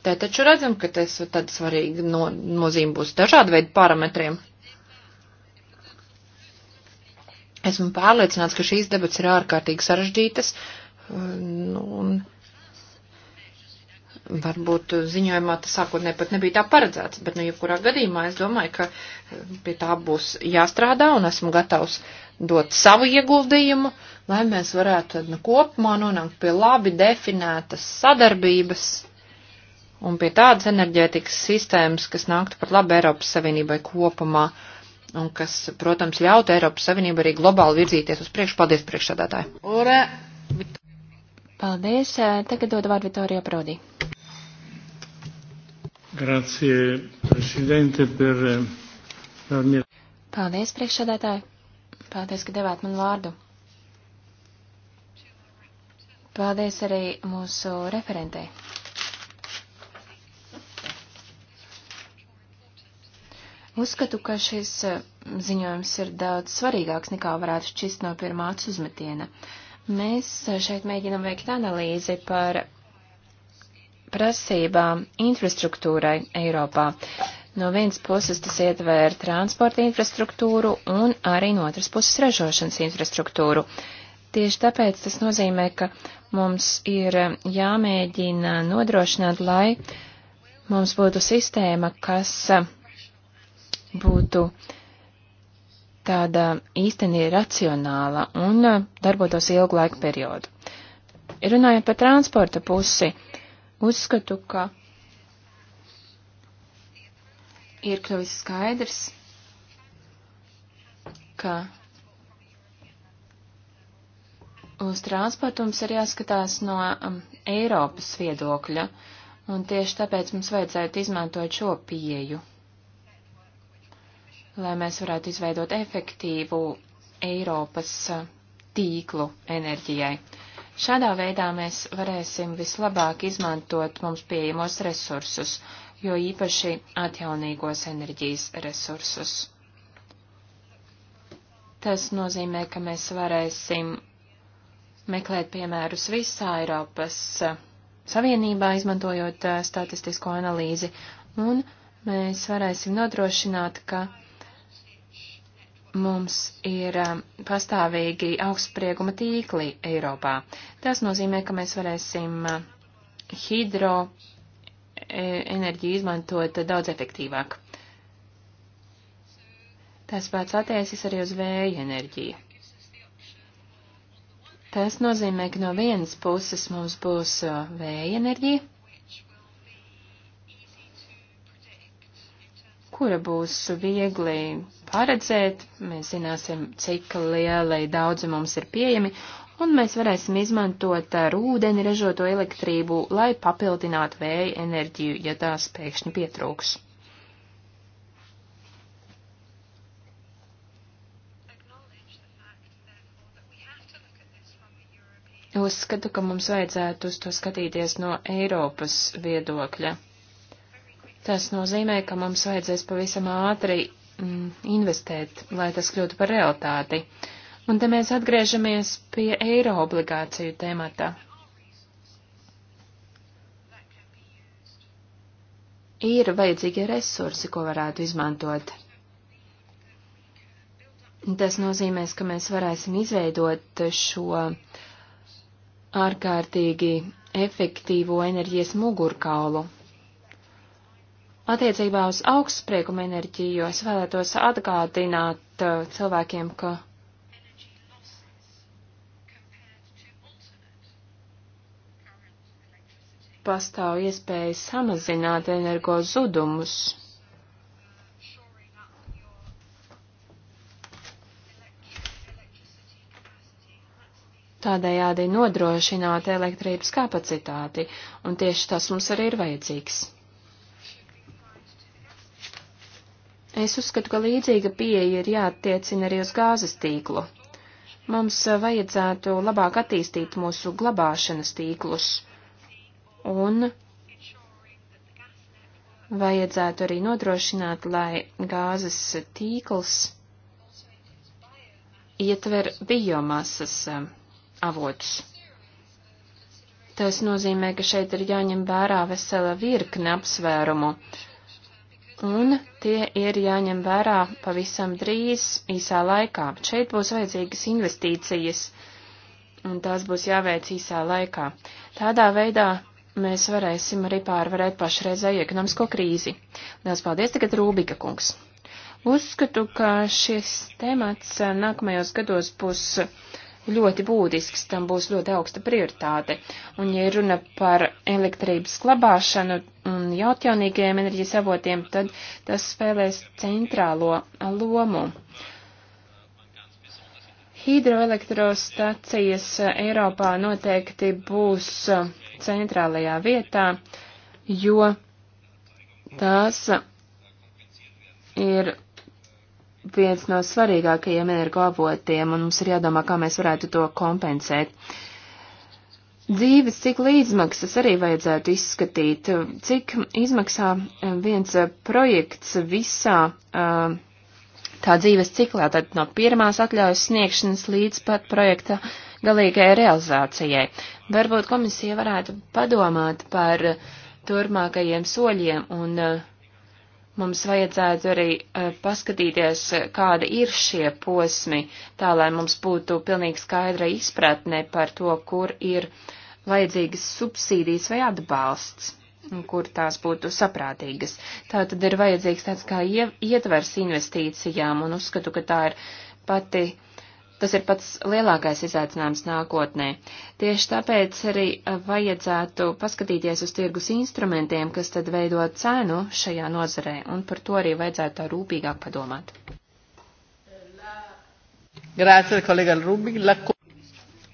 Te taču redzam, ka tas tad svarīgi no, nozīme būs dažādu veidu parametriem. Esmu pārliecināts, ka šīs debats ir ārkārtīgi sarežģītas, nu, un varbūt ziņojumā tas sākotnē pat nebija tā paredzēts, bet, nu, jebkurā gadījumā es domāju, ka pie tā būs jāstrādā, un esmu gatavs dot savu ieguldījumu, lai mēs varētu tad nu, kopumā nonākt pie labi definētas sadarbības un pie tādas enerģētikas sistēmas, kas nāktu par labu Eiropas Savienībai kopumā. Uh, un kas, protams, ļautu Eiropas Savienību arī globāli virzīties uz priekšu. Paldies, priekšsādātāji! Paldies! Eh, tagad dod vārdu Vitorijā Prodī. Grazie, prezidente, per darmi. Eh, Paldies, priekšsādātāji! Paldies, ka devāt man vārdu. Paldies arī mūsu referentei. Uzskatu, ka šis eh, ziņojums ir daudz svarīgāks nekā varētu šķist no pirmā uzmetiena. Mēs eh, šeit mēģinam veikt analīzi par prasībām infrastruktūrai Eiropā. No vienas puses tas ietver transporta infrastruktūru un arī no otras puses ražošanas infrastruktūru. Tieši tāpēc tas nozīmē, ka mums ir eh, jāmēģina nodrošināt, lai mums būtu sistēma, kas būtu tāda īstenī racionāla un eh, darbotos ilgu laiku periodu. Runājot par transporta pusi, uzskatu, ka ir kļuvis skaidrs, ka uz transportu mums ir jāskatās no um, Eiropas viedokļa, un tieši tāpēc mums vajadzētu izmantot šo pieju lai mēs varētu izveidot efektīvu Eiropas uh, tīklu enerģijai. Šādā veidā mēs varēsim vislabāk izmantot mums pieejamos resursus, jo īpaši atjaunīgos enerģijas resursus. Tas nozīmē, ka mēs varēsim meklēt piemērus visā Eiropas uh, Savienībā, izmantojot uh, statistisko analīzi, un mēs varēsim nodrošināt, ka mums ir um, pastāvīgi augstsprieguma tīkli Eiropā. Tas nozīmē, ka mēs varēsim uh, hidro e, enerģiju izmantot daudz efektīvāk. Tas pats attiecis arī uz vēja enerģiju. Tas nozīmē, ka no vienas puses mums būs uh, vēja enerģija, kura būs viegli paredzēt, mēs zināsim, cik lielai daudzi mums ir pieejami, un mēs varēsim izmantot ar ūdeni ražoto elektrību, lai papildinātu vēja enerģiju, ja tās pēkšņi pietrūks. Uzskatu, ka mums vajadzētu uz to skatīties no Eiropas viedokļa. Tas nozīmē, ka mums vajadzēs pavisam ātri mm, investēt, lai tas kļūtu par realitāti. Un te mēs atgriežamies pie eiro obligāciju temata. Ir vajadzīgie resursi, ko varētu izmantot. Tas nozīmēs, ka mēs varēsim izveidot šo ārkārtīgi efektīvo enerģijas mugurkaulu. Attiecībā uz augstsprieguma enerģiju es vēlētos atgādināt uh, cilvēkiem, ka pastāv iespēja samazināt energo zudumus. Tādējādi nodrošināt elektrības kapacitāti, un tieši tas mums arī ir vajadzīgs. Es uzskatu, ka līdzīga pieeja ir jāattiecina arī uz gāzes tīklu. Mums vajadzētu labāk attīstīt mūsu glabāšanas tīklus un vajadzētu arī nodrošināt, lai gāzes tīkls ietver biomasas um, avotus. Tas nozīmē, ka šeit ir jāņem vērā vesela virkne apsvērumu. Uh, un tie ir jāņem vērā pavisam drīz, īsā laikā. Šeit būs vajadzīgas investīcijas, un tās būs jāveic īsā laikā. Tādā veidā mēs varēsim arī pārvarēt pašreizēju ekonomisko krīzi. Lielas paldies tagad Rūbika kungs. Uzskatu, ka šis temats nākamajos gados būs ļoti būtisks, tam būs ļoti augsta prioritāte. Un, ja runa par elektrības glabāšanu un jautjaunīgajiem enerģijas avotiem, tad tas spēlēs centrālo lomu. Hidroelektrostacijas Eiropā noteikti būs centrālajā vietā, jo tās ir viens no svarīgākajiem energoavotiem, un mums ir jādomā, kā mēs varētu to kompensēt. Dzīves cikla izmaksas arī vajadzētu izskatīt, cik izmaksā eh, viens eh, projekts visā eh, tā dzīves ciklā, tad no pirmās atļaujas sniegšanas līdz pat projekta galīgajai realizācijai. Varbūt komisija varētu padomāt par turpmākajiem soļiem un uh, Mums vajadzētu arī eh, paskatīties, kādi ir šie posmi, tā lai mums būtu pilnīgi skaidra izpratne par to, kur ir vajadzīgas subsīdijas vai atbalsts kur tās būtu saprātīgas. Tā tad ir vajadzīgs tāds kā ietvers investīcijām, un uzskatu, ka tā ir pati uh, Tas ir pats lielākais izaicinājums nākotnē. Tieši tāpēc arī eh, vajadzētu paskatīties uz tirgus instrumentiem, kas tad veido cenu šajā nozarē, un par to arī vajadzētu tā rūpīgāk padomāt. Grācija, kolēģa Rūbik. La...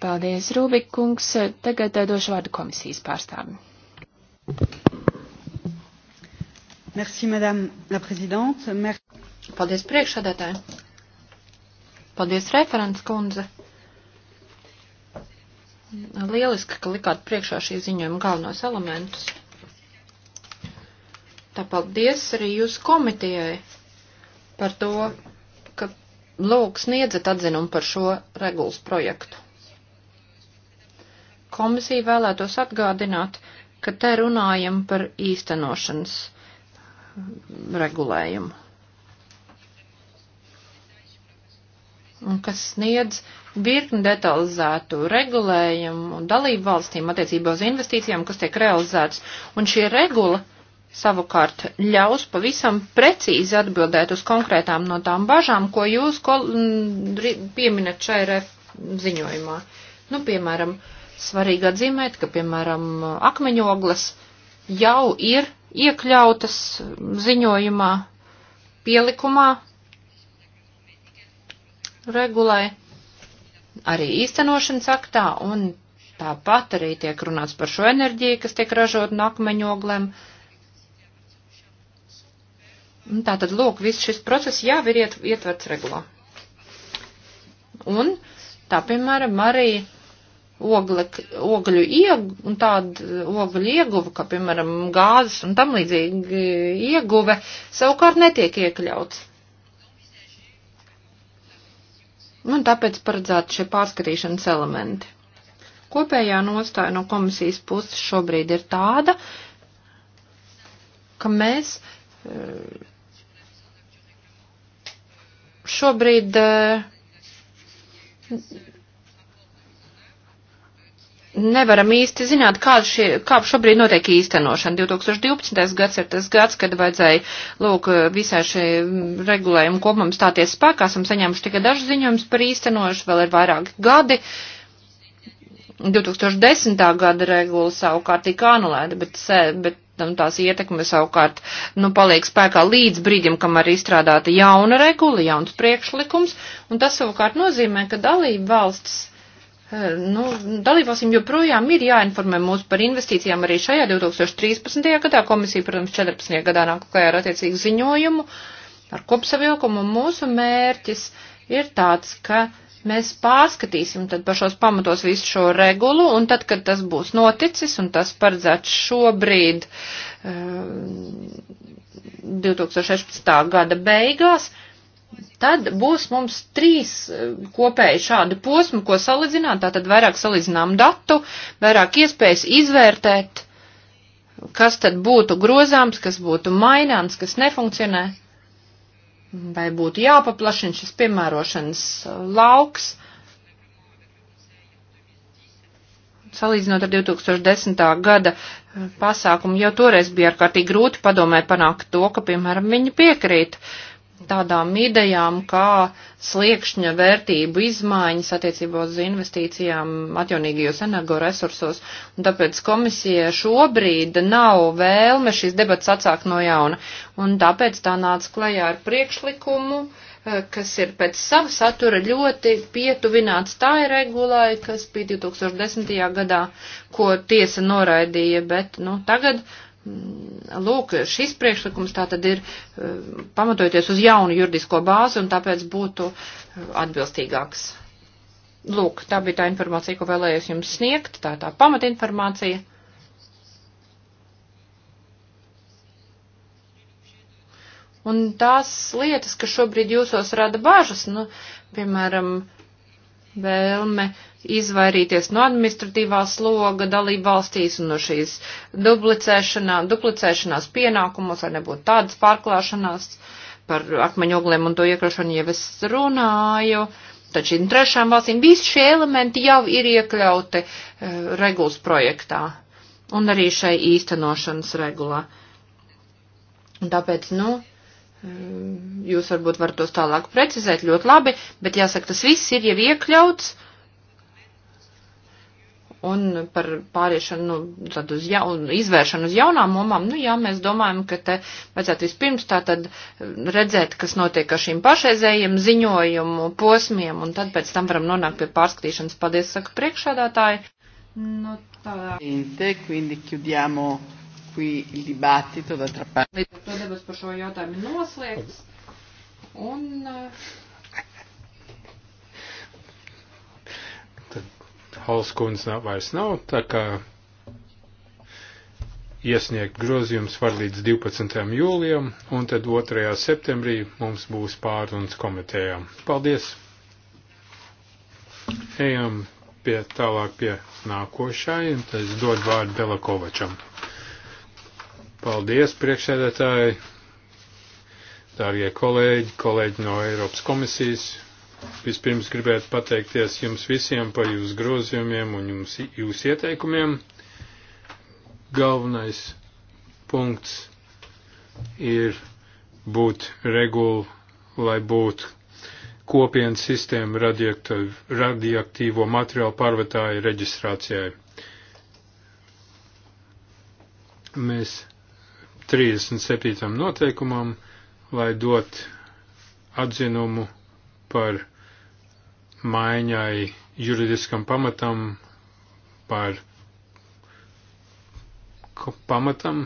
Paldies, Rūbik kungs. Tagad eh, došu vārdu komisijas pārstāvim. Merci, madame la présidente. Merci. Paldies, priekšsādātāji. Paldies, referents kundze. Lieliski, ka likāt priekšā šī ziņojuma galvenos elementus. Tā paldies arī jūsu komitijai par to, ka lūk sniedzat atzinumu par šo regulas projektu. Komisija vēlētos atgādināt, ka te runājam par īstenošanas regulējumu. kas sniedz virkni detalizētu regulējumu dalību valstīm attiecībā uz investīcijām, kas tiek realizētas. Un šī regula savukārt ļaus pavisam precīzi atbildēt uz konkrētām no tām bažām, ko jūs kol, m, pieminat šajā ziņojumā. Nu, piemēram, svarīgi atzīmēt, ka, piemēram, akmeņoglas jau ir iekļautas ziņojumā, pielikumā, regulai, arī īstenošanas aktā, un tāpat arī tiek runāts par šo enerģiju, kas tiek ražot no akmeņogliem. Tātad, lūk, viss šis process jau ir iet, ietverts regulā. Un tā, piemēram, arī ogle, ogļu, ieg, tāda ogļu ieguva, kā, piemēram, gāzes un tam līdzīgi ieguve, savukārt netiek iekļauts Un tāpēc paredzēti šie pārskatīšanas elementi. Kopējā nostāja no komisijas puses šobrīd ir tāda, ka mēs eh, šobrīd eh, nevaram īsti zināt, kā, šie, kā šobrīd notiek īstenošana. 2012. gads ir tas gads, kad vajadzēja, lūk, visai šai regulējumu kopumam stāties spēkā. Esam saņēmuši tikai dažus ziņojumus par īstenošanu, vēl ir vairāki gadi. 2010. gada regula savukārt tika anulēta, bet, bet tam tās ietekme savukārt, nu, paliek spēkā līdz brīdim, kamēr izstrādāta jauna regula, jauns priekšlikums, un tas savukārt nozīmē, ka dalība valsts nu, dalībvalstīm joprojām ir jāinformē mūs par investīcijām arī šajā 2013. gadā. Komisija, protams, 14. gadā nāk klajā ar attiecīgu ziņojumu ar kopsavilkumu. Mūsu mērķis ir tāds, ka mēs pārskatīsim tad par šos pamatos visu šo regulu, un tad, kad tas būs noticis, un tas paredzēts šobrīd 2016. Eh, gada beigās, tad būs mums trīs eh, kopēji šādi posmi, ko salīdzināt, tātad vairāk salīdzinām datu, vairāk iespējas izvērtēt, kas tad būtu grozāms, kas būtu maināms, kas nefunkcionē, vai būtu jāpaplašina šis piemērošanas eh, lauks. Salīdzinot ar 2010. gada eh, pasākumu, jau toreiz bija ārkārtīgi grūti padomē panākt to, ka, piemēram, viņi piekrīt uh, tādām idejām kā sliekšņa vērtību izmaiņas attiecībā uz investīcijām atjaunīgajos energoresursos, un tāpēc komisija šobrīd nav vēlme šīs debats atsākt no jauna, un tāpēc tā nāca klajā ar priekšlikumu, eh, kas ir pēc sava satura ļoti pietuvināts tā ir regulai, kas bija 2010. gadā, ko tiesa noraidīja, bet, nu, tagad Mm, lūk, šis priekšlikums tā tad ir eh, pamatojoties uz jaunu juridisko bāzi un tāpēc būtu eh, atbilstīgāks. Lūk, tā bija tā informācija, ko vēlējos jums sniegt, tā tā pamatinformācija. Un tās lietas, kas šobrīd jūsos rada bažas, nu, piemēram, vēlme izvairīties no administratīvā sloga dalību valstīs un no šīs duplicēšanā, duplicēšanās pienākumos, lai nebūtu tādas pārklāšanās par akmeņogliem un to iekrošanu, ja es runāju. Taču šīm trešām valstīm visi šie elementi jau ir iekļauti e, regulas projektā un arī šai īstenošanas regulā. Un tāpēc, nu, eh, jūs varbūt varat tos tālāk precizēt ļoti labi, bet jāsaka, tas viss ir jau iekļauts uh, un par pāriešanu, nu, tad uz jaunu, izvēršanu uz jaunām omām, nu jā, mēs domājam, ka te vajadzētu vispirms tā tad redzēt, kas notiek ar šīm pašreizējiem ziņojumu posmiem, un tad pēc tam varam nonākt pie pārskatīšanas. Paldies, saka priekšādātāji. Nu, tā. Līdz ar to debats par šo jautājumu noslēgts. Un uh, Halskunds nav, vairs nav, tā kā iesniegt grozījums var līdz 12. jūlijam, un tad 2. septembrī mums būs pārunas komitejā. Paldies! Ejam pie tālāk pie nākošajiem, tad es dodu vārdu Delakovačam. Paldies, priekšsēdētāji, dārgie kolēģi, kolēģi no Eiropas komisijas, Vispirms gribētu pateikties jums visiem par jūsu grozījumiem un jums, jūsu ieteikumiem. Galvenais punkts ir būt regula, lai būtu kopienas sistēma radioaktīvo materiālu pārvietāju reģistrācijai. Mēs 37. noteikumam, lai dot atzinumu par maiņai juridiskam pamatam par pamatam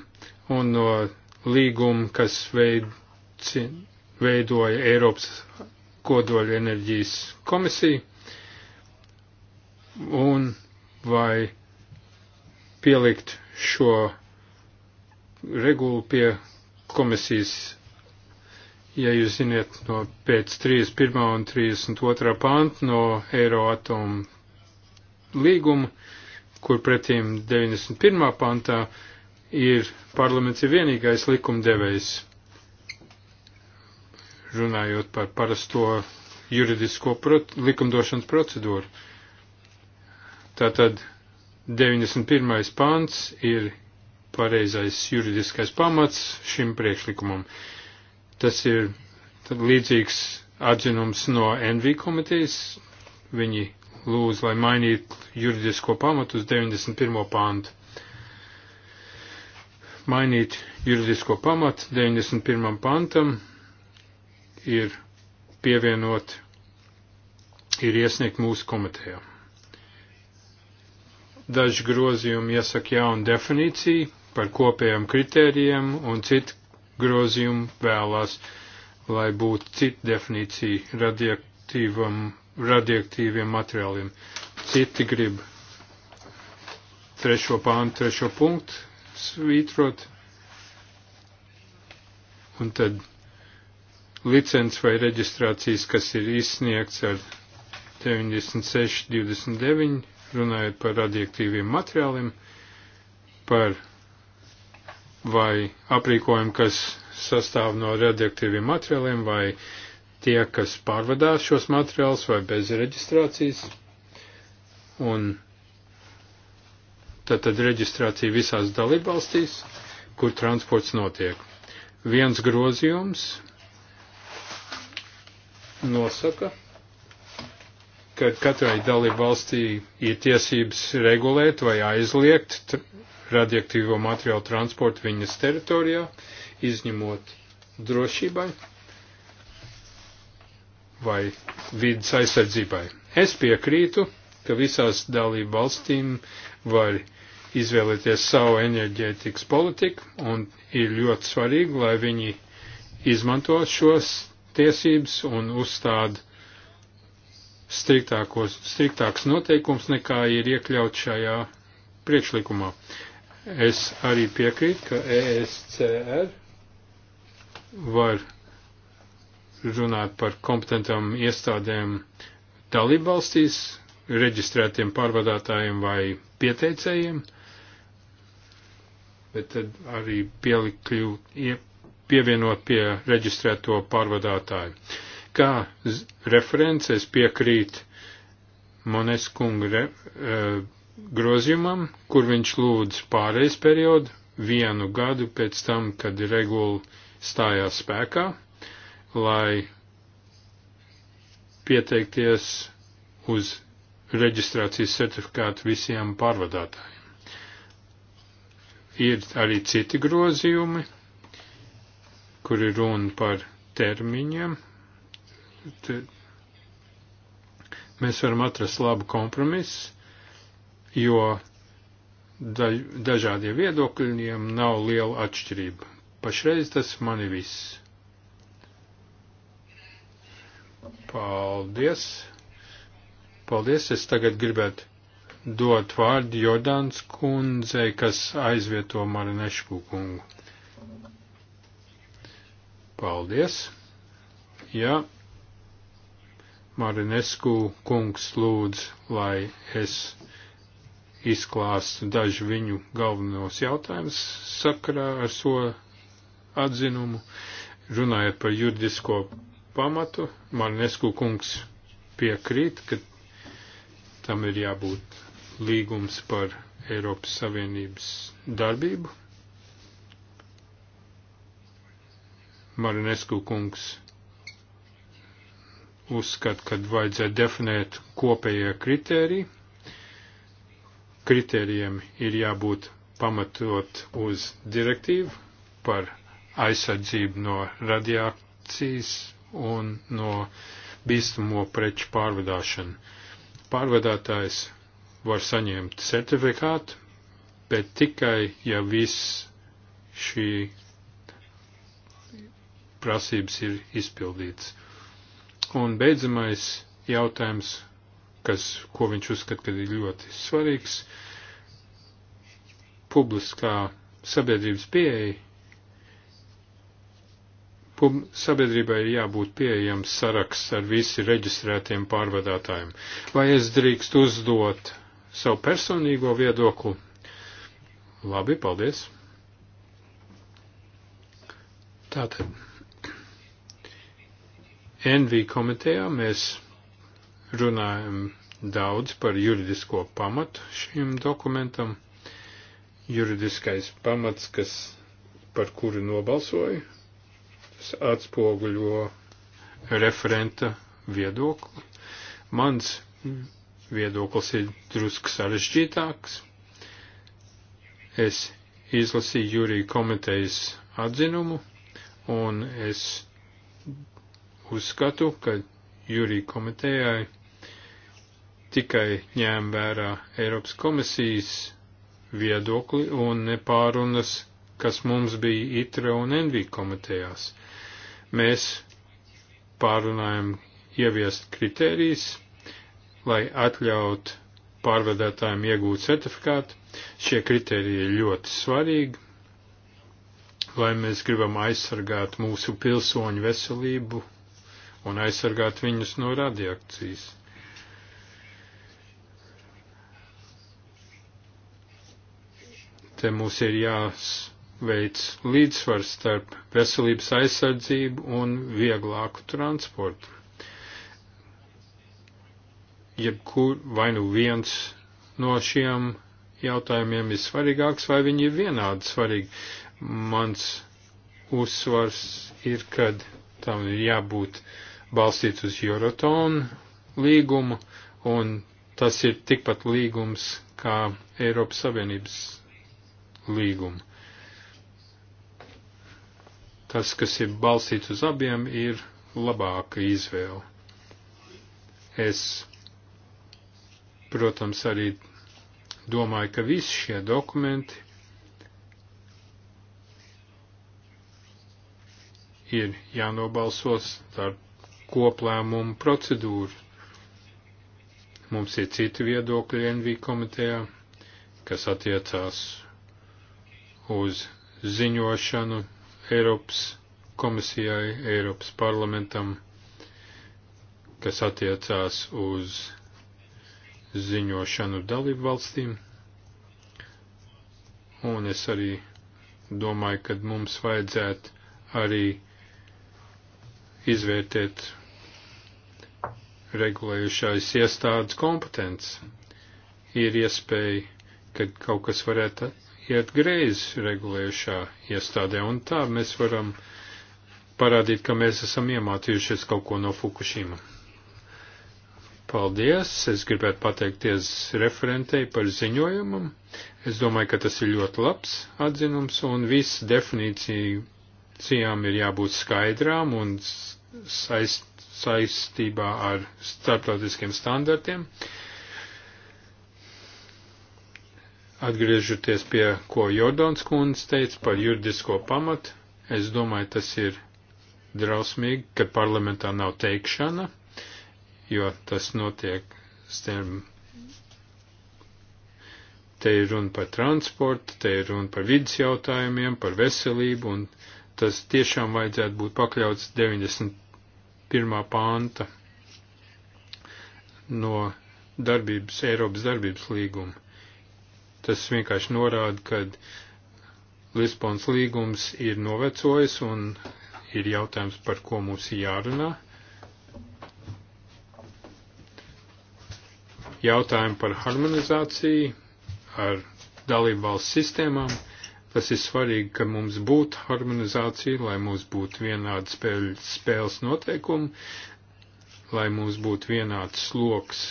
un no līguma, kas veici, veidoja Eiropas kodoļa enerģijas komisija, un vai pielikt šo regulu pie komisijas ja jūs ziniet no pēc 31. un 32. pānta no Eiroatoma līguma, kur pretīm 91. pāntā ir parlaments ir vienīgais likumdevējs, runājot par parasto juridisko prot likumdošanas procedūru. Tātad 91. pāns ir pareizais juridiskais pamats šim priekšlikumam. Tas ir līdzīgs atzinums no NV komitejas. Viņi lūdz, lai mainītu juridisko pamatu uz 91. pāntu. Mainīt juridisko pamatu 91. pantam ir pievienot, ir iesniegt mūsu komitejā. Daži grozījumi iesaka jaunu definīciju par kopējiem kritērijiem un citi grozījumu vēlās, lai būtu cita definīcija radioaktīviem materiāliem. Citi grib trešo pāntu, trešo punktu svītrot, un tad licens vai reģistrācijas, kas ir izsniegts ar 96, 29, runājot par radioaktīviem materiāliem, par vai aprīkojumi, kas sastāv no radioaktīviem materiāliem, vai tie, kas pārvadās šos materiālus, vai bez reģistrācijas. Un tad, tad reģistrācija visās dalībvalstīs, kur transports notiek. Viens grozījums nosaka, ka katrai dalībvalstī ir tiesības regulēt vai aizliegt radioaktīvo materiālu transportu viņas teritorijā, izņemot drošībai vai vidas aizsardzībai. Es piekrītu, ka visās dalību valstīm var izvēlēties savu enerģētikas politiku, un ir ļoti svarīgi, lai viņi izmanto šos tiesības un uzstāda striktākos, striktāks noteikums nekā ir iekļaut šajā priekšlikumā. Es arī piekrītu, ka ESCR var runāt par kompetentām iestādēm dalībvalstīs, reģistrētiem pārvadātājiem vai pieteicējiem, bet tad arī pielikļu, pievienot pie reģistrēto pārvadātāju. Kā references piekrīt Moneskunga re, uh, grozījumam, kur viņš lūdz pārejas periodu vienu gadu pēc tam, kad regula stājās spēkā, lai pieteikties uz reģistrācijas certifikātu visiem pārvadātājiem. Ir arī citi grozījumi, kur ir runa par termiņiem. Te mēs varam atrast labu kompromisu jo daž, dažādiem viedokļiem nav liela atšķirība. Pašreiz tas mani viss. Paldies! Paldies! Es tagad gribētu dot vārdu Jordāns kundzei, kas aizvieto Marinešku kungu. Paldies! Ja Marinesku kungs lūdz, lai es izklāstu dažu viņu galvenos jautājumus sakarā ar šo so atzinumu. Runājot par juridisko pamatu, Marnesku kungs piekrīt, ka tam ir jābūt līgums par Eiropas Savienības darbību. Marinesku kungs uzskata, ka vajadzētu definēt kopējie kritēriji kritērijiem ir jābūt pamatot uz direktīvu par aizsardzību no radiācijas un no bīstamo preču pārvadāšanu. Pārvadātājs var saņemt certifikātu, bet tikai, ja viss šī prasības ir izpildīts. Un beidzamais jautājums kas, ko viņš uzskata, ka ir ļoti svarīgs. Publiskā sabiedrības pieeja. Pub sabiedrībai ir jābūt pieejams saraksts ar visi reģistrētiem pārvadātājiem. Vai es drīkstu uzdot savu personīgo viedokli? Labi, paldies. Tātad. NV komitejā mēs runājam daudz par juridisko pamatu šim dokumentam. Juridiskais pamats, kas, par kuru nobalsoju, tas atspoguļo referenta viedokli. Mans viedoklis ir drusk sarežģītāks. Es izlasīju jūrija komitejas atzinumu, un es uzskatu, ka jūrija komitejai tikai ņēma vērā Eiropas komisijas viedokli un nepārunas, kas mums bija ITRE un NV komitejās. Mēs pārunājam ieviest kritērijas, lai atļaut pārvedētājiem iegūt certifikātu. Šie kritēriji ir ļoti svarīgi, vai mēs gribam aizsargāt mūsu pilsoņu veselību un aizsargāt viņus no radiakcijas. Te mums ir jāveic līdzsvars starp veselības aizsardzību un vieglāku transportu. Jebkur vai nu viens no šiem jautājumiem ir svarīgāks, vai viņi ir vienādi svarīgi. Mans uzsvars ir, kad tam ir jābūt balstīts uz Eurotonu līgumu, un tas ir tikpat līgums kā Eiropas Savienības līgumu. Tas, kas ir balstīts uz abiem, ir labāka izvēle. Es, protams, arī domāju, ka visi šie dokumenti ir jānobalsos ar koplēmumu procedūru. Mums ir citi viedokļi NV komitejā, kas attiecās uz ziņošanu Eiropas komisijai, Eiropas parlamentam, kas attiecās uz ziņošanu dalību valstīm. Un es arī domāju, ka mums vajadzētu arī izvērtēt regulējušais iestādes kompetents. Ir iespēja, ka kaut kas varētu iet greizi regulējušā iestādē, un tā mēs varam parādīt, ka mēs esam iemācījušies kaut ko no Fukushima. Paldies! Es gribētu pateikties referentei par ziņojumam. Es domāju, ka tas ir ļoti labs atzinums, un viss definīcijām ir jābūt skaidrām un saist, saistībā ar starptautiskiem standartiem. Uh, Atgriežoties pie, ko Jordāns kundze teica par juridisko pamatu, es domāju, tas ir drausmīgi, ka parlamentā nav teikšana, jo tas notiek starp. Te ir runa par transportu, te ir runa par vidas jautājumiem, par veselību, un tas tiešām vajadzētu būt pakļauts 91. pānta no darbības, Eiropas darbības līguma. Tas vienkārši norāda, ka Lisbons līgums ir novecojis un ir jautājums, par ko mums ir jārunā. Jautājumi par harmonizāciju ar dalību valsts sistēmām. Tas ir svarīgi, ka mums būtu harmonizācija, lai mums būtu vienādi spēles, spēles noteikumi, lai mums būtu vienāds sloks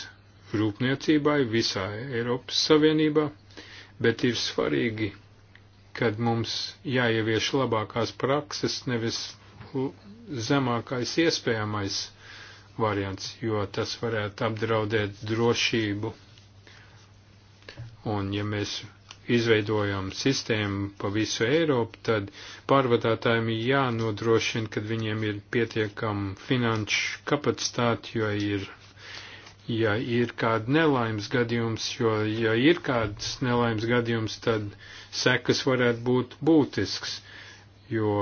rūpniecībai visā Eiropas Savienībā bet ir svarīgi, kad mums jāievieš labākās prakses, nevis zemākais iespējamais variants, jo tas varētu apdraudēt drošību. Un ja mēs izveidojam sistēmu pa visu Eiropu, tad pārvadātājiem ir jānodrošina, kad viņiem ir pietiekama finanšu kapacitāte, jo ir ja ir kāda nelaimes gadījums, jo, ja ir kāds nelaimes gadījums, tad sekas varētu būt būtisks, jo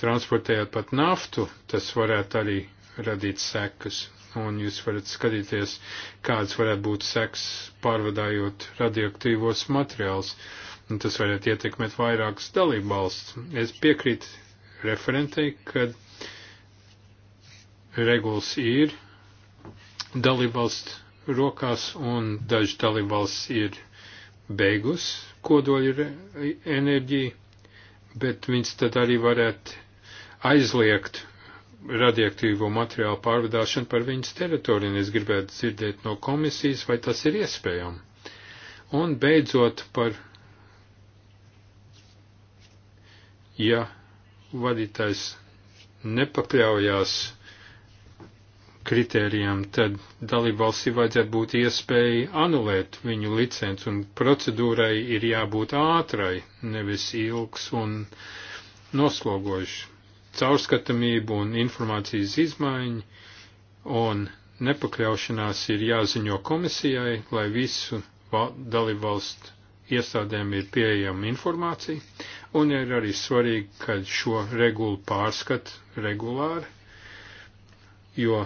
transportējot pat naftu, tas varētu arī radīt sekas. Un jūs varat skatīties, kāds varētu būt seks pārvadājot radioaktīvos materiālus. Un tas varētu ietekmēt vairākas dalībvalsts. Es piekrītu referentei, ka regulas ir dalībvalstu rokās, un daži dalībvalsts ir beigus kodoļu enerģiju, bet viņas tad arī varētu aizliegt radioaktīvo materiālu pārvadāšanu par viņas teritoriju, un es gribētu dzirdēt no komisijas, vai tas ir iespējams. Un beidzot par, ja vadītājs nepakļaujās kritērijam, tad dalībvalstī vajadzētu būt iespēja anulēt viņu licenci, un procedūrai ir jābūt ātrai, nevis ilgs un noslogojuši. Caurskatamība un informācijas izmaiņa un nepakļaušanās ir jāziņo komisijai, lai visu dalībvalstu iestādēm ir pieejama informācija, un ir arī svarīgi, ka šo regulu pārskat regulāri, jo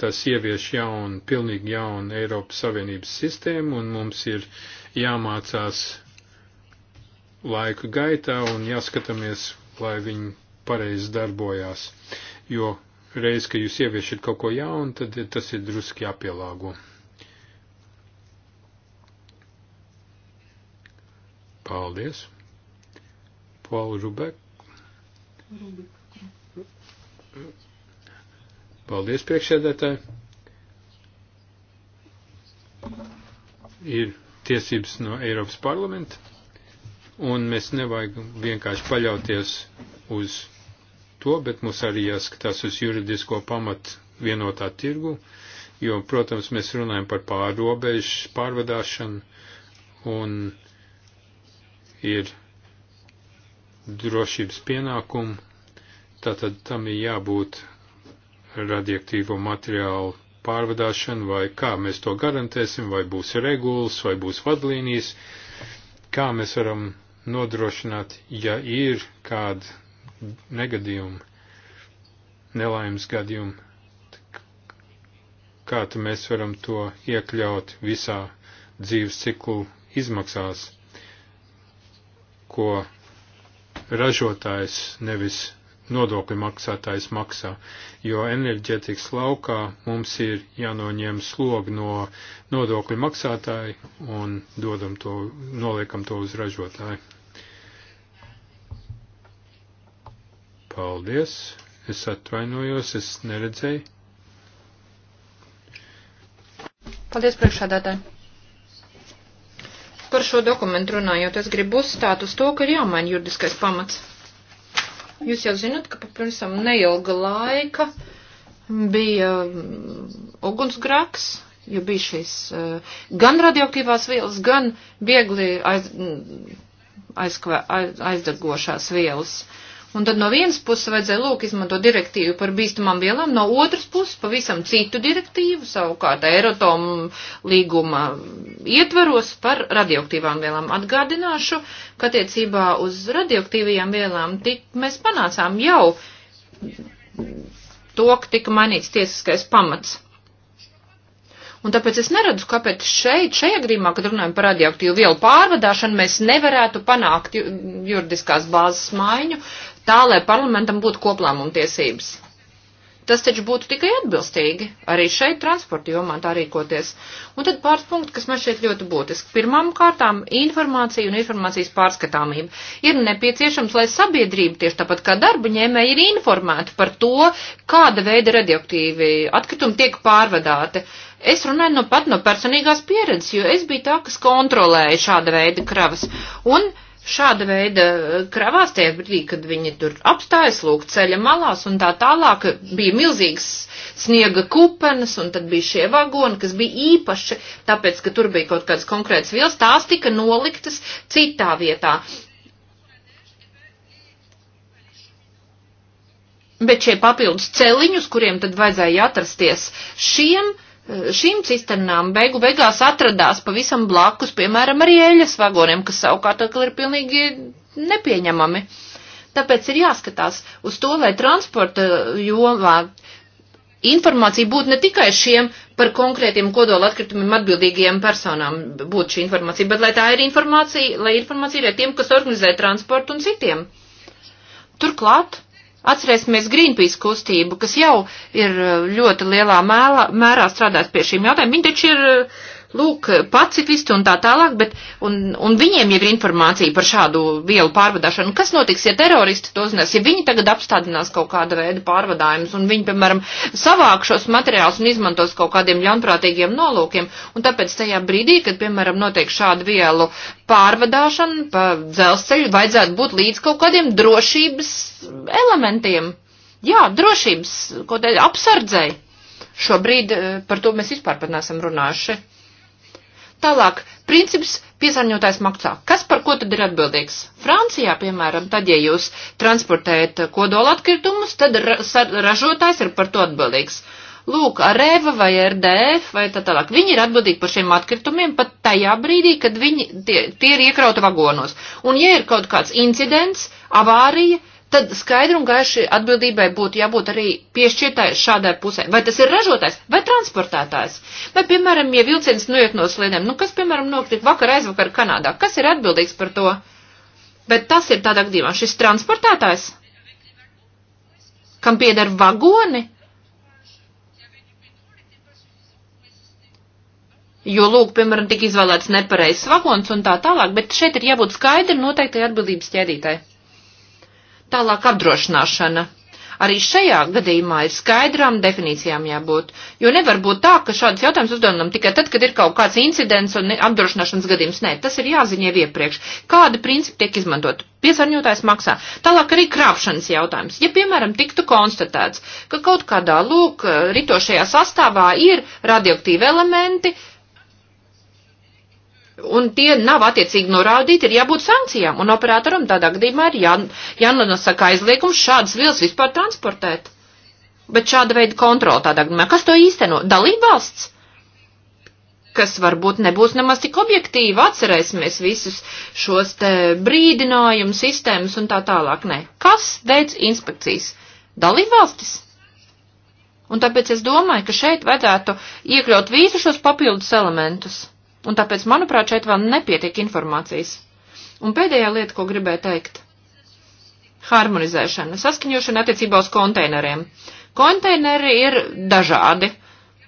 tas ievieš jaunu, pilnīgi jaunu Eiropas Savienības sistēmu, un mums ir jāmācās laika gaitā un jāskatāmies, lai viņi pareizi darbojās. Jo reiz, ka jūs ieviešat kaut ko jaunu, tad tas ir druski jāpielāgo. Paldies. Paul Rubek. Rubik. Paldies priekšsēdētāji. Ir tiesības no Eiropas parlamenta, un mēs nevajag vienkārši paļauties uz to, bet mums arī jāskatās uz juridisko pamatu vienotā tirgu, jo, protams, mēs runājam par pārobežu pārvadāšanu un ir drošības pienākumu, tātad tam ir jābūt radioaktīvo materiālu pārvadāšanu, vai kā mēs to garantēsim, vai būs regulas, vai būs vadlīnijas, kā mēs varam nodrošināt, ja ir kāda negadījuma, nelaimes gadījuma, kā mēs varam to iekļaut visā dzīves ciklu izmaksās, ko ražotājs nevis nodokļu maksātājs maksā, jo enerģētikas laukā mums ir jānoņem slogu no nodokļu maksātāju un dodam to, noliekam to uz ražotāju. Paldies, es atvainojos, es neredzēju. Paldies, priekšādātāji par šo dokumentu runājot, es gribu uzstāt uz to, ka ir jāmaina juridiskais pamats. Jūs jau zinat, ka pavisam neilga laika bija mm, ugunsgraks, jo bija šīs eh, gan radioaktīvās vielas, gan viegli aiz, mm, aizkvē, aiz, aizdargošās vielas. Uh, Un tad no vienas puses vajadzēja lūk izmanto direktīvu par bīstamām vielām, no otras puses pavisam citu direktīvu, savukārt Eirotom līguma ietvaros par radioaktīvām vielām. Atgādināšu, ka attiecībā uz radioaktīvajām vielām tik mēs panācām jau to, ka tika mainīts tiesiskais pamats. Un tāpēc es neredzu, kāpēc šeit, šajā grīmā, kad runājam par radioaktīvu vielu pārvadāšanu, mēs nevarētu panākt juridiskās bāzes maiņu, tā, lai parlamentam būtu koplēmuma tiesības. Tas taču būtu tikai atbilstīgi arī šeit transporta jomā tā rīkoties. Un tad pāris punkti, kas man šeit ļoti būtiski. Pirmām kārtām informācija un informācijas pārskatāmība. Ir nepieciešams, lai sabiedrība tieši tāpat kā darba ņēmēji ir informēta par to, kāda veida radioaktīvi atkritumi tiek pārvadāti. Es runāju no pat no personīgās pieredzes, jo es biju tā, kas kontrolēja šāda veida kravas. Un uh, šāda veida eh, kravās tie brīdī, kad viņi tur apstājas lūk ceļa malās un tā tālāk bija milzīgs sniega kupenes un tad bija šie vagoni, kas bija īpaši, tāpēc, ka tur bija kaut kāds konkrēts vielas, tās tika noliktas citā vietā. Bet šie papildus celiņus, kuriem tad vajadzēja atrasties šiem, uh, šīm cisternām beigu beigās atradās pavisam blakus, piemēram, arī eļas vagoniem, kas savukārt atkal ir pilnīgi nepieņemami. Tāpēc ir jāskatās uz to, lai transporta jomā informācija būtu ne tikai šiem par konkrētiem kodola atkritumiem atbildīgajiem personām būtu šī informācija, bet lai tā ir informācija, lai informācija ir ar tiem, kas organizē transportu un citiem. Turklāt Atcerēsimies Greenpeace kustību, kas jau ir eh, ļoti lielā mēlā, mērā strādājis pie šīm jautājumiem. Viņi taču ir eh, lūk, pacifisti un tā tālāk, bet, un, un viņiem jau ir informācija par šādu vielu pārvadāšanu. Kas notiks, ja teroristi to zinās, ja viņi tagad apstādinās kaut kāda veida pārvadājumus, un viņi, piemēram, savāk šos materiālus un izmantos kaut kādiem ļaunprātīgiem nolūkiem, un tāpēc tajā brīdī, kad, piemēram, notiek šādu vielu pārvadāšana pa dzelzceļu, vajadzētu būt līdz kaut kādiem drošības elementiem. Jā, drošības, kaut kādā apsardzēji. Šobrīd eh, par to mēs vispār pat nesam runājuši. Tālāk, princips piesārņotājs maksā. Kas par ko tad ir atbildīgs? Francijā, piemēram, tad, ja jūs transportējat kodola atkritumus, tad ražotājs ir par to atbildīgs. Lūk, Areva vai RDF vai tā tālāk, viņi ir atbildīgi par šiem atkritumiem pat tajā brīdī, kad viņi tie, tie ir iekrauti vagonos. Un ja ir kaut kāds incidents, avārija, tad skaidri un gaiši atbildībai būtu jābūt arī piešķirtai šādai pusē. Vai tas ir ražotājs vai transportētājs? Vai, piemēram, ja vilciens noiet no sliedēm, nu kas, piemēram, nokrita vakar aizvakar Kanādā, kas ir atbildīgs par to? Bet tas ir tādā gadījumā šis transportētājs, kam pieder vagoni, jo, lūk, piemēram, tika izvēlēts nepareizs vagons un tā tālāk, bet šeit ir jābūt skaidri noteiktai atbildības ķēdītai. Tālāk apdrošināšana. Arī šajā gadījumā ir skaidrām definīcijām jābūt, jo nevar būt tā, ka šāds jautājums uzdodam tikai tad, kad ir kaut kāds incidents un apdrošināšanas gadījums. Nē, tas ir jāziņie iepriekš. Kādi principi tiek izmantot? Piesārņotājs maksā. Tālāk arī krāpšanas jautājums. Ja, piemēram, tiktu konstatēts, ka kaut kādā, lūk, ritošajā sastāvā ir radioaktīvi elementi, uh, un tie nav attiecīgi norādīti, ir jābūt sankcijām, un operatoram tādā gadījumā ir jā, jānosaka aizliegums šādas vielas vispār transportēt. Bet šāda veida kontrola tādā gadījumā, kas to īsteno? Dalībvalsts? kas varbūt nebūs nemaz tik objektīvi, atcerēsimies visus šos te brīdinājumu sistēmas un tā tālāk. Nē, kas veids inspekcijas? Dalībvalstis? Un tāpēc es domāju, ka šeit vajadzētu iekļaut visus šos papildus elementus. Un tāpēc, manuprāt, šeit vēl nepietiek informācijas. Un pēdējā lieta, ko gribēju teikt - harmonizēšana, saskaņošana attiecībā uz konteineriem. Konteineri ir dažādi.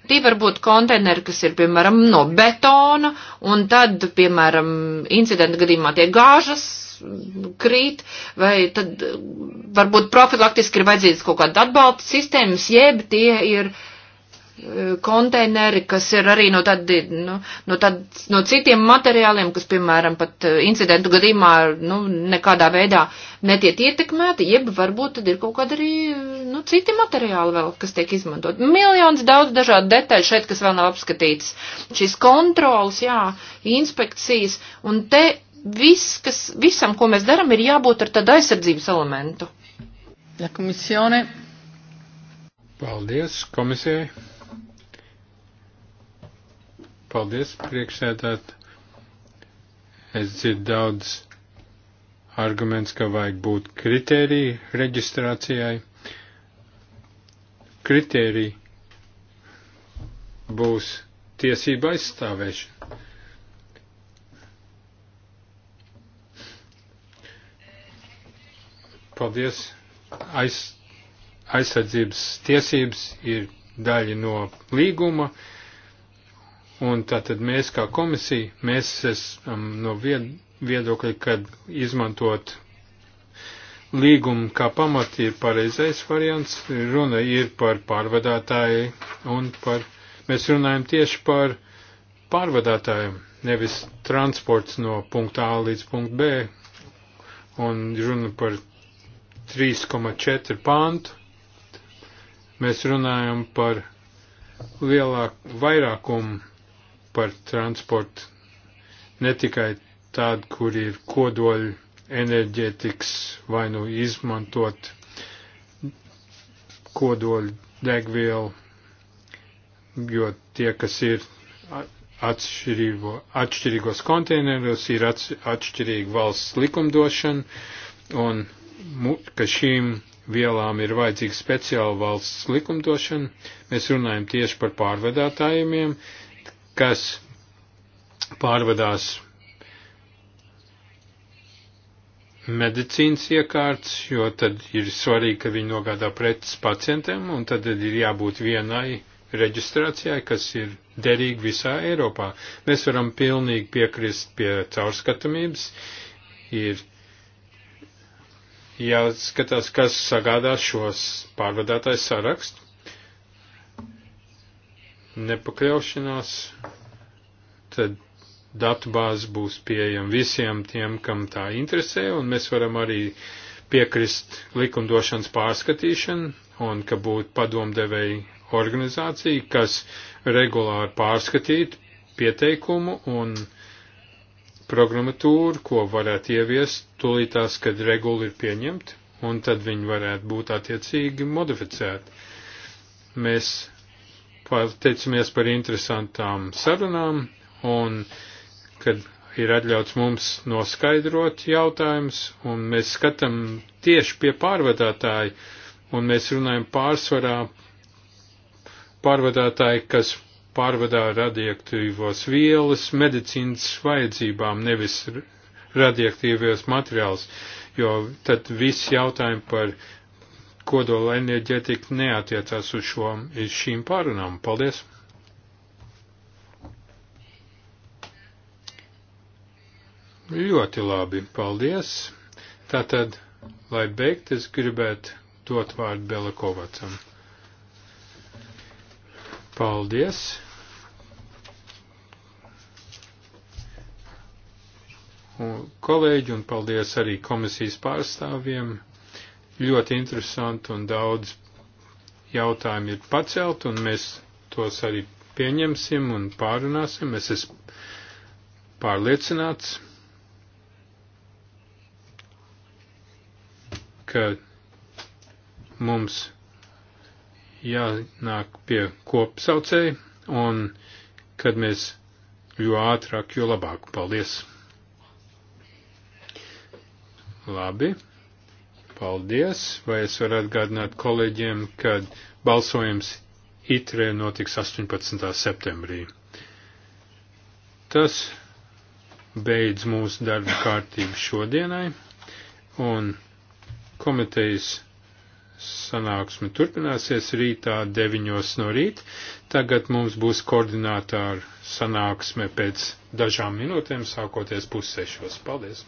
Tī var būt konteineri, kas ir, piemēram, no betona, un tad, piemēram, incidenta gadījumā tie gāžas krīt, vai tad varbūt profilaktiski ir vajadzīgs kaut kāda atbalsta sistēmas, jeb tie ir uh, konteineri, kas ir arī no, tad, nu, no, tad, no citiem materiāliem, kas, piemēram, pat eh, incidentu gadījumā nu, nekādā veidā netiek ietekmēti, jeb varbūt tad ir kaut kādi arī nu, citi materiāli vēl, kas tiek izmantot. Miljons daudz dažādu detaļu šeit, kas vēl nav apskatīts. Šīs kontrols, jā, inspekcijas, un te viss, kas, visam, ko mēs daram, ir jābūt ar tādu aizsardzības elementu. La komisione. Paldies komisijai. Paldies, priekšsēdāt. Es dzirdu daudz arguments, ka vajag būt kritēriju reģistrācijai. Kritēriji būs tiesība aizstāvēšana. Paldies. Aiz, aizsardzības tiesības ir daļa no līguma. Un tātad mēs kā komisija, mēs esam no viedokļa, kad izmantot līgumu kā pamati ir pareizais variants, runa ir par pārvadātāju un par, mēs runājam tieši par pārvadātājiem, nevis transports no punkta A līdz punktu B, un runa par 3,4 pāntu. Mēs runājam par lielāku vairākumu par transportu ne tikai tādu, kur ir kodoļu enerģētikas vai nu izmantot kodoļu degvielu, jo tie, kas ir atšķirīgo, atšķirīgos konteineros, ir atšķirīga valsts likumdošana, un ka šīm vielām ir vajadzīga speciāla valsts likumdošana. Mēs runājam tieši par pārvedātājiem, kas pārvadās medicīnas iekārtas, jo tad ir svarīgi, ka viņi nogādā preces pacientiem, un tad ir jābūt vienai reģistrācijai, kas ir derīga visā Eiropā. Mēs varam pilnīgi piekrist pie caurskatamības, ir jāskatās, kas sagādās šos pārvadātājs sarakstu, nepakļaušanās, tad datubāze būs pieejama visiem tiem, kam tā interesē, un mēs varam arī piekrist likumdošanas pārskatīšanu, un ka būtu padomdevēji organizācija, kas regulāri pārskatītu pieteikumu un programmatūru, ko varētu ieviest tūlītās, kad regula ir pieņemta, un tad viņi varētu būt attiecīgi modificēti. Mēs pateicamies par interesantām sarunām un kad ir atļauts mums noskaidrot jautājumus un mēs skatām tieši pie pārvadātāju un mēs runājam pārsvarā pārvadātāji, kas pārvadā radioaktīvos vielas medicīnas vajadzībām, nevis radioaktīvos materiālus, jo tad viss jautājumi par kodola enerģētika neatiecās uz, šo, uz šīm pārunām. Paldies! Ļoti labi, paldies! Tātad, lai beigt, es gribētu dot vārdu Belakovacam. Paldies! Un kolēģi, un paldies arī komisijas pārstāvjiem ļoti interesanti un daudz jautājumu ir pacelt, un mēs tos arī pieņemsim un pārunāsim. Es esmu pārliecināts, ka mums jānāk pie kopsaucēji, un kad mēs jo ātrāk, jo labāk. Paldies! Labi. Paldies, vai es varu atgādināt kolēģiem, ka balsojums ITRE notiks 18. septembrī. Tas beidz mūsu darba kārtību šodienai, un komitejas sanāksme turpināsies rītā 9 no rīt. Tagad mums būs koordinātāra sanāksme pēc dažām minūtēm, sākoties pussešos. Paldies!